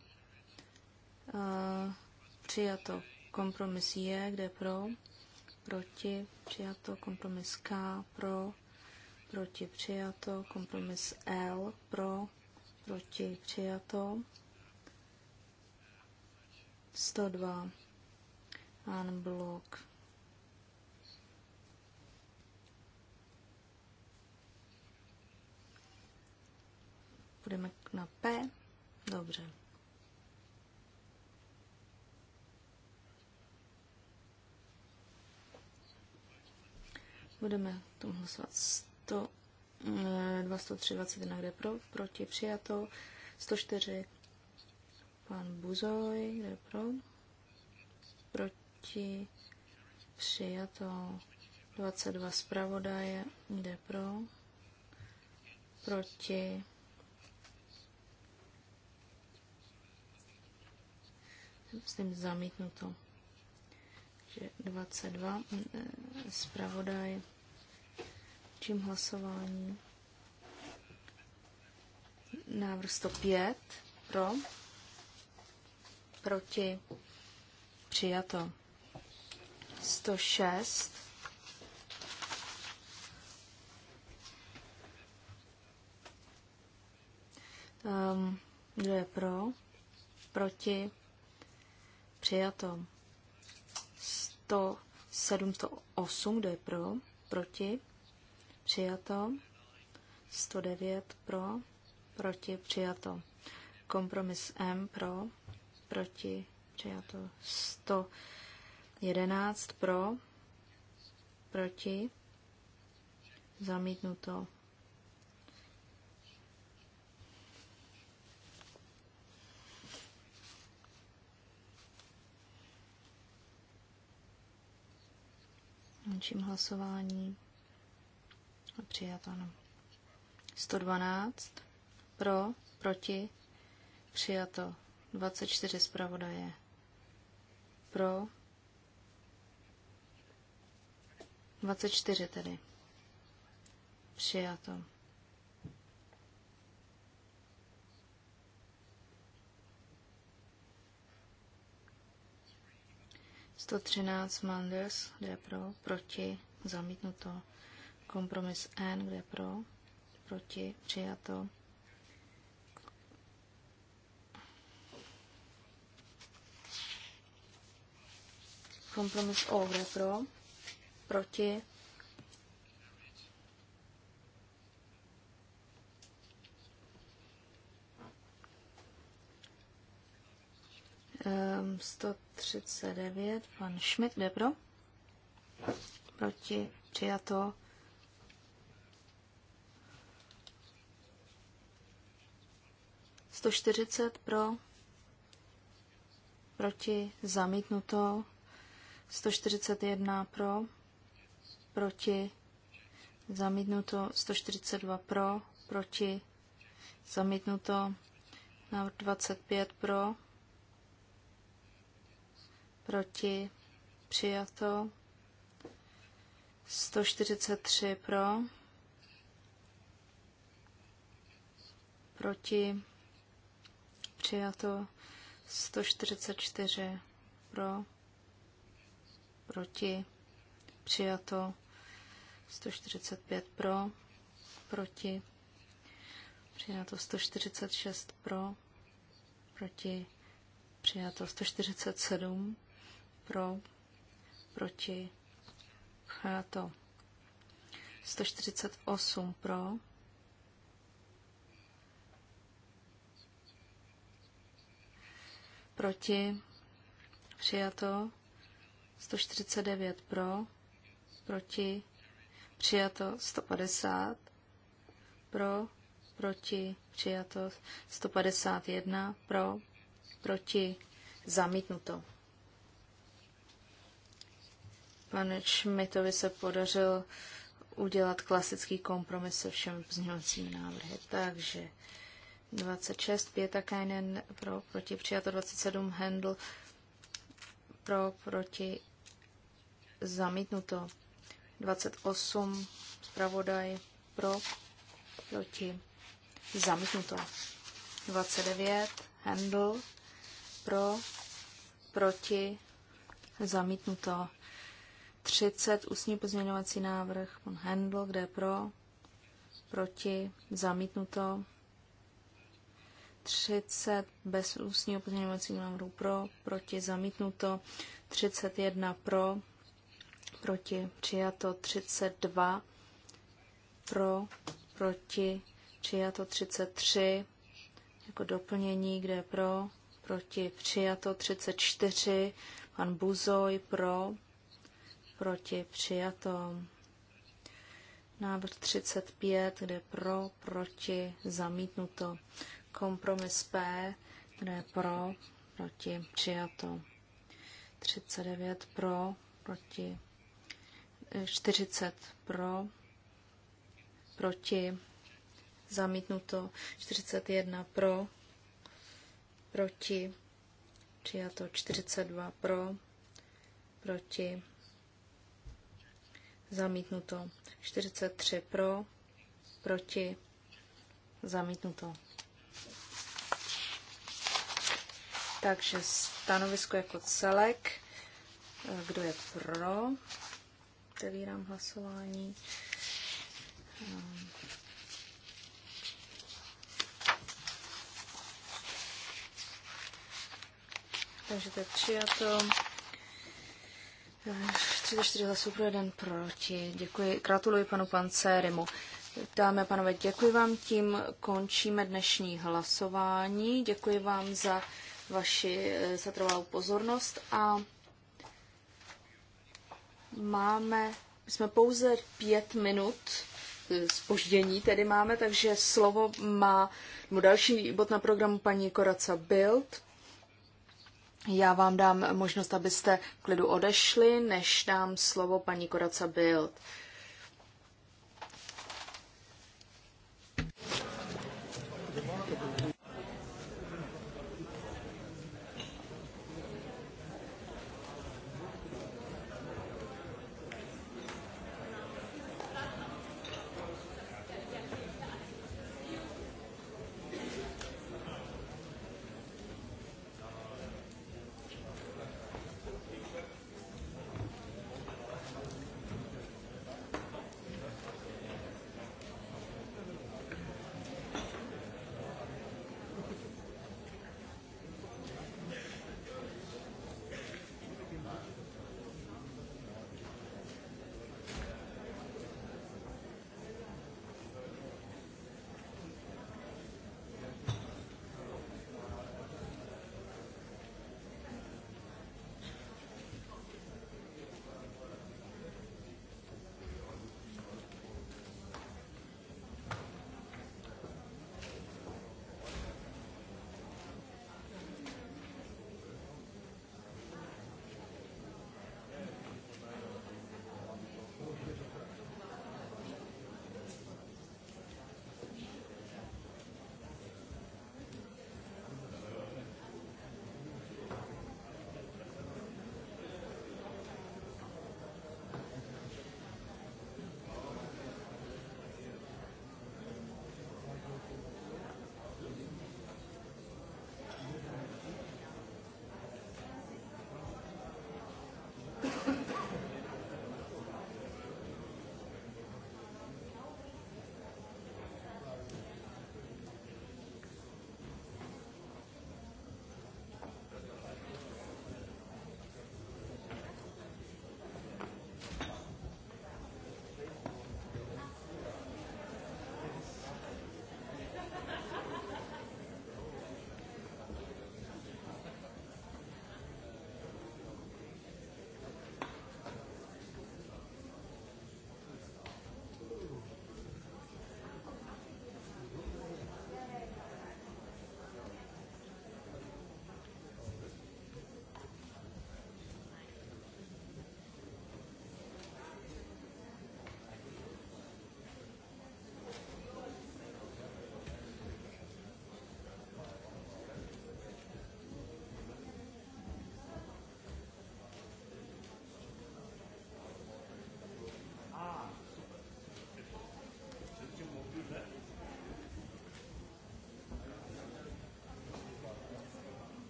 Eh, přijato kompromis je, kde pro, proti, přijato kompromis K, pro, proti, přijato kompromis L, pro, proti, přijato. 102. Unblock. Budeme na P. Dobře. Budeme tomu hlasovat 100, 2, 21, kde pro, proti, přijato, 104, pan Buzoj, kde pro, proti, přijato, 22 zpravodaje, kde pro, proti, myslím zamítnuto. Že 22 eh, zpravodaj čím hlasování. Návrh 105 pro, proti, přijato. 106 Um, ehm, kdo je pro? Proti? Přijato. 107 kdo je pro? Proti? Přijato. 109 pro? Proti? Přijato. Kompromis M pro? Proti? Přijato. 111 pro? Proti? Zamítnuto. Končím hlasování. Přijato, ano. 112. Pro, proti, přijato. 24 zpravodaje. Pro. 24 tedy. Přijato. 113 Manders, kde je pro, proti, zamítnuto. Kompromis N, kde je pro, proti, přijato. Kompromis O, kde je pro, proti, um, ehm, 100 39, pan Schmidt, jde pro? Proti, přijato. Sto čtyřicet pro, proti, zamítnuto. 141 pro, proti, zamítnuto 142 pro, proti, zamítnuto návrh 25 pro, proti, přijato. 143 pro, proti, přijato. 144 pro, proti, přijato. 145 pro, proti, přijato 146 pro, proti, přijato 147 pro, proti, přijato. 148 pro, proti, přijato. 149 pro, proti, přijato 150, pro, proti, přijato 151, pro, proti, zamítnuto. Pane Šmitovi se podařilo udělat klasický kompromis se všemi pozměňovacími návrhy. Takže 26, Pětakainen pro, proti, přijato 27, Handel pro, proti, zamítnuto. 28, zpravodaj pro, proti, zamítnuto. 29, Handel pro, proti, zamítnuto. 30, ústní pozměňovací návrh, pan Handel, kde je pro, proti, zamítnuto. 30 bez ústního pozměňovacího návrhu pro, proti, zamítnuto. 31 pro, proti, přijato. 32 pro, proti, přijato. 33 jako doplnění, kde je pro, proti, přijato. 34 pan Buzoj pro, proti, přijato. Návrh 35, kde je pro, proti, zamítnuto. Kompromis P, kde je pro, proti, přijato. 39 pro, proti, 40 pro, proti, zamítnuto, 41 pro, proti, přijato, 42 pro, proti, Zamítnuto. 43 pro, proti, zamítnuto. Takže stanovisko jako celek. Kdo je pro? Otevírám hlasování. Takže to je přijato. 34 hlasů pro jeden proti. Děkuji. Gratuluji panu Pancérimu. Dámy a pánové, děkuji vám. Tím končíme dnešní hlasování. Děkuji vám za vaši eh, zatrvalou pozornost a máme, jsme pouze pět minut spoždění eh, tedy máme, takže slovo má, mu další bod na programu paní Koraca Bild. Já vám dám možnost, abyste v klidu odešli, než dám slovo paní Koraca Bild.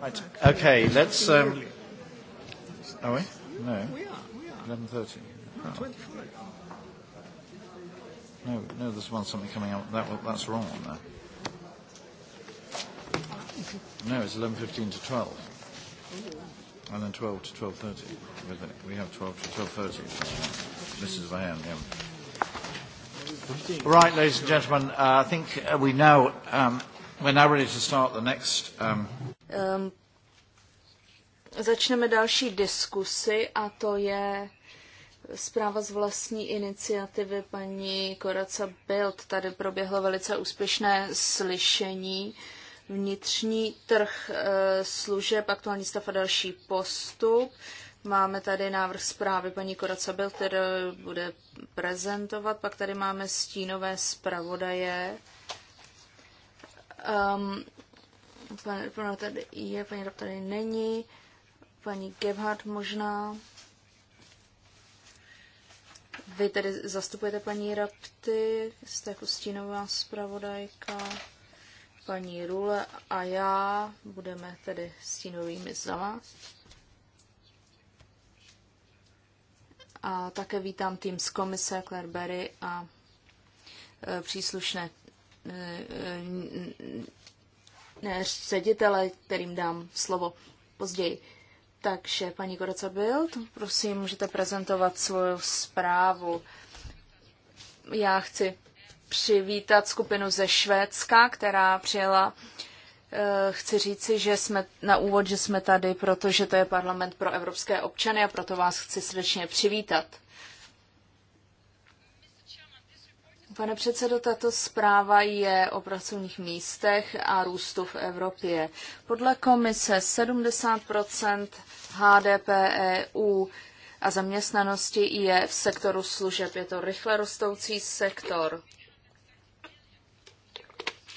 Right. Okay, let's. Um, are we? No. We are. We are. 11.30. No, no, there's one something coming up. That, that's wrong on there. No, it's 11.15 to 12. And then 12 to 12.30. We have 12 to 12.30. Mrs. Vahan, yeah. Right, ladies and gentlemen, uh, I think uh, we now, um, we're now ready to start the next um, Um, začneme další diskusy a to je zpráva z vlastní iniciativy paní Koraca Bild. Tady proběhlo velice úspěšné slyšení. Vnitřní trh eh, služeb, aktuální stav a další postup. Máme tady návrh zprávy paní Koraca Bild, který bude prezentovat. Pak tady máme stínové zpravodaje. Um, Pan tady je, paní Rup tady není, paní Gebhardt možná. Vy tedy zastupujete paní Rapty, jste jako stínová zpravodajka, paní Rule a já budeme tedy stínovými za vás. A také vítám tým z komise Claire Berry a e, příslušné e, e, ředitele, kterým dám slovo později. Takže, paní Koraca Bild, prosím, můžete prezentovat svou zprávu. Já chci přivítat skupinu ze Švédska, která přijela. Eh, chci říci, že jsme na úvod, že jsme tady, protože to je parlament pro evropské občany a proto vás chci srdečně přivítat. Pane předsedo, tato zpráva je o pracovních místech a růstu v Evropě. Podle komise 70 HDP EU a zaměstnanosti je v sektoru služeb. Je to rychle rostoucí sektor.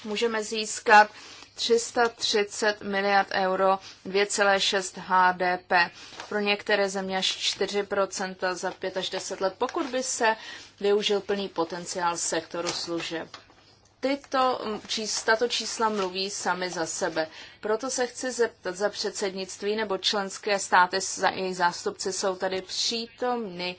Můžeme získat 330 miliard euro, 2,6 HDP. Pro některé země až 4 za 5 až 10 let. Pokud by se využil plný potenciál sektoru služeb. Tyto, čís, tato čísla mluví sami za sebe. Proto se chci zeptat za předsednictví nebo členské státy za jejich zástupci jsou tady přítomny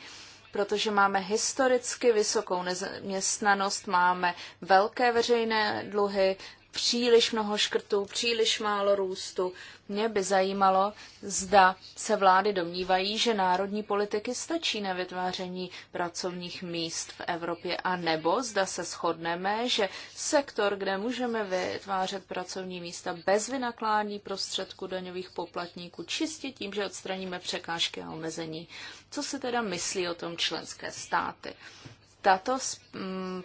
protože máme historicky vysokou nezaměstnanost, máme velké veřejné dluhy, příliš mnoho škrtů, příliš málo růstu. Mě by zajímalo, zda se vlády domnívají, že národní politiky stačí na vytváření pracovních míst v Evropě, a nebo zda se shodneme, že sektor, kde můžeme vytvářet pracovní místa bez vynaklání prostředků daňových poplatníků, čistě tím, že odstraníme překážky a omezení. Co si teda myslí o tom členské státy? Tato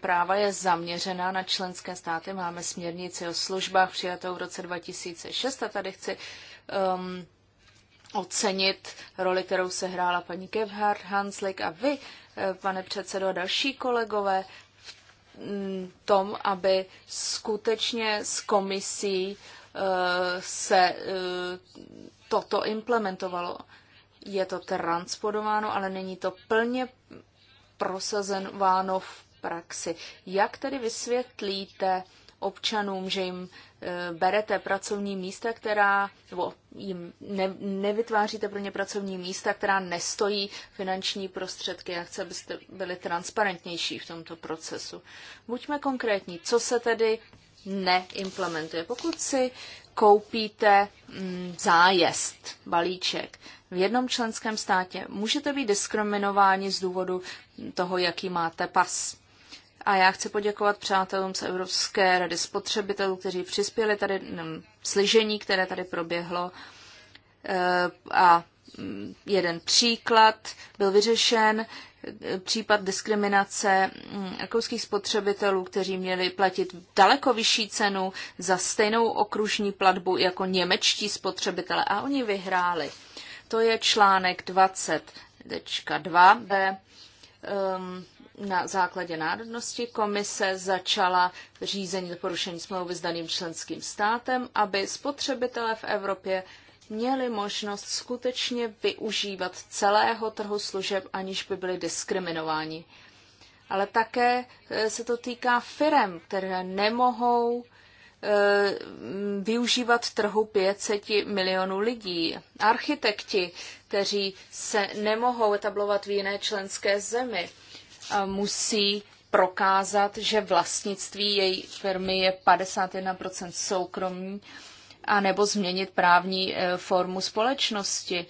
práva je zaměřená na členské státy. Máme směrnici o službách přijatou v roce 2006 a tady chci um, ocenit roli, kterou se hrála paní Gebhard, Hanslik a vy, eh, pane předsedo a další kolegové, v tom, aby skutečně s komisí eh, se eh, toto implementovalo. Je to transponováno, ale není to plně prosazováno v praxi. Jak tedy vysvětlíte občanům, že jim eh, berete pracovní místa, která, nebo jim ne, nevytváříte pro ně pracovní místa, která nestojí finanční prostředky. Já chce, abyste byli transparentnější v tomto procesu. Buďme konkrétní, co se tedy neimplementuje. Pokud si koupíte mm, zájezd, balíček, v jednom členském státě, můžete být diskriminováni z důvodu toho, jaký máte pas. A já chci poděkovat přátelům z Evropské rady spotřebitelů, kteří přispěli tady mm, slyžení, které tady proběhlo. Eh, a mm, jeden příklad byl vyřešen, eh, případ diskriminace mm, rakouských spotřebitelů, kteří měli platit daleko vyšší cenu za stejnou okružní platbu jako němečtí spotřebitele a oni vyhráli. To je článek 20.2b. Um, na základě národnosti komise začala řízení porušení smlouvy s daným členským státem, aby spotřebitelé v Evropě měli možnost skutečně využívat celého trhu služeb, aniž by byli diskriminováni. Ale také eh, se to týká firem, které nemohou Eh, využívat trhu 500 milionů lidí. Architekti, kteří se nemohou etablovat v jiné členské zemi, eh, musí prokázat, že vlastnictví její firmy je 51% soukromí, a nebo změnit právní eh, formu společnosti.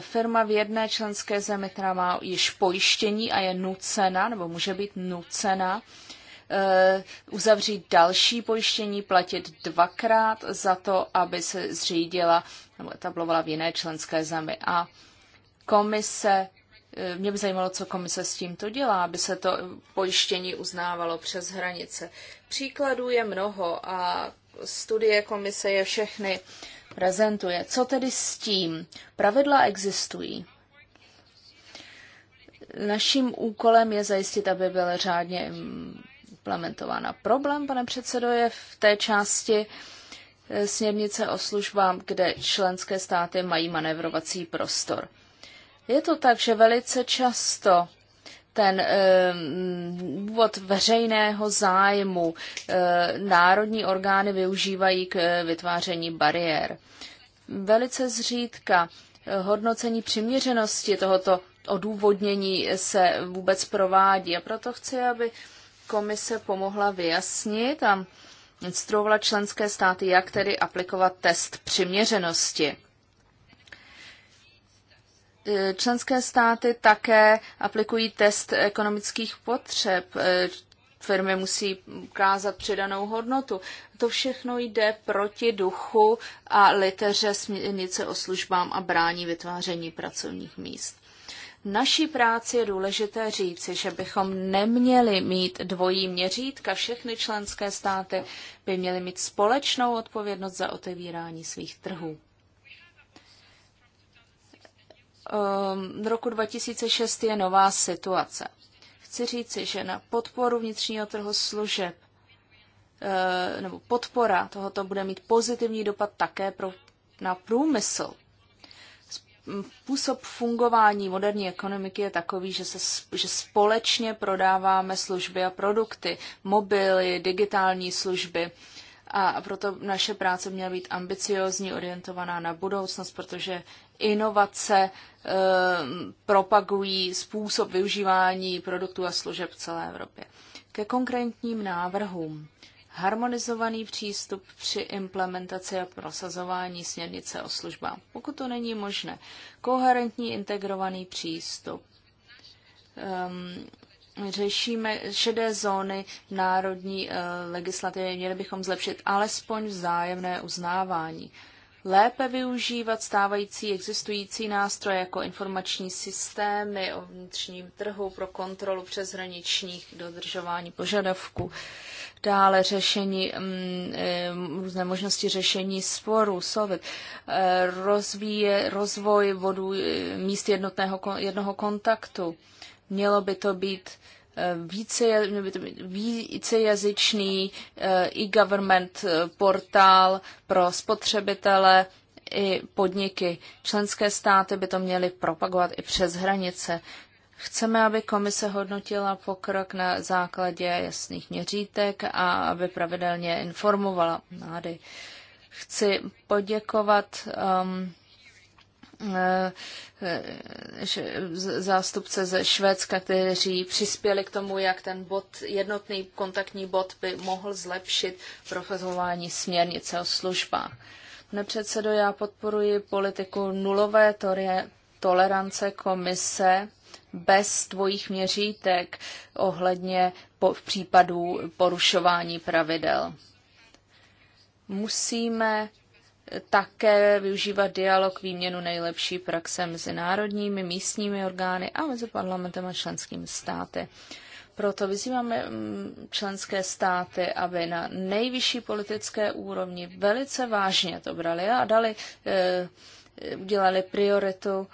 Firma v jedné členské zemi, která má již pojištění a je nucena, nebo může být nucena, Eh, uzavřít další pojištění, platit dvakrát za to, aby se zřídila nebo etablovala v jiné členské zemi. A komise, eh, mě by zajímalo, co komise s tímto dělá, aby se to pojištění uznávalo přes hranice. Příkladů je mnoho a studie komise je všechny prezentuje. Co tedy s tím? Pravidla existují. Naším úkolem je zajistit, aby byly řádně mm, implementována. Problém, pane předsedo, je v té části eh, směrnice o službám, kde členské státy mají manevrovací prostor. Je to tak, že velice často ten eh, důvod veřejného zájmu eh, národní orgány využívají k vytváření bariér. Velice zřídka hodnocení přiměřenosti tohoto odůvodnění se vůbec provádí. A proto chci, aby komise pomohla vyjasnit a instruovala členské státy, jak tedy aplikovat test přiměřenosti. E, členské státy také aplikují test ekonomických potřeb. E, firmy musí ukázat přidanou hodnotu. To všechno jde proti duchu a liteře směrnice o službám a brání vytváření pracovních míst naší práci je důležité říci, že bychom neměli mít dvojí měřítka. Všechny členské státy by měly mít společnou odpovědnost za otevírání svých trhů. V ehm, roku 2006 je nová situace. Chci říci, že na podporu vnitřního trhu služeb eh, nebo podpora tohoto bude mít pozitivní dopad také pro, na průmysl. Působ fungování moderní ekonomiky je takový, že, se, že společně prodáváme služby a produkty, mobily, digitální služby. A proto naše práce měla být ambiciozní, orientovaná na budoucnost, protože inovace e, propagují způsob využívání produktů a služeb v celé Evropě. Ke konkrétním návrhům harmonizovaný přístup při implementaci a prosazování směrnice o službách, pokud to není možné. Koherentní integrovaný přístup. Um, řešíme šedé zóny národní uh, legislativy. Měli bychom zlepšit alespoň vzájemné uznávání. Lépe využívat stávající existující nástroje jako informační systémy o vnitřním trhu pro kontrolu přeshraničních dodržování požadavků. Uh, dále řešení, mm, eh, různé možnosti řešení sporů, sovit, eh, rozvíje rozvoj vodu, eh, míst jednotného, jednoho kontaktu. Mělo by to být více, vícejazyčný e-government portál pro spotřebitele i podniky. Členské státy by to měly propagovat i přes hranice. Chceme, aby komise hodnotila pokrok na základě jasných měřítek a aby pravidelně informovala vlády. Chci poděkovat um, eh, eh, zástupce ze Švédska, kteří přispěli k tomu, jak ten bod, jednotný kontaktní bod by mohl zlepšit profesování směrnice o službách. Pane předsedo, já podporuji politiku nulové tolerance komise bez tvojích měřítek ohledně po, v případu porušování pravidel. Musíme také využívat dialog, výměnu nejlepší praxe mezi národními, místními orgány a mezi parlamentem a členskými státy. Proto vyzýváme mm, členské státy, aby na nejvyšší politické úrovni velice vážně to brali a dali, eh, udělali prioritu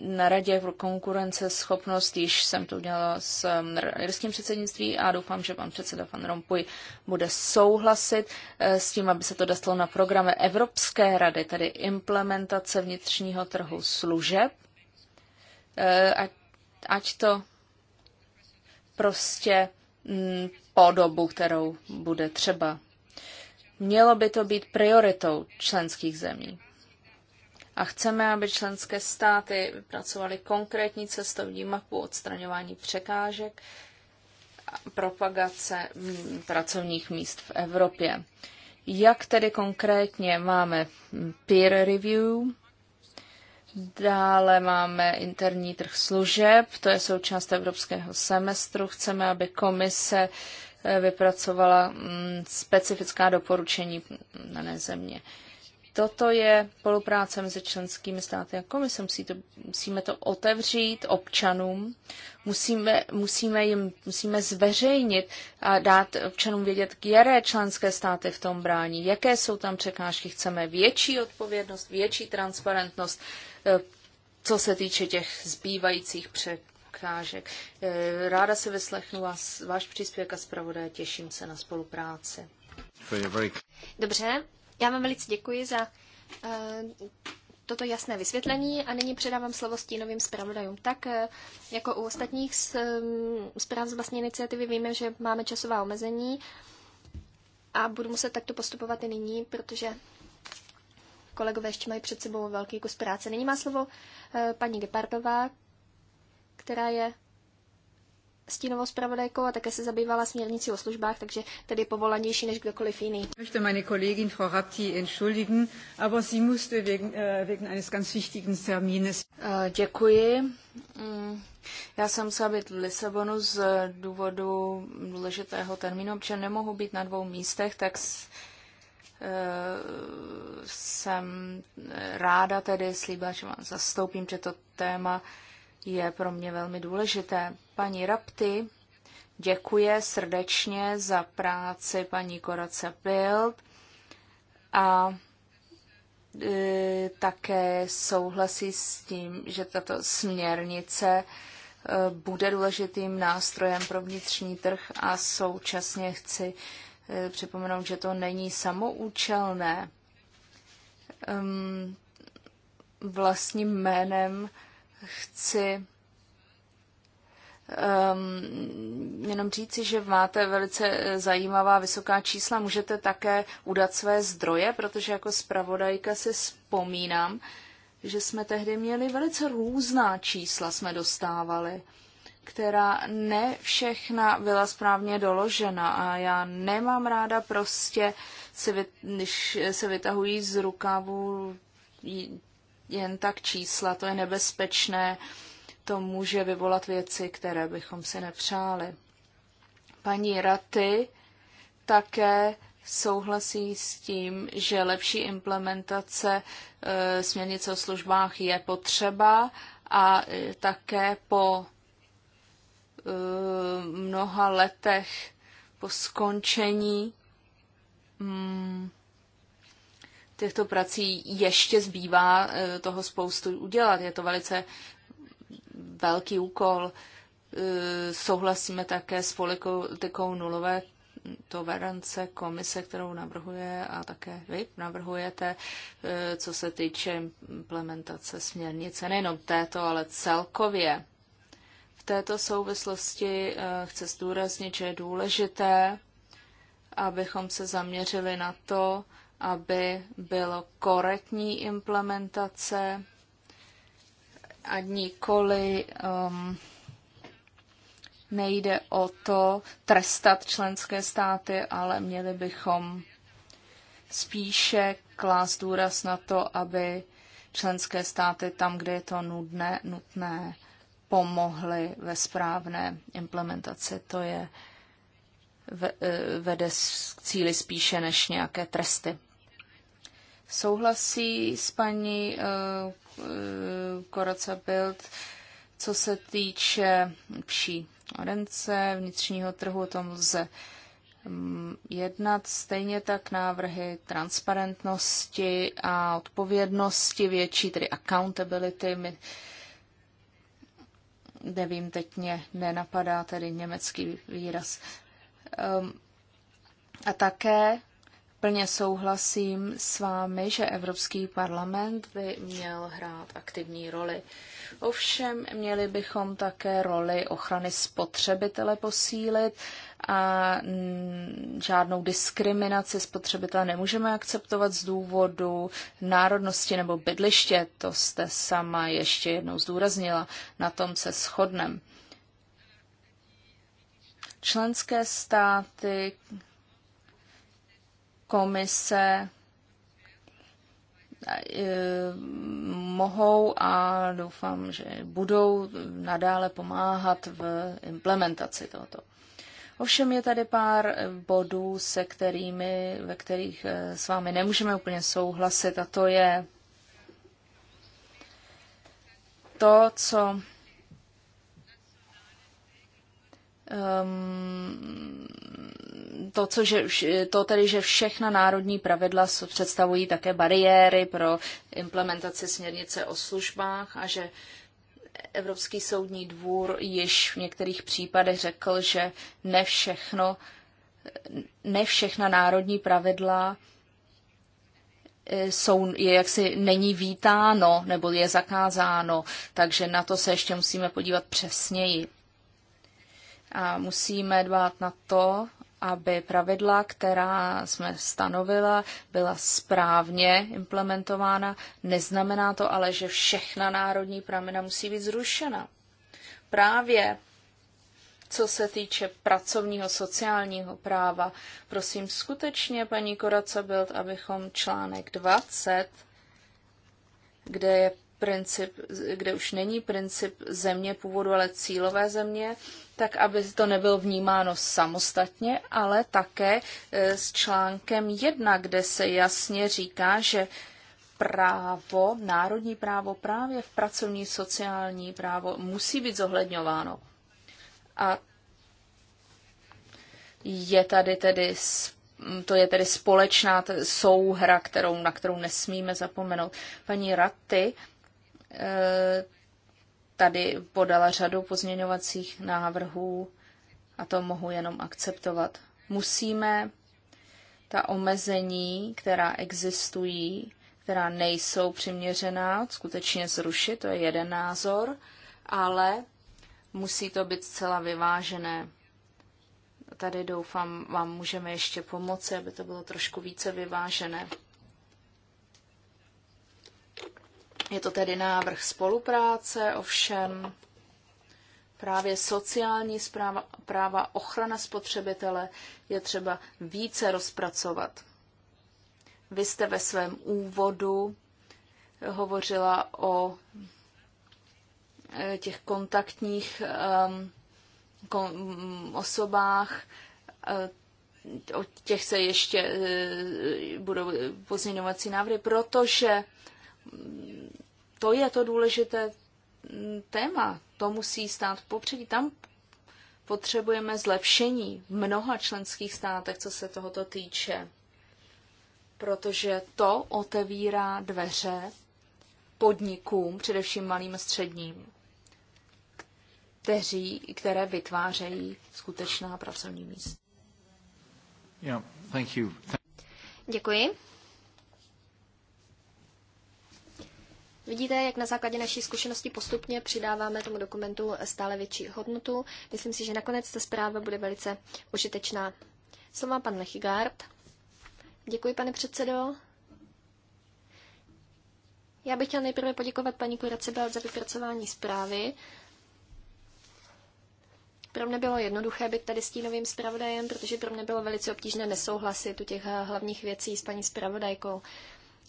na Radě pro konkurenceschopnost, již jsem to udělala s um, irským předsednictví a doufám, že pan předseda Van Rompuy bude souhlasit eh, s tím, aby se to dostalo na programy Evropské rady, tedy implementace vnitřního trhu služeb, eh, ať, ať to prostě mm, po dobu, kterou bude třeba. Mělo by to být prioritou členských zemí a chceme, aby členské státy vypracovaly konkrétní cestovní mapu odstraňování překážek a propagace pracovních míst v Evropě. Jak tedy konkrétně máme peer review, Dále máme interní trh služeb, to je součást evropského semestru. Chceme, aby komise eh, vypracovala specifická doporučení na země. Toto je spolupráce mezi členskými státy a komise. Musí to, musíme to otevřít občanům, musíme, musíme, jim, musíme zveřejnit a dát občanům vědět, které členské státy v tom brání, jaké jsou tam překážky. Chceme větší odpovědnost, větší transparentnost, eh, co se týče těch zbývajících překážek. Eh, ráda se vyslechnu vás, váš příspěvek a zpravodaj, těším se na spolupráci. Dobře, já vám velice děkuji za uh, toto jasné vysvětlení a nyní předávám slovo stínovým zpravodajům. Tak eh, jako u ostatních eh, zpráv z vlastní iniciativy víme, že máme časová omezení a budu muset takto postupovat i nyní, protože kolegové ještě mají před sebou velký kus práce. Nyní má slovo paní Gepardová, která je stínovou zpravodajkou a také se zabývala směrnicí o službách, takže tedy povolanější než kdokoliv jiný. Möchte meine Kollegin Frau Rapti entschuldigen, aber sie musste wegen, äh, wegen eines ganz wichtigen Termines. Äh, děkuji. Mm, já jsem musela být v Lisabonu z důvodu důležitého termínu, protože nemohu být na dvou místech, tak s, eh, jsem eh, ráda tedy slíbila, že vám zastoupím, že to téma je pro mě velmi důležité. Paní Rapty děkuje srdečně za práci paní Korace Bild a e, také souhlasí s tím, že tato směrnice e, bude důležitým nástrojem pro vnitřní trh a současně chci e, připomenout, že to není samoučelné. Vlastním jménem chci um, jenom říci, že máte velice eh, zajímavá vysoká čísla. Můžete také udat své zdroje, protože jako zpravodajka si vzpomínám, že jsme tehdy měli velice různá čísla, jsme dostávali, která ne všechna byla správně doložena a já nemám ráda prostě, si vy, když se vytahují z rukávu jen tak čísla, to je nebezpečné, to může vyvolat věci, které bychom si nepřáli. Paní Raty také souhlasí s tím, že lepší implementace e, směrnice o službách je potřeba a e, také po e, mnoha letech po skončení mm, těchto prací ještě zbývá eh, toho spoustu udělat. Je to velice velký úkol. Eh, souhlasíme také s politikou nulové verance komise, kterou navrhuje a také vy navrhujete, eh, co se týče implementace směrnice, nejenom této, ale celkově. V této souvislosti chci zdůraznit, že je důležité, abychom se zaměřili na to, aby bylo korektní implementace a nikoli um, nejde o to trestat členské státy, ale měli bychom spíše klást důraz na to, aby členské státy tam, kde je to nudné, nutné, pomohly ve správné implementaci. To je eh, vede k cíli spíše než nějaké tresty souhlasí s paní eh, eh, Koraca Bild, co se týče pší orence, vnitřního trhu, o tom lze mm, jednat stejně tak návrhy transparentnosti a odpovědnosti větší, tedy accountability. My, nevím, teď mě nenapadá tedy německý výraz. Ehm, a také Plně souhlasím s vámi, že Evropský parlament by měl hrát aktivní roli. Ovšem, měli bychom také roli ochrany spotřebitele posílit a žádnou diskriminaci spotřebitele nemůžeme akceptovat z důvodu národnosti nebo bydliště. To jste sama ještě jednou zdůraznila. Na tom se shodneme. Členské státy komise e, mohou a doufám, že budou nadále pomáhat v implementaci tohoto. Ovšem je tady pár bodů, se kterými, ve kterých e, s vámi nemůžeme úplně souhlasit a to je to, co um, to, co, že, to tedy, že všechna národní pravidla představují také bariéry pro implementaci směrnice o službách a že Evropský soudní dvůr již v některých případech řekl, že ne všechno, ne všechna národní pravidla eh, jsou, je jaksi není vítáno nebo je zakázáno, takže na to se ještě musíme podívat přesněji. A musíme dbát na to, aby pravidla, která jsme stanovila, byla správně implementována. Neznamená to ale, že všechna národní pramena musí být zrušena. Právě co se týče pracovního sociálního práva, prosím skutečně, paní Koraca Bild, abychom článek 20, kde je princip, kde už není princip země původu, ale cílové země, tak aby to nebylo vnímáno samostatně, ale také e, s článkem 1, kde se jasně říká, že právo, národní právo právě v pracovní sociální právo musí být zohledňováno. A je tady tedy to je tedy společná souhra, kterou, na kterou nesmíme zapomenout. Paní Ratty e, tady podala řadu pozměňovacích návrhů a to mohu jenom akceptovat. Musíme ta omezení, která existují, která nejsou přiměřená, skutečně zrušit, to je jeden názor, ale musí to být zcela vyvážené. Tady doufám, vám můžeme ještě pomoci, aby to bylo trošku více vyvážené. Je to tedy návrh spolupráce, ovšem právě sociální zpráva, práva ochrana spotřebitele je třeba více rozpracovat. Vy jste ve svém úvodu hovořila o eh, těch kontaktních ehm, mm, osobách. Eh, o těch se ještě eh, budou pozměňovací návrhy, protože to je to důležité mm, téma. To musí stát popředí. Tam potřebujeme zlepšení v mnoha členských státech, co se tohoto týče. Protože to otevírá dveře podnikům, především malým a středním, kteří, které vytvářejí skutečná pracovní místa. Yeah, thank you. Thank Děkuji. Vidíte, jak na základě naší zkušenosti postupně přidáváme tomu dokumentu stále větší hodnotu. Myslím si, že nakonec ta zpráva bude velice užitečná. Slova pan Lechigard. Děkuji, pane předsedo. Já bych chtěl nejprve poděkovat paní Kuracebel za vypracování zprávy. Pro mě bylo jednoduché být tady s tím zpravodajem, protože pro mě bylo velice obtížné nesouhlasit u těch hlavních věcí s paní zpravodajkou.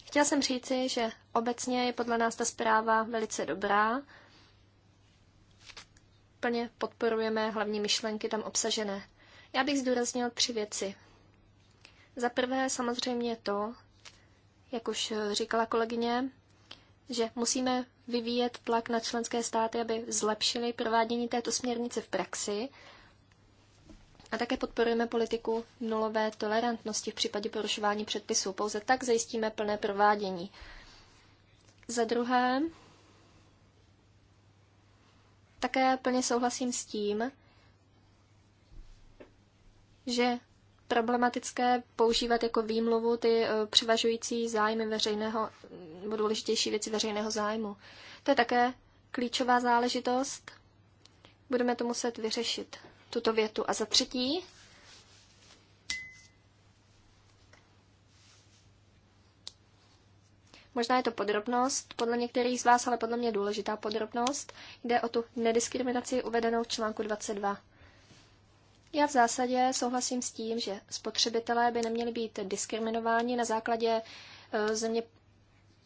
Chtěla jsem říci, že obecně je podle nás ta zpráva velice dobrá. Plně podporujeme hlavní myšlenky tam obsažené. Já bych zdůraznil tři věci. Za prvé samozřejmě to, jak už říkala kolegyně, že musíme vyvíjet tlak na členské státy, aby zlepšili provádění této směrnice v praxi a také podporujeme politiku nulové tolerantnosti v případě porušování předpisů. Pouze tak zajistíme plné provádění. Za druhé, také plně souhlasím s tím, že problematické používat jako výmluvu ty e, převažující zájmy veřejného, nebo důležitější věci veřejného zájmu. To je také klíčová záležitost. Budeme to muset vyřešit tuto větu. A za třetí, možná je to podrobnost, podle některých z vás, ale podle mě důležitá podrobnost, jde o tu nediskriminaci uvedenou v článku 22. Já v zásadě souhlasím s tím, že spotřebitelé by neměli být diskriminováni na základě eh, země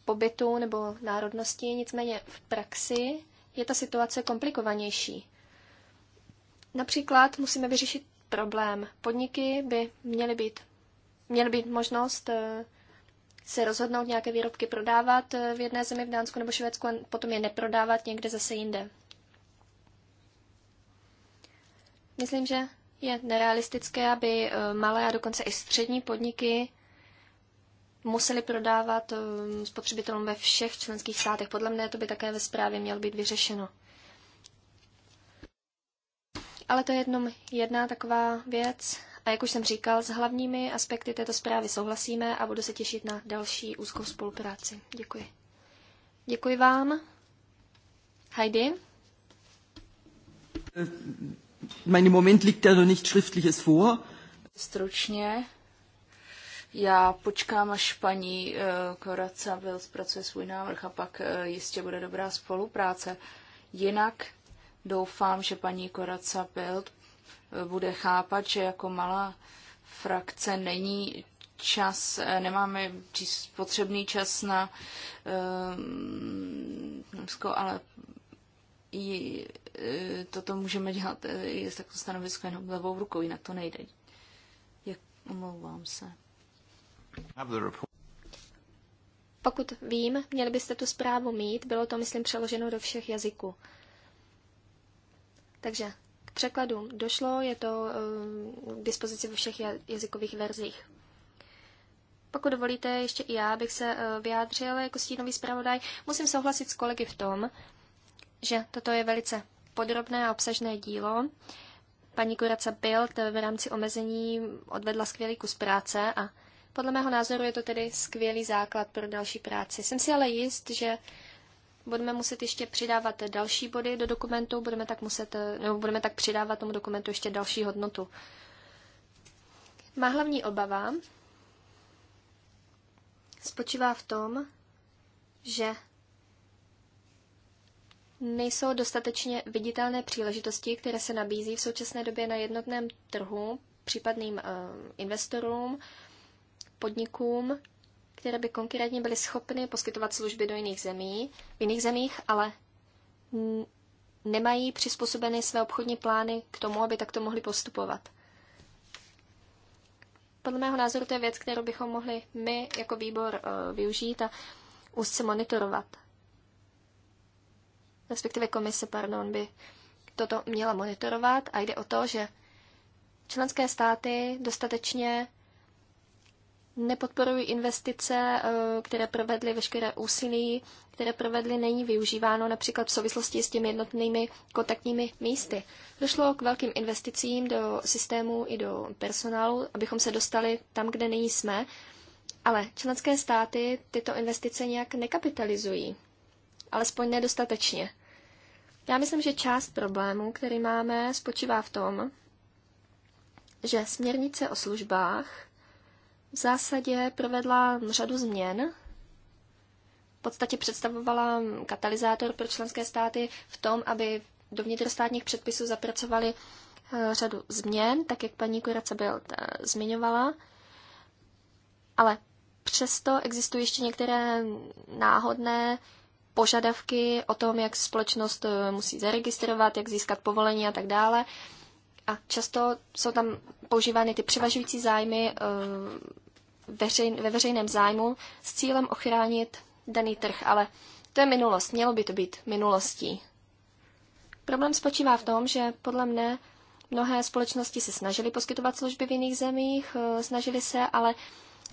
pobytu nebo národnosti, nicméně v praxi je ta situace komplikovanější. Například musíme vyřešit problém. Podniky by měly být, měly být možnost eh, se rozhodnout nějaké výrobky prodávat eh, v jedné zemi, v Dánsku nebo Švédsku, a potom je neprodávat někde zase jinde. Myslím, že je nerealistické, aby eh, malé a dokonce i střední podniky museli prodávat spotřebitelům ve všech členských státech. Podle mne to by také ve zprávě mělo být vyřešeno. Ale to je jednom jedna taková věc. A jak už jsem říkal, s hlavními aspekty této zprávy souhlasíme a budu se těšit na další úzkou spolupráci. Děkuji. Děkuji vám. Heidi? Mein Moment liegt ja noch nicht schriftliches vor. Stručně. Já počkám, až paní eh, Koraca byl zpracuje svůj návrh a pak eh, jistě bude dobrá spolupráce. Jinak Doufám, že paní Koraca Pilt eh, bude chápat, že jako malá frakce není čas, eh, nemáme potřebný čas na Norsko, eh, um, ale i, toto můžeme dělat je takto stanovisko jenom levou rukou, jinak to nejde. Jak omlouvám se. Pokud vím, měli byste tu zprávu mít, bylo to, myslím, přeloženo do všech jazyků. Takže k překladu došlo, je to eh, k dispozici ve všech jazykových verzích. Pokud dovolíte, ještě i já bych se eh, vyjádřil jako stínový zpravodaj. Musím souhlasit s kolegy v tom, že toto je velice podrobné a obsažné dílo. Paní Kuraca Bild v rámci omezení odvedla skvělý kus práce a podle mého názoru je to tedy skvělý základ pro další práci. Jsem si ale jist, že budeme muset ještě přidávat další body do dokumentu, budeme tak, muset, nebo budeme tak přidávat tomu dokumentu ještě další hodnotu. Má hlavní obava spočívá v tom, že nejsou dostatečně viditelné příležitosti, které se nabízí v současné době na jednotném trhu případným eh, investorům, podnikům které by konkrétně byly schopny poskytovat služby do jiných zemí, v jiných zemích, ale nemají přizpůsobeny své obchodní plány k tomu, aby takto mohli postupovat. Podle mého názoru to je věc, kterou bychom mohli my jako výbor eh, využít a úzce monitorovat. Respektive komise, pardon, by toto měla monitorovat a jde o to, že členské státy dostatečně nepodporují investice, eh, které provedly veškeré úsilí, které provedly, není využíváno například v souvislosti s těmi jednotnými kontaktními místy. Došlo k velkým investicím do systému i do personálu, abychom se dostali tam, kde nyní jsme, ale členské státy tyto investice nějak nekapitalizují, alespoň nedostatečně. Já myslím, že část problému, který máme, spočívá v tom, že směrnice o službách v zásadě provedla řadu změn. V podstatě představovala katalyzátor pro členské státy v tom, aby do vnitrostátních předpisů zapracovali eh, řadu změn, tak jak paní Kuraca byl eh, zmiňovala. Ale přesto existují ještě některé náhodné požadavky o tom, jak společnost eh, musí zaregistrovat, jak získat povolení a tak dále. A často jsou tam používány ty převažující zájmy veřejn, ve veřejném zájmu s cílem ochránit daný trh, ale to je minulost, mělo by to být minulostí. Problém spočívá v tom, že podle mne mnohé společnosti se snažily poskytovat služby v jiných zemích, eh, snažily se, ale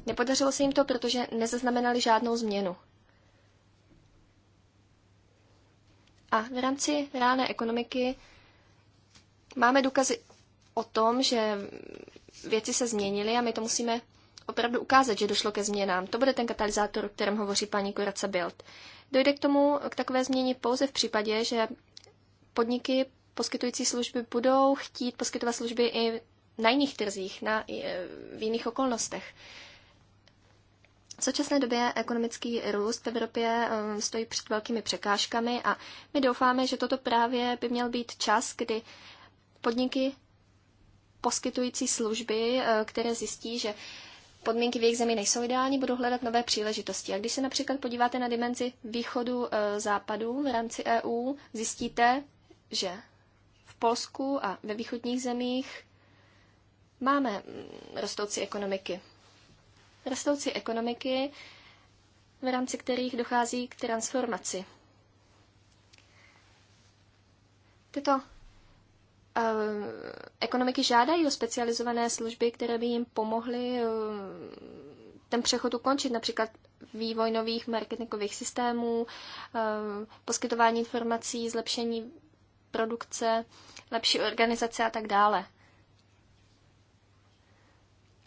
nepodařilo se jim to, protože nezaznamenali žádnou změnu. A v rámci reálné ekonomiky máme důkazy o tom, že věci se změnily a my to musíme opravdu ukázat, že došlo ke změnám. To bude ten katalyzátor, o kterém hovoří paní Koraca Bild. Dojde k tomu, k takové změně pouze v případě, že podniky poskytující služby budou chtít poskytovat služby i na jiných trzích, na, e, v jiných okolnostech. V současné době ekonomický růst v Evropě um, stojí před velkými překážkami a my doufáme, že toto právě by měl být čas, kdy podniky poskytující služby, e, které zjistí, že podmínky v jejich zemi nejsou ideální, budou hledat nové příležitosti. A když se například podíváte na dimenzi východu e, západu v rámci EU, zjistíte, že v Polsku a ve východních zemích máme mm, rostoucí ekonomiky. Rostoucí ekonomiky, v rámci kterých dochází k transformaci. Tyto Eh, ekonomiky žádají o specializované služby, které by jim pomohly eh, ten přechod ukončit, například vývoj nových marketingových systémů, eh, poskytování informací, zlepšení produkce, lepší organizace a tak dále.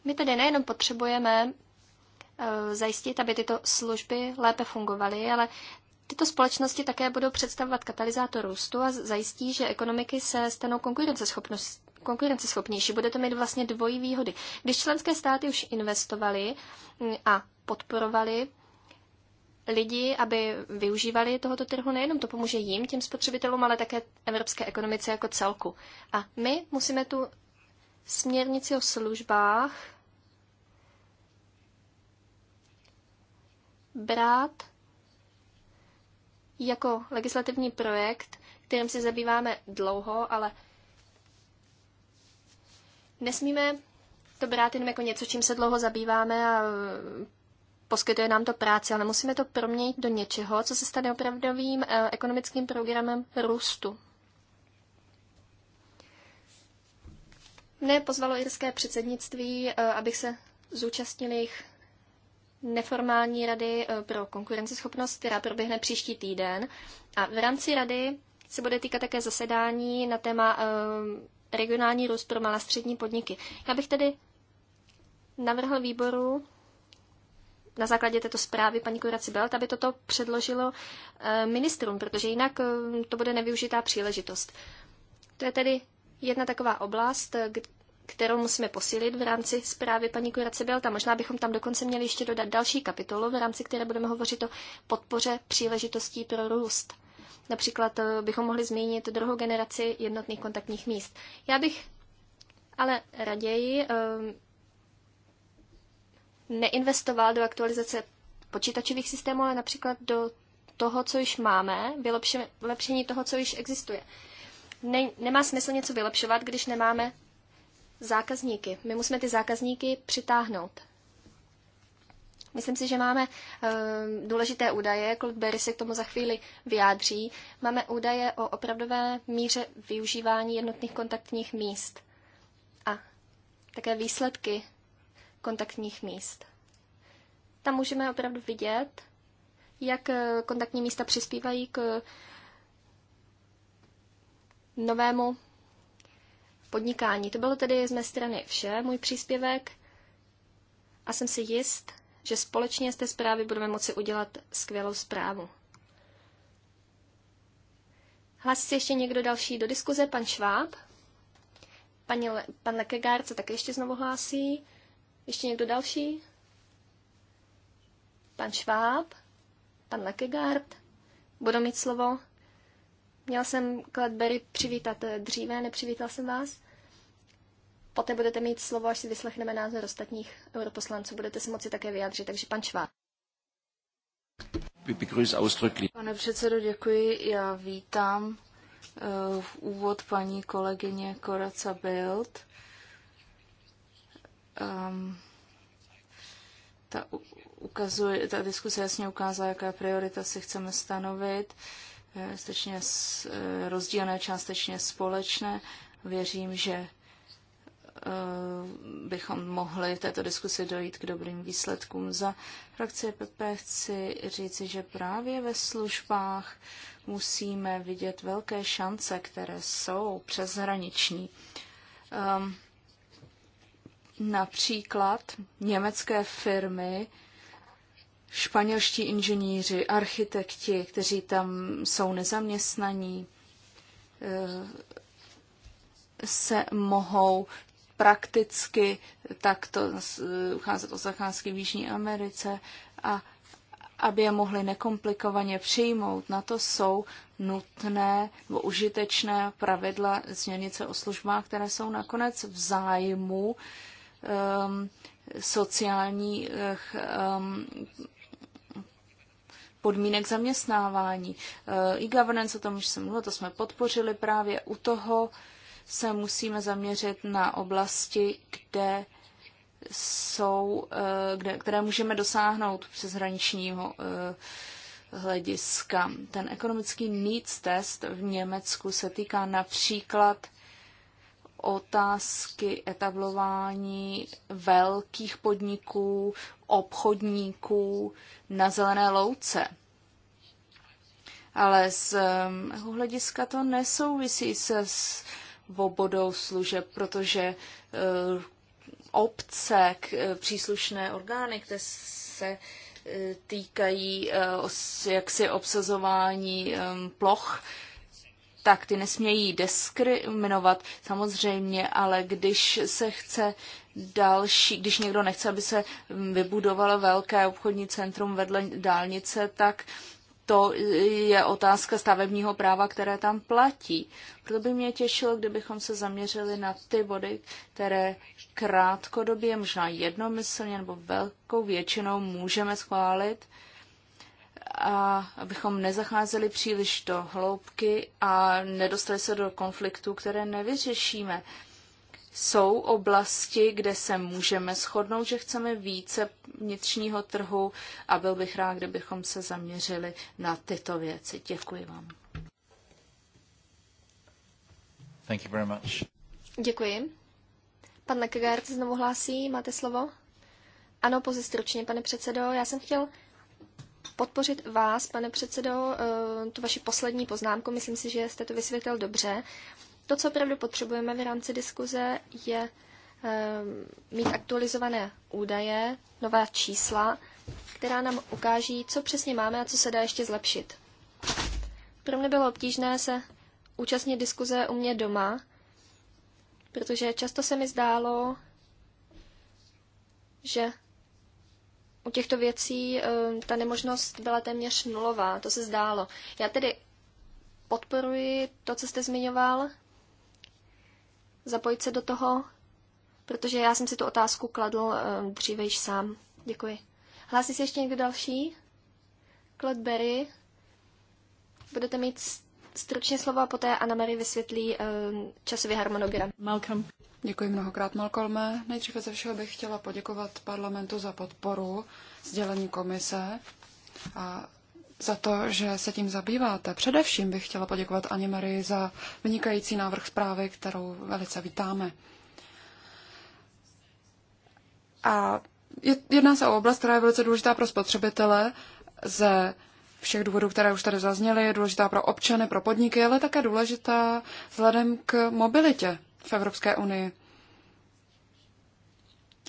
My tedy nejenom potřebujeme zajistit, aby tyto služby lépe fungovaly, ale Tyto společnosti také budou představovat katalyzátor růstu a zajistí, že ekonomiky se stanou konkurenceschopnější. Bude to mít vlastně dvojí výhody. Když členské státy už investovaly mm, a podporovaly lidi, aby využívali tohoto trhu, nejenom to pomůže jim, těm spotřebitelům, ale také evropské ekonomice jako celku. A my musíme tu směrnici o službách brát jako legislativní projekt, kterým se zabýváme dlouho, ale nesmíme to brát jenom jako něco, čím se dlouho zabýváme a e, poskytuje nám to práci, ale musíme to proměnit do něčeho, co se stane opravdovým e, ekonomickým programem růstu. Mne pozvalo irské předsednictví, e, abych se zúčastnil jejich neformální rady eh, pro konkurenceschopnost, která proběhne příští týden. A v rámci rady se bude týkat také zasedání na téma eh, regionální růst pro malé střední podniky. Já bych tedy navrhl výboru na základě této zprávy paní Kuraci Belt, aby toto předložilo eh, ministrům, protože jinak to bude nevyužitá příležitost. To je tedy jedna taková oblast, kterou musíme posílit v rámci zprávy paní Kurace Bělta. Možná bychom tam dokonce měli ještě dodat další kapitolu, v rámci které budeme hovořit o podpoře příležitostí pro růst. Například eh, bychom mohli zmínit druhou generaci jednotných kontaktních míst. Já bych ale raději ehm, neinvestoval do aktualizace počítačových systémů, ale například do toho, co již máme, vylepšení toho, co již existuje. Ne, nemá smysl něco vylepšovat, když nemáme zákazníky. My musíme ty zákazníky přitáhnout. Myslím si, že máme um, důležité údaje, Claude Berry se k tomu za chvíli vyjádří. Máme údaje o opravdové míře využívání jednotných kontaktních míst a také výsledky kontaktních míst. Tam můžeme opravdu vidět, jak eh, kontaktní místa přispívají k eh, novému podnikání. To bylo tedy z mé strany vše, můj příspěvek. A jsem si jist, že společně z té zprávy budeme moci udělat skvělou zprávu. Hlásí se ještě někdo další do diskuze? Pan Šváb? Pani Le- pan Lekegár se také ještě znovu hlásí. Ještě někdo další? Pan Šváb? Pan Lekegard? Budu mít slovo? Měl jsem Kladbery přivítat eh, dříve, nepřivítal jsem vás. Poté budete mít slovo, až si vyslechneme názor ostatních europoslanců. Budete se moci také vyjádřit, takže pan Šváb. Pane předsedo, děkuji. Já vítám eh, v úvod paní kolegyně Koraca Bild. Um, ta, ukazuje, ta diskuse jasně ukázala, jaká priorita si chceme stanovit. Uh, částečně eh, rozdílné, částečně společné. Věřím, že eh, bychom mohli v této diskusi dojít k dobrým výsledkům. Za frakci PP e chci říci, že právě ve službách musíme vidět velké šance, které jsou přeshraniční. Ehm, například německé firmy španělští inženýři, architekti, kteří tam jsou nezaměstnaní, eh, se mohou prakticky takto eh, ucházet o zakázky v Jižní Americe a aby je mohli nekomplikovaně přijmout. Na to jsou nutné nebo užitečné pravidla změnice o službách, které jsou nakonec v zájmu um, sociálních um, podmínek zaměstnávání. Eh, e-governance, o tom už jsem mluvila, to jsme podpořili právě u toho, se musíme zaměřit na oblasti, kde jsou, eh, kde, které můžeme dosáhnout přeshraničního eh, hlediska. Ten ekonomický needs test v Německu se týká například otázky etablování velkých podniků, obchodníků na zelené louce. Ale z mého um, hlediska to nesouvisí se svobodou služeb, protože uh, obce, k, eh, příslušné orgány, které se eh, týkají eh, jaksi obsazování um, ploch, tak ty nesmějí diskriminovat samozřejmě, ale když se chce další, když někdo nechce, aby se vybudovalo velké obchodní centrum vedle dálnice, tak to je otázka stavebního práva, které tam platí. Proto by mě těšilo, kdybychom se zaměřili na ty body, které krátkodobě, možná jednomyslně nebo velkou většinou můžeme schválit, a abychom nezacházeli příliš do hloubky a nedostali se do konfliktů, které nevyřešíme. Jsou oblasti, kde se můžeme shodnout, že chceme více vnitřního trhu a byl bych rád, kdybychom se zaměřili na tyto věci. Děkuji vám. Thank you very much. Děkuji. Pan Lekegard znovu hlásí, máte slovo? Ano, pozistručně, pane předsedo. Já jsem chtěl podpořit vás, pane předsedo, eh, tu vaši poslední poznámku. Myslím si, že jste to vysvětlil dobře. To, co opravdu potřebujeme v rámci diskuze, je eh, mít aktualizované údaje, nová čísla, která nám ukáží, co přesně máme a co se dá ještě zlepšit. Pro mě bylo obtížné se účastnit diskuze u mě doma, protože často se mi zdálo, že u těchto věcí eh, ta nemožnost byla téměř nulová, to se zdálo. Já tedy podporuji to, co jste zmiňoval, zapojit se do toho, protože já jsem si tu otázku kladl eh, dříve již sám. Děkuji. Hlásí se ještě někdo další? Claude Berry. Budete mít stručně slovo a poté Anna Mary vysvětlí eh, časový harmonogram. Malcolm. Děkuji mnohokrát, Malcolme. Nejdříve ze všeho bych chtěla poděkovat parlamentu za podporu sdělení komise a za to, že se tím zabýváte. Především bych chtěla poděkovat Aně Marii za vynikající návrh zprávy, kterou velice vítáme. A jedná se o oblast, která je velice důležitá pro spotřebitele ze všech důvodů, které už tady zazněly, je důležitá pro občany, pro podniky, ale také důležitá vzhledem k mobilitě v Evropské unii.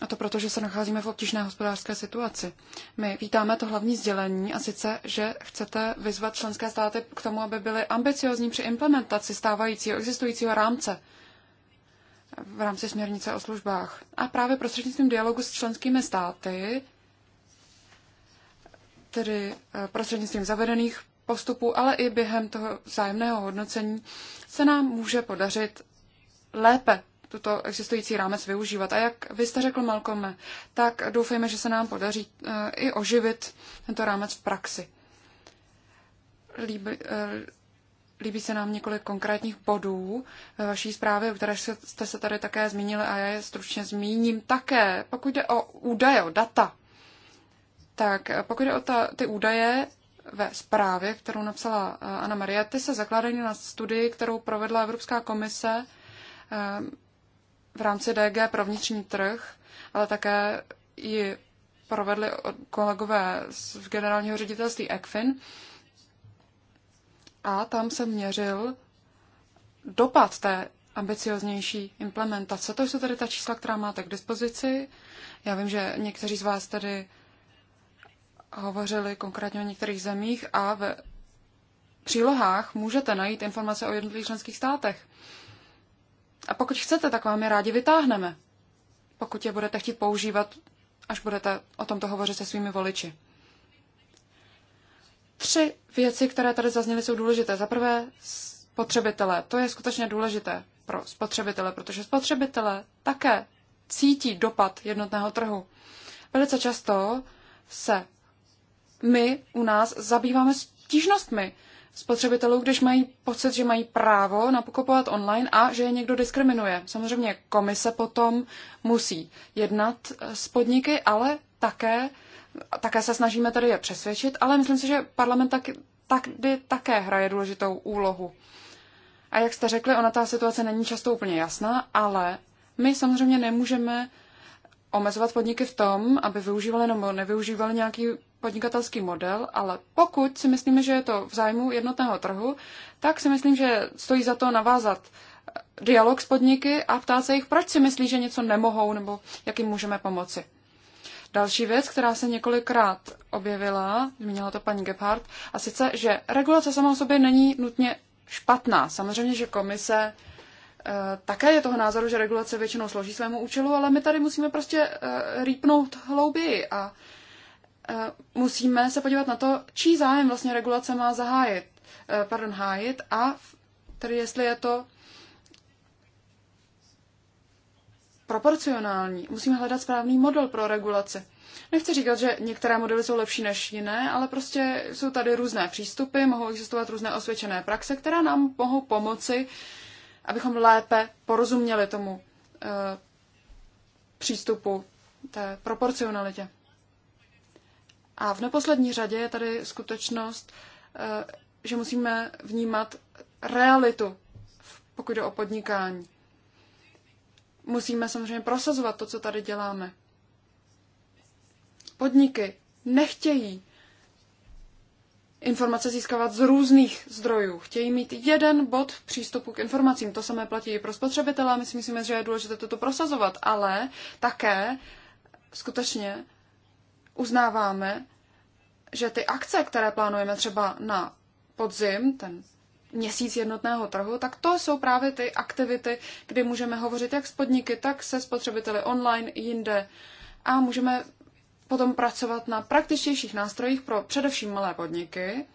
A to proto, že se nacházíme v obtížné hospodářské situaci. My vítáme to hlavní sdělení a sice, že chcete vyzvat členské státy k tomu, aby byly ambiciozní při implementaci stávajícího existujícího rámce v rámci směrnice o službách. A právě prostřednictvím dialogu s členskými státy tedy eh, prostřednictvím zavedených postupů, ale i během toho zájemného hodnocení se nám může podařit lépe tuto existující rámec využívat. A jak vy jste řekl, Malcolme, tak doufejme, že se nám podaří eh, i oživit tento rámec v praxi. Líbí, eh, líbí se nám několik konkrétních bodů ve vaší zprávě, o které jste se tady také zmínili a já je stručně zmíním také. Pokud jde o údaje, o data, tak eh, pokud je o ta, ty údaje ve zprávě, kterou napsala eh, Anna Maria, ty se zakládají na studii, kterou provedla Evropská komise eh, v rámci DG pro vnitřní trh, ale také ji provedli kolegové z generálního ředitelství ECFIN. A tam se měřil dopad té ambicioznější implementace. To jsou tady ta čísla, která máte k dispozici. Já vím, že někteří z vás tady hovořili konkrétně o některých zemích a ve přílohách můžete najít informace o jednotlivých členských státech. A pokud chcete, tak vám je rádi vytáhneme, pokud je budete chtít používat, až budete o tomto hovořit se svými voliči. Tři věci, které tady zazněly, jsou důležité. Za prvé, spotřebitelé. To je skutečně důležité pro spotřebitele, protože spotřebitelé také cítí dopad jednotného trhu. Velice často se my u nás zabýváme stížnostmi spotřebitelů, když mají pocit, že mají právo nakupovat online a že je někdo diskriminuje. Samozřejmě komise potom musí jednat eh, s podniky, ale také, také se snažíme tady je přesvědčit, ale myslím si, že parlament tak, tak, také hraje důležitou úlohu. A jak jste řekli, ona ta situace není často úplně jasná, ale my samozřejmě nemůžeme omezovat podniky v tom, aby využívali nebo nevyužívali nějaký podnikatelský model, ale pokud si myslíme, že je to v zájmu jednotného trhu, tak si myslím, že stojí za to navázat eh, dialog s podniky a ptát se jich, proč si myslí, že něco nemohou nebo jak jim můžeme pomoci. Další věc, která se několikrát objevila, zmínila to paní Gebhardt, a sice, že regulace sama o sobě není nutně špatná. Samozřejmě, že komise eh, také je toho názoru, že regulace většinou složí svému účelu, ale my tady musíme prostě eh, rýpnout hlouběji a Eh, musíme se podívat na to, čí zájem vlastně regulace má zahájit, eh, pardon, hájit a tedy jestli je to proporcionální. Musíme hledat správný model pro regulaci. Nechci říkat, že některé modely jsou lepší než jiné, ale prostě jsou tady různé přístupy, mohou existovat různé osvědčené praxe, které nám mohou pomoci, abychom lépe porozuměli tomu e, přístupu té proporcionalitě. A v neposlední řadě je tady skutečnost, eh, že musíme vnímat realitu, pokud jde o podnikání. Musíme samozřejmě prosazovat to, co tady děláme. Podniky nechtějí informace získávat z různých zdrojů. Chtějí mít jeden bod přístupu k informacím. To samé platí i pro spotřebitele. My si myslíme, že je důležité toto prosazovat, ale také skutečně uznáváme, že ty akce, které plánujeme třeba na podzim, ten měsíc jednotného trhu, tak to jsou právě ty aktivity, kdy můžeme hovořit jak s podniky, tak se spotřebiteli online, jinde. A můžeme potom pracovat na praktičtějších nástrojích pro především malé podniky,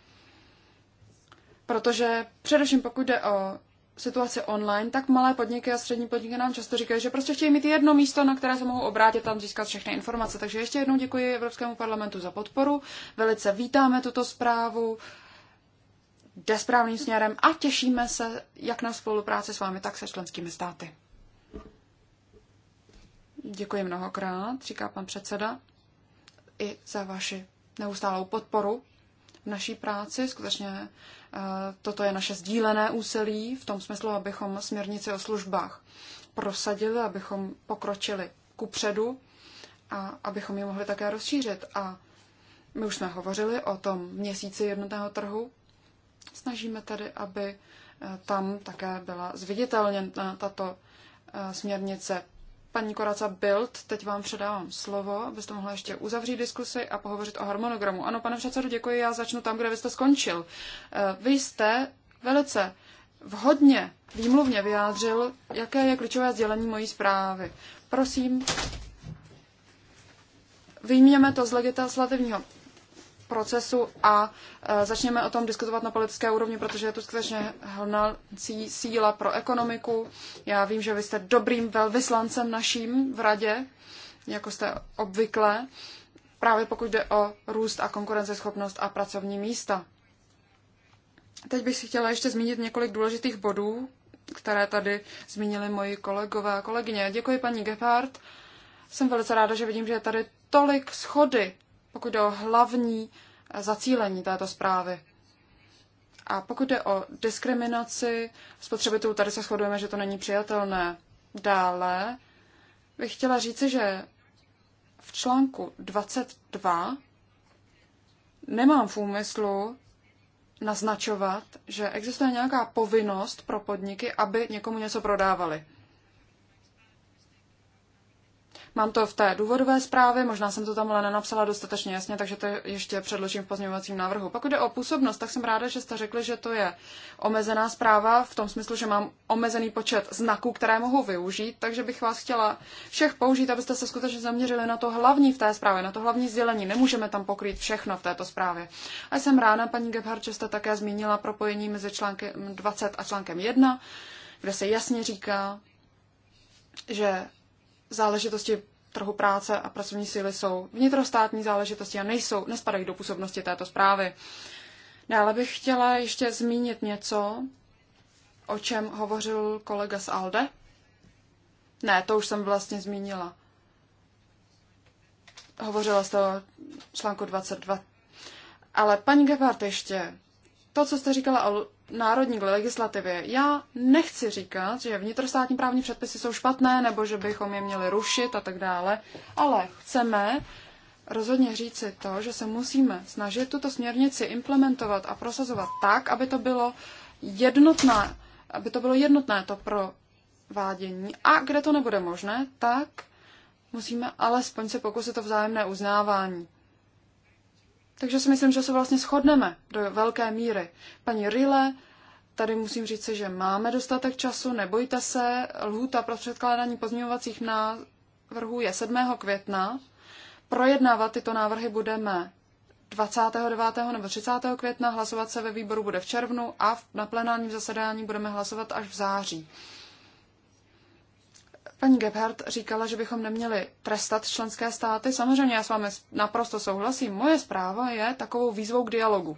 protože především pokud jde o situaci online, tak malé podniky a střední podniky nám často říkají, že prostě chtějí mít jedno místo, na které se mohou obrátit, tam získat všechny informace. Takže ještě jednou děkuji Evropskému parlamentu za podporu. Velice vítáme tuto zprávu. Jde správným směrem a těšíme se jak na spolupráci s vámi, tak se členskými státy. Děkuji mnohokrát, říká pan předseda, i za vaši neustálou podporu v naší práci. Skutečně Eh, toto je naše sdílené úsilí v tom smyslu, abychom směrnici o službách prosadili, abychom pokročili ku předu a abychom ji mohli také rozšířit. A my už jsme hovořili o tom měsíci jednotného trhu. Snažíme tedy, aby eh, tam také byla zviditelněna tato eh, směrnice Paní Koraca Bild, teď vám předávám slovo, abyste mohla ještě uzavřít diskusi a pohovořit o harmonogramu. Ano, pane předsedo, děkuji, já začnu tam, kde vy jste skončil. Eh, vy jste velice vhodně, výmluvně vyjádřil, jaké je klíčové sdělení mojí zprávy. Prosím, vyjměme to z legislativního procesu a e, začněme o tom diskutovat na politické úrovni, protože je to skutečně hlnací síla pro ekonomiku. Já vím, že vy jste dobrým velvyslancem naším v radě, jako jste obvykle, právě pokud jde o růst a konkurenceschopnost a pracovní místa. Teď bych si chtěla ještě zmínit několik důležitých bodů, které tady zmínili moji kolegové a kolegyně. Děkuji paní Gephardt. Jsem velice ráda, že vidím, že je tady tolik schody pokud jde o hlavní eh, zacílení této zprávy. A pokud jde o diskriminaci spotřebitelů, tady se shodujeme, že to není přijatelné. Dále bych chtěla říci, že v článku 22 nemám v úmyslu naznačovat, že existuje nějaká povinnost pro podniky, aby někomu něco prodávali. Mám to v té důvodové zprávě, možná jsem to tam ale nenapsala dostatečně jasně, takže to ještě předložím v pozměňovacím návrhu. Pokud jde o působnost, tak jsem ráda, že jste řekli, že to je omezená zpráva v tom smyslu, že mám omezený počet znaků, které mohu využít, takže bych vás chtěla všech použít, abyste se skutečně zaměřili na to hlavní v té zprávě, na to hlavní sdělení. Nemůžeme tam pokrýt všechno v této zprávě. A jsem ráda, paní Gebhardt, že jste také zmínila propojení mezi článkem 20 a článkem 1, kde se jasně říká, že záležitosti trhu práce a pracovní síly jsou vnitrostátní záležitosti a nejsou, nespadají do působnosti této zprávy. Dále bych chtěla ještě zmínit něco, o čem hovořil kolega z ALDE. Ne, to už jsem vlastně zmínila. Hovořila z toho článku 22. Ale paní Gebhardt ještě, to, co jste říkala o národní legislativě. Já nechci říkat, že vnitrostátní právní předpisy jsou špatné, nebo že bychom je měli rušit a tak dále, ale chceme rozhodně říci to, že se musíme snažit tuto směrnici implementovat a prosazovat tak, aby to bylo jednotné, aby to bylo jednotné to provádění. A kde to nebude možné, tak musíme alespoň se pokusit o vzájemné uznávání. Takže si myslím, že se vlastně shodneme do velké míry. Paní Rile, tady musím říct, že máme dostatek času, nebojte se, lhůta pro předkládání pozměňovacích návrhů je 7. května. Projednávat tyto návrhy budeme 29. nebo 30. května, hlasovat se ve výboru bude v červnu a na plenárním zasedání budeme hlasovat až v září. Paní Gebhardt říkala, že bychom neměli trestat členské státy. Samozřejmě já s vámi naprosto souhlasím. Moje zpráva je takovou výzvou k dialogu.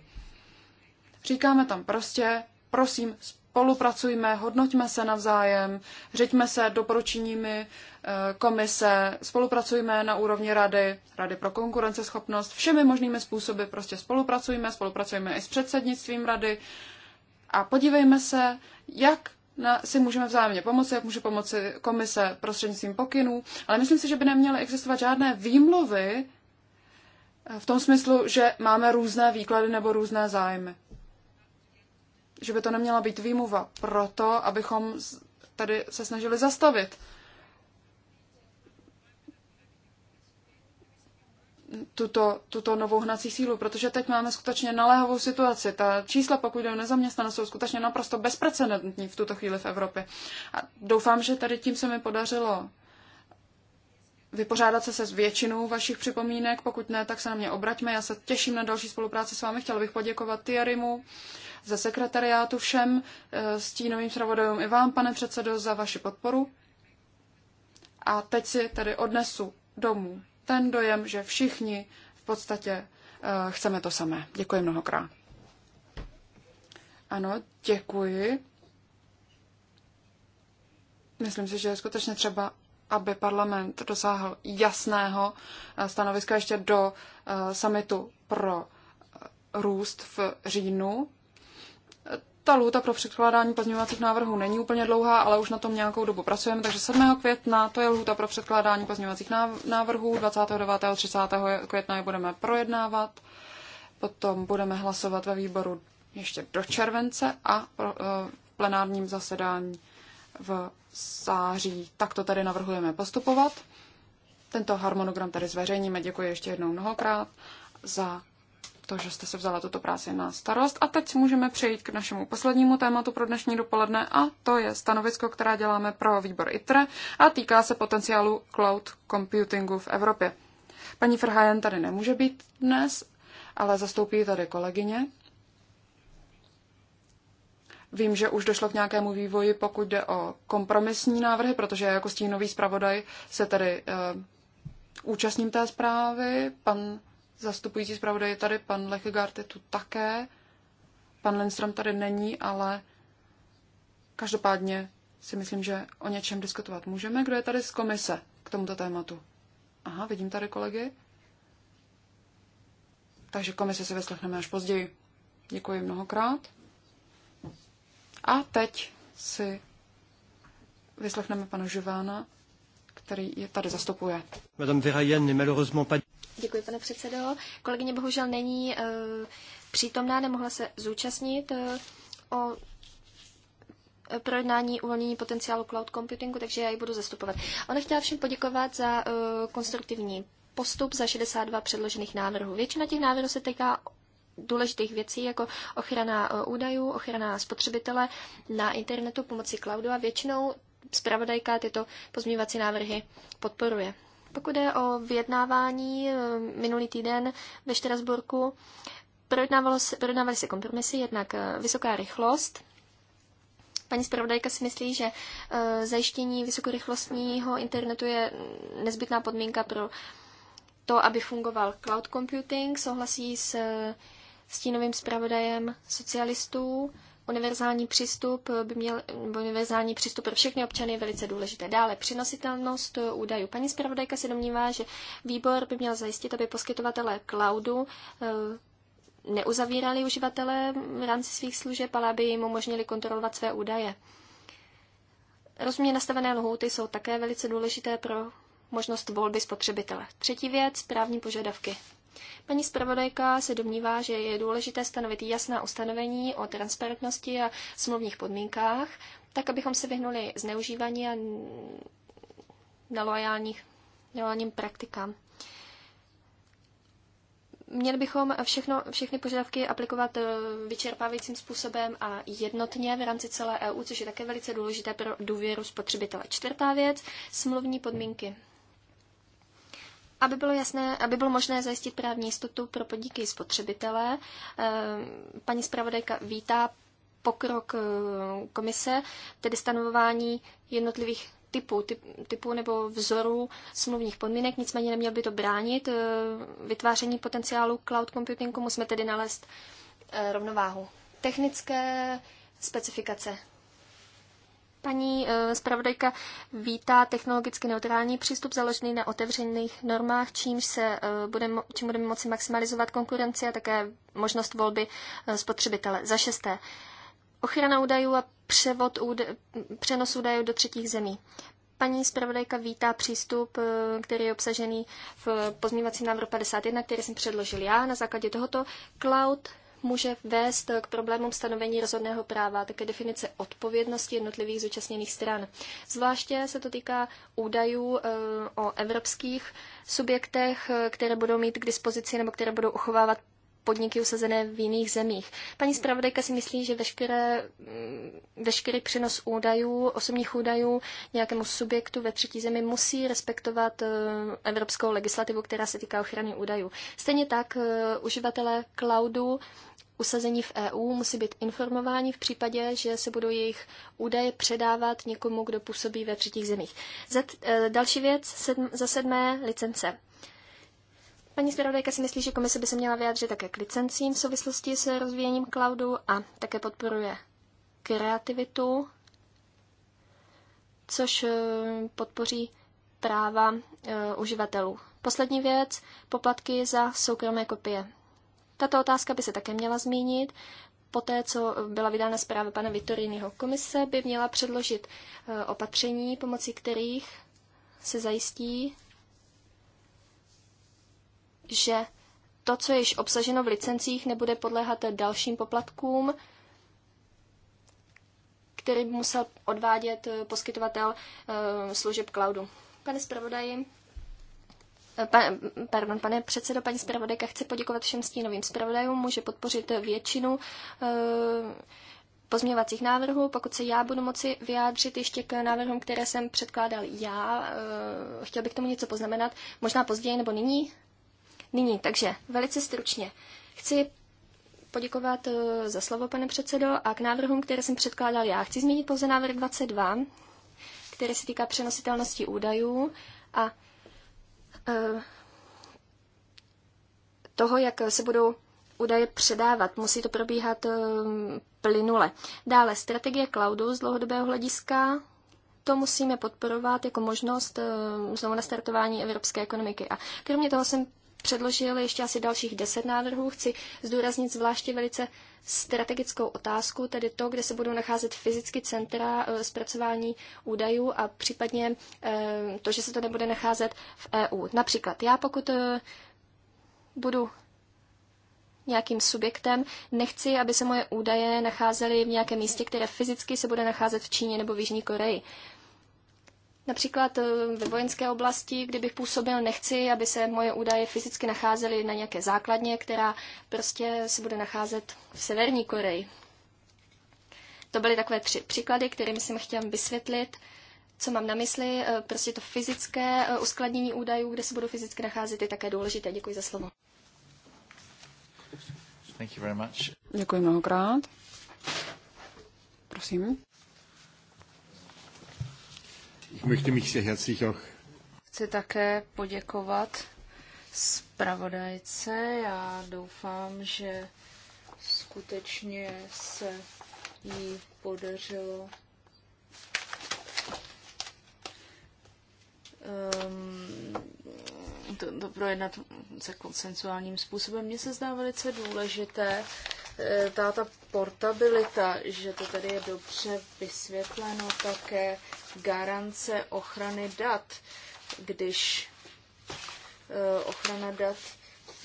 Říkáme tam prostě, prosím, spolupracujme, hodnoťme se navzájem, řeďme se doporučeními eh, komise, spolupracujme na úrovni rady, rady pro konkurenceschopnost, všemi možnými způsoby prostě spolupracujme, spolupracujme i s předsednictvím rady a podívejme se, jak na, si můžeme vzájemně pomoci, jak může pomoci komise prostřednictvím pokynů, ale myslím si, že by neměly existovat žádné výmluvy eh, v tom smyslu, že máme různé výklady nebo různé zájmy. Že by to neměla být výmluva proto, abychom tady se snažili zastavit tuto, tuto novou hnací sílu, protože teď máme skutečně naléhavou situaci. Ta čísla, pokud jde o nezaměstnanost, jsou skutečně naprosto bezprecedentní v tuto chvíli v Evropě. A doufám, že tady tím se mi podařilo vypořádat se se s většinou vašich připomínek. Pokud ne, tak se na mě obraťme. Já se těším na další spolupráci s vámi. Chtěl bych poděkovat Tiarimu ze sekretariátu všem eh, stínovým zpravodajům i vám, pane předsedo, za vaši podporu. A teď si tady odnesu domů ten dojem, že všichni v podstatě eh, chceme to samé. Děkuji mnohokrát. Ano, děkuji. Myslím si, že je skutečně třeba, aby parlament dosáhl jasného eh, stanoviska ještě do eh, samitu pro růst v říjnu ta lůta pro předkládání pozměňovacích návrhů není úplně dlouhá, ale už na tom nějakou dobu pracujeme, takže 7. května to je lhůta pro předkládání pozměňovacích návrhů, 29. a 30. května je budeme projednávat, potom budeme hlasovat ve výboru ještě do července a v eh, plenárním zasedání v září. Tak to tady navrhujeme postupovat. Tento harmonogram tady zveřejníme. Děkuji ještě jednou mnohokrát za to, že jste se vzala tuto práci na starost. A teď můžeme přejít k našemu poslednímu tématu pro dnešní dopoledne a to je stanovisko, které děláme pro výbor ITRE a týká se potenciálu cloud computingu v Evropě. Paní Frhajen tady nemůže být dnes, ale zastoupí tady kolegyně. Vím, že už došlo k nějakému vývoji, pokud jde o kompromisní návrhy, protože jako stínový zpravodaj se tady e, eh, účastním té zprávy. Pan zastupující zpravodaj je tady, pan Lechegard je tu také, pan Lindstrom tady není, ale každopádně si myslím, že o něčem diskutovat můžeme. Kdo je tady z komise k tomuto tématu? Aha, vidím tady kolegy. Takže komise se vyslechneme až později. Děkuji mnohokrát. A teď si vyslechneme pana Živána, který je tady zastupuje. Madame Verajan n'est malheureusement pas Děkuji, pane předsedo. Kolegyně bohužel není e, přítomná, nemohla se zúčastnit e, o eh, projednání uvolnění potenciálu cloud computingu, takže já ji budu zastupovat. Ona chtěla všem poděkovat za e, konstruktivní postup, za 62 předložených návrhů. Většina těch návrhů se týká důležitých věcí, jako ochrana údajů, ochrana spotřebitele na internetu pomocí cloudu a většinou zpravodajka tyto pozměňovací návrhy podporuje. Pokud je o vyjednávání eh, minulý týden ve Štrasburku, projednávaly se kompromisy, jednak eh, vysoká rychlost. Paní zpravodajka si myslí, že eh, zajištění vysokorychlostního internetu je nezbytná podmínka pro to, aby fungoval cloud computing. Souhlasí s stínovým zpravodajem socialistů Univerzální přístup by měl, univerzální přístup pro všechny občany je velice důležité. Dále přenositelnost údajů. Paní zpravodajka se domnívá, že výbor by měl zajistit, aby poskytovatelé cloudu eh, neuzavírali uživatele v rámci svých služeb, ale aby jim umožnili kontrolovat své údaje. Rozumně nastavené lhouty jsou také velice důležité pro možnost volby spotřebitele. Třetí věc, právní požadavky. Paní zpravodajka se domnívá, že je důležité stanovit jasná ustanovení o transparentnosti a smluvních podmínkách, tak abychom se vyhnuli zneužívání a nelojálním praktikám. Měli bychom všechno, všechny požadavky aplikovat eh, vyčerpávajícím způsobem a jednotně v rámci celé EU, což je také velice důležité pro důvěru spotřebitele. Čtvrtá věc, smluvní podmínky aby bylo, jasné, aby bylo možné zajistit právní jistotu pro podniky i spotřebitele. Eh, paní zpravodajka vítá pokrok eh, komise, tedy stanovování jednotlivých typů, typů nebo vzorů smluvních podmínek, nicméně neměl by to bránit eh, vytváření potenciálu cloud computingu, musíme tedy nalézt rovnováhu. Technické specifikace. Paní eh, zpravodajka vítá technologicky neutrální přístup založený na otevřených normách, čímž se eh, bude, čím budeme moci maximalizovat konkurenci a také možnost volby eh, spotřebitele. Za šesté, ochrana údajů a převod úd- přenos údajů do třetích zemí. Paní zpravodajka vítá přístup, který je obsažený v pozměňovacím návrhu 51, který jsem předložil já. Na základě tohoto cloud může vést k problémům stanovení rozhodného práva, také definice odpovědnosti jednotlivých zúčastněných stran. Zvláště se to týká údajů eh, o evropských subjektech, eh, které budou mít k dispozici nebo které budou uchovávat podniky usazené v jiných zemích. Paní zpravodajka si myslí, že veškeré, mm, veškerý přenos údajů, osobních údajů nějakému subjektu ve třetí zemi musí respektovat eh, evropskou legislativu, která se týká ochrany údajů. Stejně tak uživatelé cloudu usazení v EU musí být informováni v případě, že se budou jejich údaje předávat někomu, kdo působí ve třetích zemích. Zat, e, další věc, sedm, za sedmé licence. Paní zpravodajka si myslí, že komise by se měla vyjádřit také k licencím v souvislosti s rozvíjením cloudu a také podporuje kreativitu, což e, podpoří práva e, uživatelů. Poslední věc, poplatky za soukromé kopie. Tato otázka by se také měla zmínit. Poté, co byla vydána zpráva pana Vitoriniho komise, by měla předložit eh, opatření, pomocí kterých se zajistí, že to, co je již obsaženo v licencích, nebude podléhat dalším poplatkům, který by musel odvádět eh, poskytovatel eh, služeb cloudu. Pane zpravodaji, Pan, pardon, pane předsedo, paní zpravodajka, chci poděkovat všem stínovým zpravodajům, může podpořit většinu e, pozměňovacích návrhů. Pokud se já budu moci vyjádřit ještě k návrhům, které jsem předkládal já, e, chtěl bych tomu něco poznamenat, možná později nebo nyní. Nyní, takže velice stručně. Chci poděkovat eh, za slovo, pane předsedo, a k návrhům, které jsem předkládal já. Chci změnit pouze návrh 22, který se týká přenositelnosti údajů a Eh, toho, jak se budou údaje předávat. Musí to probíhat eh, plynule. Dále strategie cloudu z dlouhodobého hlediska. To musíme podporovat jako možnost eh, znovu nastartování evropské ekonomiky. A kromě toho jsem předložil ještě asi dalších deset návrhů. Chci zdůraznit zvláště velice strategickou otázku, tedy to, kde se budou nacházet fyzicky centra eh, zpracování údajů a případně eh, to, že se to nebude nacházet v EU. Například já, pokud eh, budu nějakým subjektem, nechci, aby se moje údaje nacházely v nějakém místě, které fyzicky se bude nacházet v Číně nebo v Jižní Koreji. Například eh, ve vojenské oblasti, kdybych působil, nechci, aby se moje údaje fyzicky nacházely na nějaké základně, která prostě se bude nacházet v Severní Koreji. To byly takové tři příklady, kterými jsem chtěla vysvětlit, co mám na mysli. Eh, prostě to fyzické eh, uskladnění údajů, kde se budou fyzicky nacházet, je také důležité. Děkuji za slovo. Děkuji mnohokrát. Prosím. Ich möchte mich sehr herzlich auch Chci také poděkovat zpravodajce. Já doufám, že skutečně se jí podařilo um, to, to projednat se konsensuálním způsobem. Mně se zdá velice důležité, Eh, ta portabilita, že to tady je dobře vysvětleno, také garance ochrany dat, když eh, ochrana dat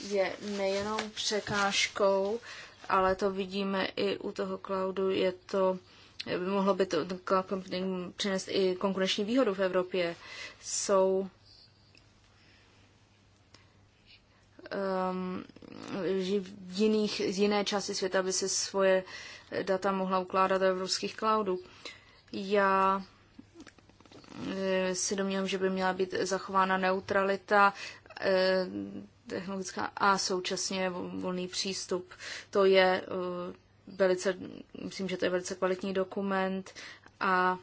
je nejenom překážkou, ale to vidíme i u toho cloudu, je to eh, mohlo by to cloud computing přinést i konkurenční výhodu v Evropě. Jsou um, v jiných, z jiné části světa by se svoje data mohla ukládat do evropských cloudů. Já eh, si domnívám, že by měla být zachována neutralita eh, technologická a současně volný přístup. To je eh, velice, myslím, že to je velice kvalitní dokument a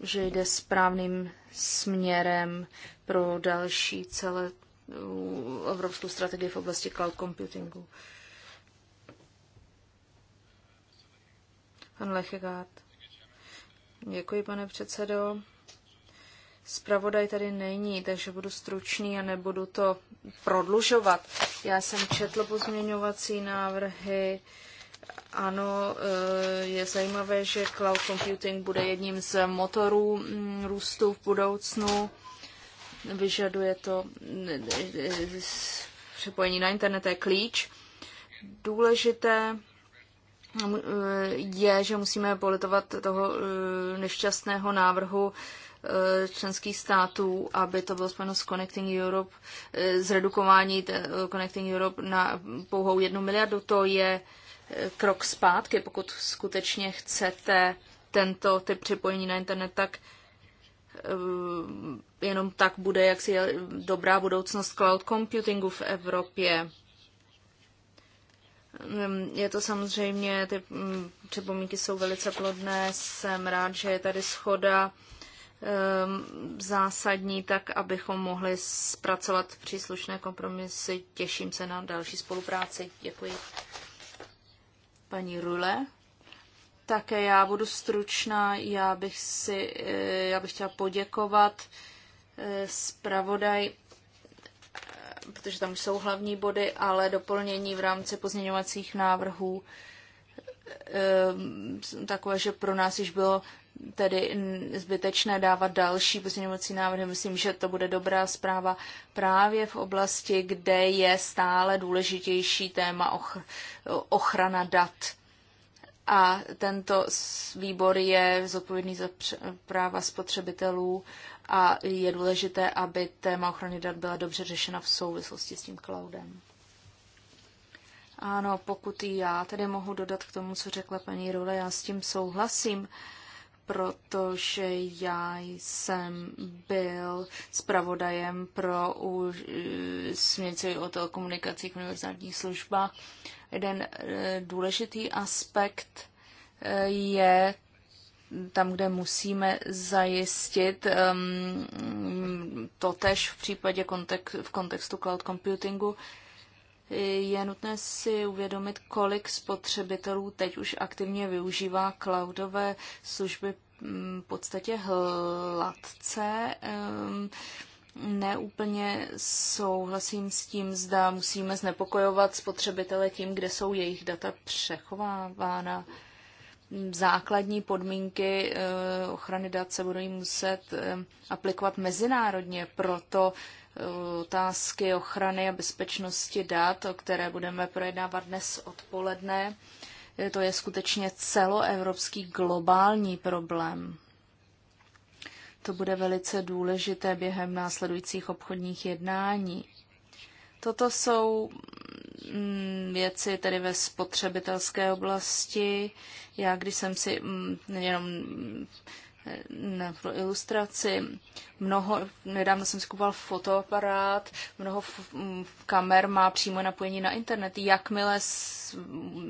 že jde správným směrem pro další celé evropskou strategii v oblasti cloud computingu. Pan Lechegát. Děkuji, pane předsedo. Spravodaj tady není, takže budu stručný a nebudu to prodlužovat. Já jsem četl pozměňovací návrhy. Ano, eh, je zajímavé, že cloud computing bude jedním z motorů mm, růstu v budoucnu vyžaduje to připojení na internet, je klíč. Důležité je, že musíme politovat toho eh, nešťastného návrhu eh, členských států, aby to bylo spojeno s Connecting Europe, zredukování eh, Connecting Europe na pouhou jednu miliardu. To je krok zpátky, pokud skutečně chcete tento typ připojení na internet, tak Ehm, jenom tak bude jak je dobrá budoucnost cloud computingu v Evropě. Ehm, je to samozřejmě, ty mm, připomínky jsou velice plodné, jsem rád, že je tady schoda ehm, zásadní, tak abychom mohli zpracovat příslušné kompromisy. Těším se na další spolupráci. Děkuji. Paní Rule. Také já budu stručná, já bych, si, eh, já bych chtěla poděkovat eh, zpravodaj, protože tam jsou hlavní body, ale doplnění v rámci pozměňovacích návrhů eh, takové, že pro nás již bylo tedy zbytečné dávat další pozměňovací návrhy. Myslím, že to bude dobrá zpráva právě v oblasti, kde je stále důležitější téma ochrana dat a tento výbor je zodpovědný za práva spotřebitelů a je důležité, aby téma ochrany dat byla dobře řešena v souvislosti s tím cloudem. Ano, pokud i já tedy mohu dodat k tomu, co řekla paní Role, já s tím souhlasím. Uh, protože já jsem byl zpravodajem pro směci o telekomunikacích v univerzálních službách. Jeden eh, důležitý aspekt eh, je tam, kde musíme zajistit um, ehm, totež v případě kontek- v kontextu cloud computingu, je nutné si uvědomit, kolik spotřebitelů teď už aktivně využívá cloudové služby mm, v podstatě hladce. Ehm, neúplně souhlasím s tím, zda musíme znepokojovat spotřebitele tím, kde jsou jejich data přechovávána. Základní podmínky eh, ochrany dat se budou muset eh, aplikovat mezinárodně, proto otázky ochrany a bezpečnosti dat, o které budeme projednávat dnes odpoledne. To je skutečně celoevropský globální problém. To bude velice důležité během následujících obchodních jednání. Toto jsou mm, věci tedy ve spotřebitelské oblasti. Já, když jsem si mm, jenom na, pro ilustraci. Mnoho, nedávno jsem skupoval fotoaparát, mnoho f, m, kamer má přímo napojení na internet. Jakmile s,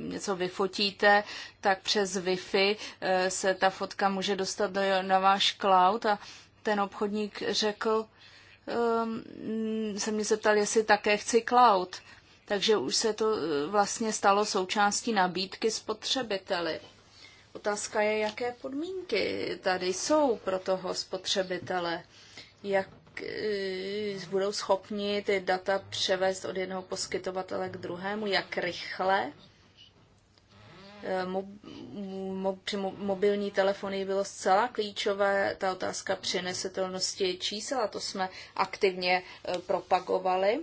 něco vyfotíte, tak přes Wi-Fi eh, se ta fotka může dostat do, na váš cloud a ten obchodník řekl, ehm, se mě zeptal, jestli také chci cloud. Takže už se to eh, vlastně stalo součástí nabídky spotřebiteli. Otázka je, jaké podmínky tady jsou pro toho spotřebitele, jak eh, budou schopni ty data převést od jednoho poskytovatele k druhému, jak rychle. Eh, mo, mo, při mo, mobilní telefony bylo zcela klíčové ta otázka přinesetelnosti čísel a to jsme aktivně eh, propagovali.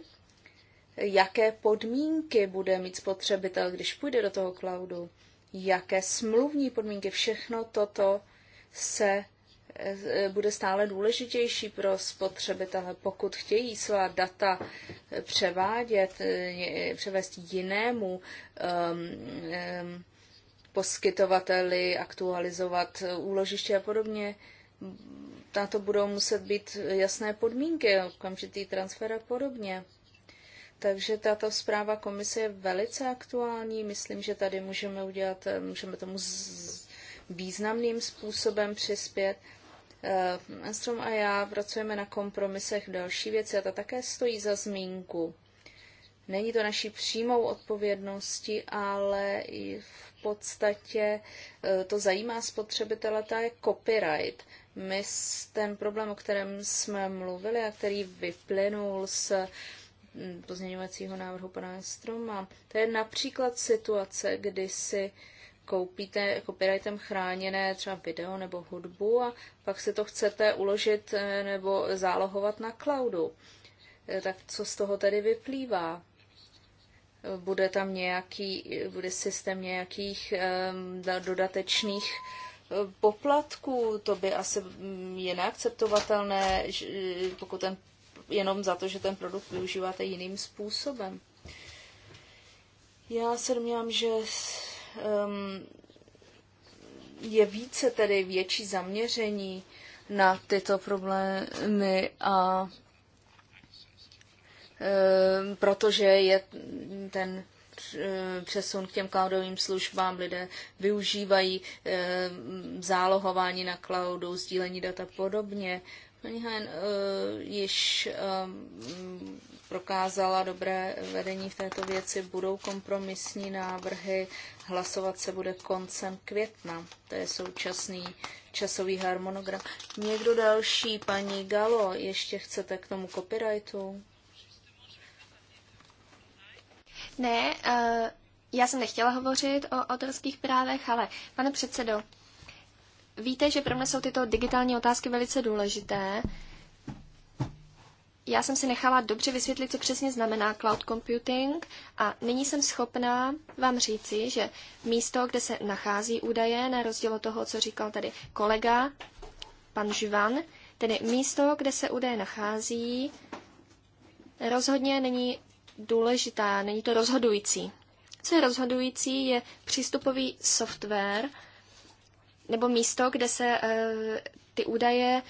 Jaké podmínky bude mít spotřebitel, když půjde do toho cloudu? jaké smluvní podmínky, všechno toto se eh, bude stále důležitější pro spotřebitele, pokud chtějí svá data převádět, eh, převést jinému um, um, poskytovateli, aktualizovat eh, úložiště a podobně. Na to budou muset být jasné podmínky, okamžitý transfer a podobně. Takže tato zpráva komise je velice aktuální. Myslím, že tady můžeme udělat, eh, můžeme tomu z, významným způsobem přispět. Enstrom eh, a já pracujeme na kompromisech další věci a ta také stojí za zmínku. Není to naší přímou odpovědnosti, ale i v podstatě eh, to zajímá spotřebitele, ta je copyright. My ten problém, o kterém jsme mluvili a který vyplynul z Mm, pozměňovacího návrhu pana Stroma. To je například situace, kdy si koupíte copyrightem chráněné třeba video nebo hudbu a pak si to chcete uložit eh, nebo zálohovat na cloudu. Eh, tak co z toho tedy vyplývá? Bude tam nějaký, bude systém nějakých ehm, dodatečných eh, poplatků, to by asi mm, je neakceptovatelné, pokud ten jenom za to, že ten produkt využíváte jiným způsobem. Já se domnívám, že um, je více tedy větší zaměření na tyto problémy a um, protože je ten eh, přesun k těm cloudovým službám, lidé využívají e, zálohování na cloudu, sdílení data podobně Paní Hen uh, eh, již um, prokázala dobré vedení v této věci. Budou kompromisní návrhy. Hlasovat se bude koncem května. To je současný časový harmonogram. Někdo další, paní Galo, ještě chcete k tomu copyrightu? Ne, uh, já jsem nechtěla hovořit o autorských právech, ale pane předsedo, Víte, že pro mě jsou tyto digitální otázky velice důležité. Já jsem si nechala dobře vysvětlit, co přesně znamená cloud computing a nyní jsem schopná vám říci, že místo, kde se nachází údaje, na rozdíl od toho, co říkal tady kolega, pan Živan, tedy místo, kde se údaje nachází, rozhodně není důležitá, není to rozhodující. Co je rozhodující, je přístupový software, nebo místo, kde se eh, ty údaje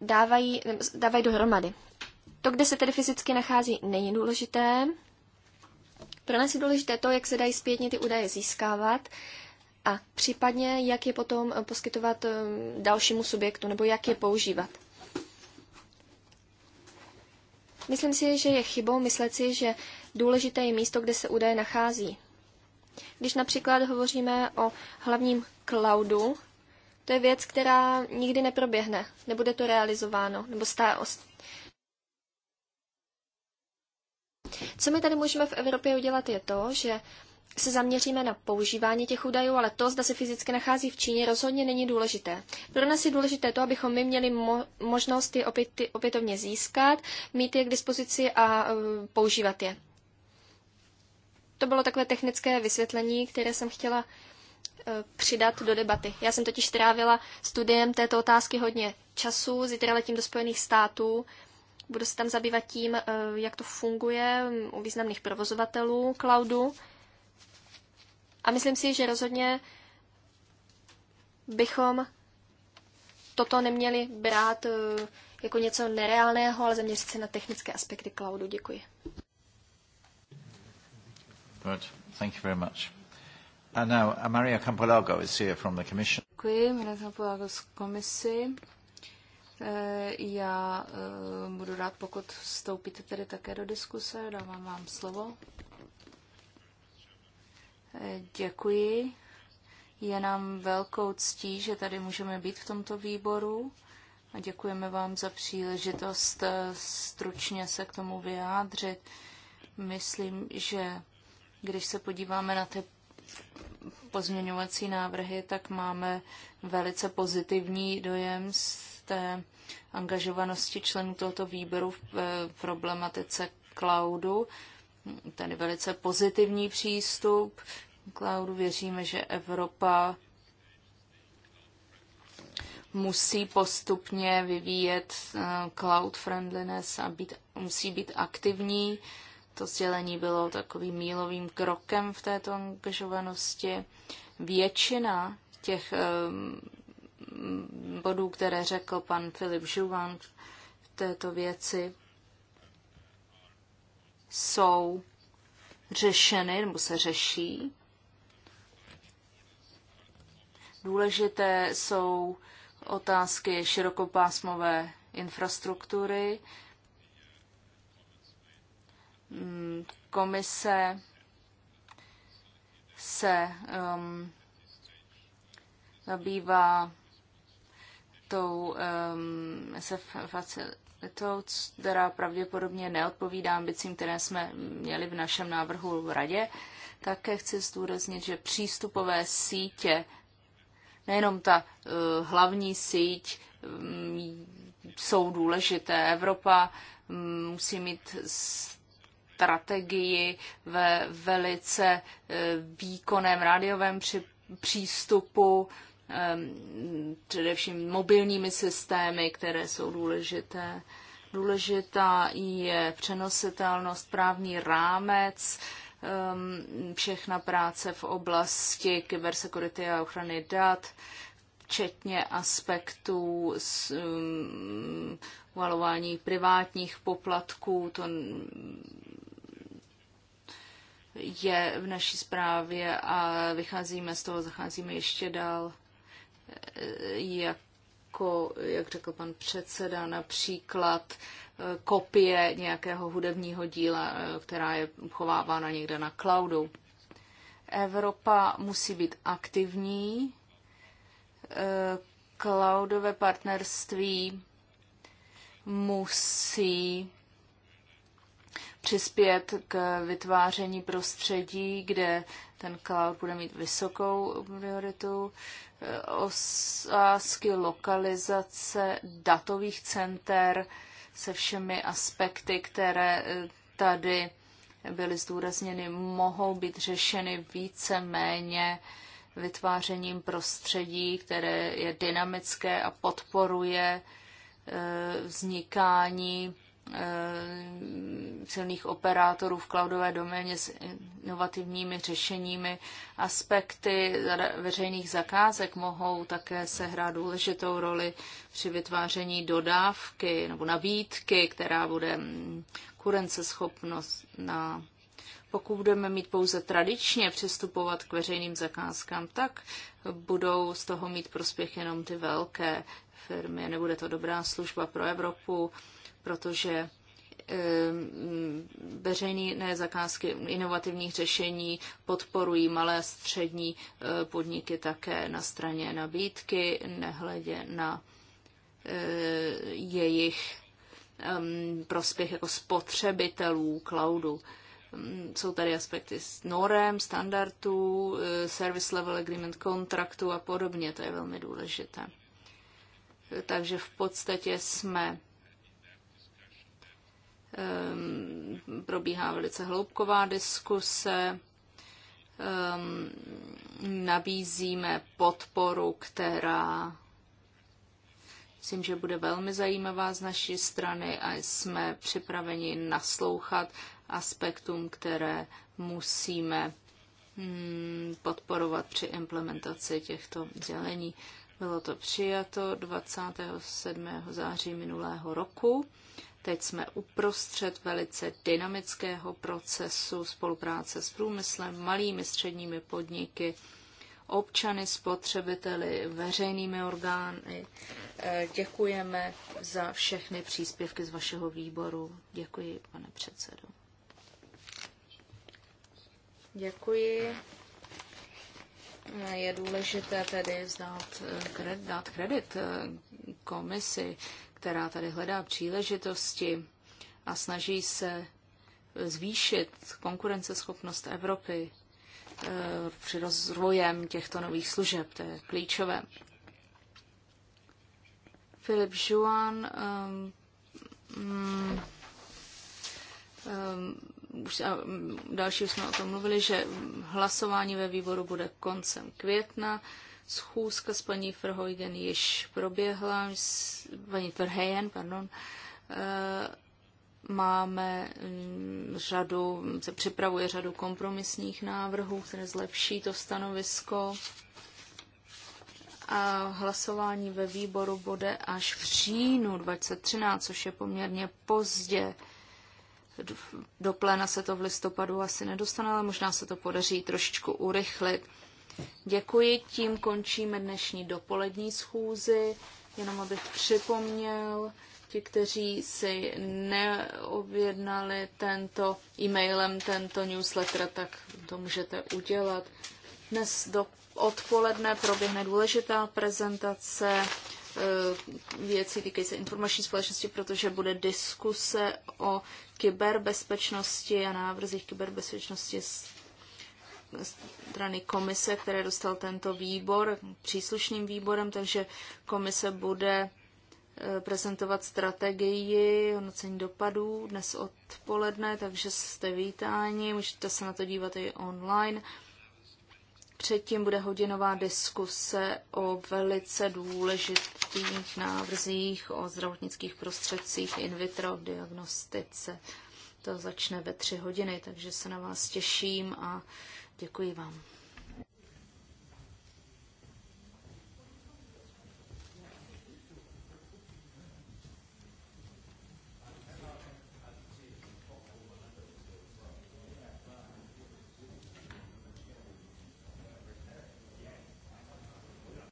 dávají, dávají dohromady. To, kde se tedy fyzicky nachází, není důležité. Pro nás je důležité to, jak se dají zpětně ty údaje získávat a případně, jak je potom eh, poskytovat eh, dalšímu subjektu nebo jak je používat. Myslím si, že je chybou myslet si, že důležité je místo, kde se údaje nachází. Když například hovoříme o hlavním cloudu, to je věc, která nikdy neproběhne, nebude to realizováno, nebo stá Co my tady můžeme v Evropě udělat je to, že se zaměříme na používání těch údajů, ale to, zda se fyzicky nachází v Číně, rozhodně není důležité. Pro nás je důležité to, abychom my měli mo- možnost je opět, opětovně získat, mít je k dispozici a uh, používat je. To bylo takové technické vysvětlení, které jsem chtěla e, přidat do debaty. Já jsem totiž trávila studiem této otázky hodně času, zítra letím do Spojených států, budu se tam zabývat tím, e, jak to funguje u významných provozovatelů cloudu. A myslím si, že rozhodně bychom toto neměli brát e, jako něco nereálného, ale zaměřit se na technické aspekty cloudu. Děkuji. Good. Thank you very much. And now uh, Maria Campolago is here from the Commission. Děkuji, Maria Campolago z komisi. Eh, já eh, budu rád, pokud vstoupíte tedy také do diskuse, dávám vám slovo. Eh, děkuji. Je nám velkou ctí, že tady můžeme být v tomto výboru a děkujeme vám za příležitost stručně se k tomu vyjádřit. Myslím, že když se podíváme na ty pozměňovací návrhy, tak máme velice pozitivní dojem z té angažovanosti členů tohoto výboru v eh, problematice cloudu. Tady velice pozitivní přístup. Cloudu věříme, že Evropa musí postupně vyvíjet eh, cloud friendliness a být, musí být aktivní to sdělení bylo takovým mílovým krokem v této angažovanosti. Většina těch bodů, které řekl pan Filip Žuvan v této věci, jsou řešeny nebo se řeší. Důležité jsou otázky širokopásmové infrastruktury, Mm, komise se um, zabývá tou um, SF facilitou, která pravděpodobně neodpovídá ambicím, které jsme měli v našem návrhu v radě. Také chci zdůraznit, že přístupové sítě, nejenom ta uh, hlavní síť, um, jsou důležité. Evropa um, musí mít strategii ve velice eh, výkonném rádiovém při, přístupu, ehm, především mobilními systémy, které jsou důležité. Důležitá je přenositelnost, právní rámec, ehm, všechna práce v oblasti kybersecurity a ochrany dat, včetně aspektů s, um, uvalování privátních poplatků, to je v naší zprávě a vycházíme z toho, zacházíme ještě dál, jako, jak řekl pan předseda, například eh, kopie nějakého hudebního díla, eh, která je uchovávána někde na cloudu. Evropa musí být aktivní, eh, cloudové partnerství musí přispět k vytváření prostředí, kde ten cloud bude mít vysokou prioritu. Osázky lokalizace datových center se všemi aspekty, které eh, tady byly zdůrazněny, mohou být řešeny více méně vytvářením prostředí, které je dynamické a podporuje eh, vznikání Eh, silných operátorů v cloudové doméně s inovativními řešeními. Aspekty veřejných zakázek mohou také sehrát důležitou roli při vytváření dodávky nebo nabídky, která bude kurenceschopnost na pokud budeme mít pouze tradičně přistupovat k veřejným zakázkám, tak budou z toho mít prospěch jenom ty velké firmy. Nebude to dobrá služba pro Evropu, protože ehm, veřejné zakázky inovativních řešení podporují malé a střední eh, podniky také na straně nabídky, nehledě na eh, jejich ehm, prospěch jako spotřebitelů cloudu. Ehm, jsou tady aspekty s norem, standardů, eh, service level agreement kontraktu a podobně, to je velmi důležité. Takže v podstatě jsme Ehm, probíhá velice hloubková diskuse, ehm, nabízíme podporu, která myslím, že bude velmi zajímavá z naší strany a jsme připraveni naslouchat aspektům, které musíme hm, podporovat při implementaci těchto dělení. Bylo to přijato 27. září minulého roku Teď jsme uprostřed velice dynamického procesu spolupráce s průmyslem, malými středními podniky, občany, spotřebiteli, veřejnými orgány. Eh, děkujeme za všechny příspěvky z vašeho výboru. Děkuji, pane předsedo. Děkuji. Je důležité tedy eh, dát kredit eh, komisi která tady hledá příležitosti a snaží se zvýšit konkurenceschopnost Evropy eh, při rozvojem těchto nových služeb. To je klíčové. Filip Juan um, ehm, um, mm, ehm, už, um, další už jsme o tom mluvili, že hlasování ve výboru bude koncem května. Uh, Schůzka s paní Verhoeven již proběhla, s paní Verheyen, pardon, eh, máme mm, řadu, se připravuje řadu kompromisních návrhů, které zlepší to stanovisko. A hlasování ve výboru bude až v říjnu 2013, což je poměrně pozdě. Do pléna se to v listopadu asi nedostane, ale možná se to podaří trošičku urychlit. Děkuji, tím končíme dnešní dopolední schůzi. Jenom abych připomněl, ti, kteří si neobjednali tento e-mailem tento newsletter, tak to můžete udělat. Dnes do odpoledne proběhne důležitá prezentace eh, věcí týkají se informační společnosti, protože bude diskuse o kyberbezpečnosti a návrzích kyberbezpečnosti strany komise, které dostal tento výbor, příslušným výborem, takže komise bude e, prezentovat strategii hodnocení dopadů dnes odpoledne, takže jste vítáni, můžete se na to dívat i online. Předtím bude hodinová diskuse o velice důležitých návrzích o zdravotnických prostředcích in vitro diagnostice. To začne ve tři hodiny, takže se na vás těším a Děkuji vám.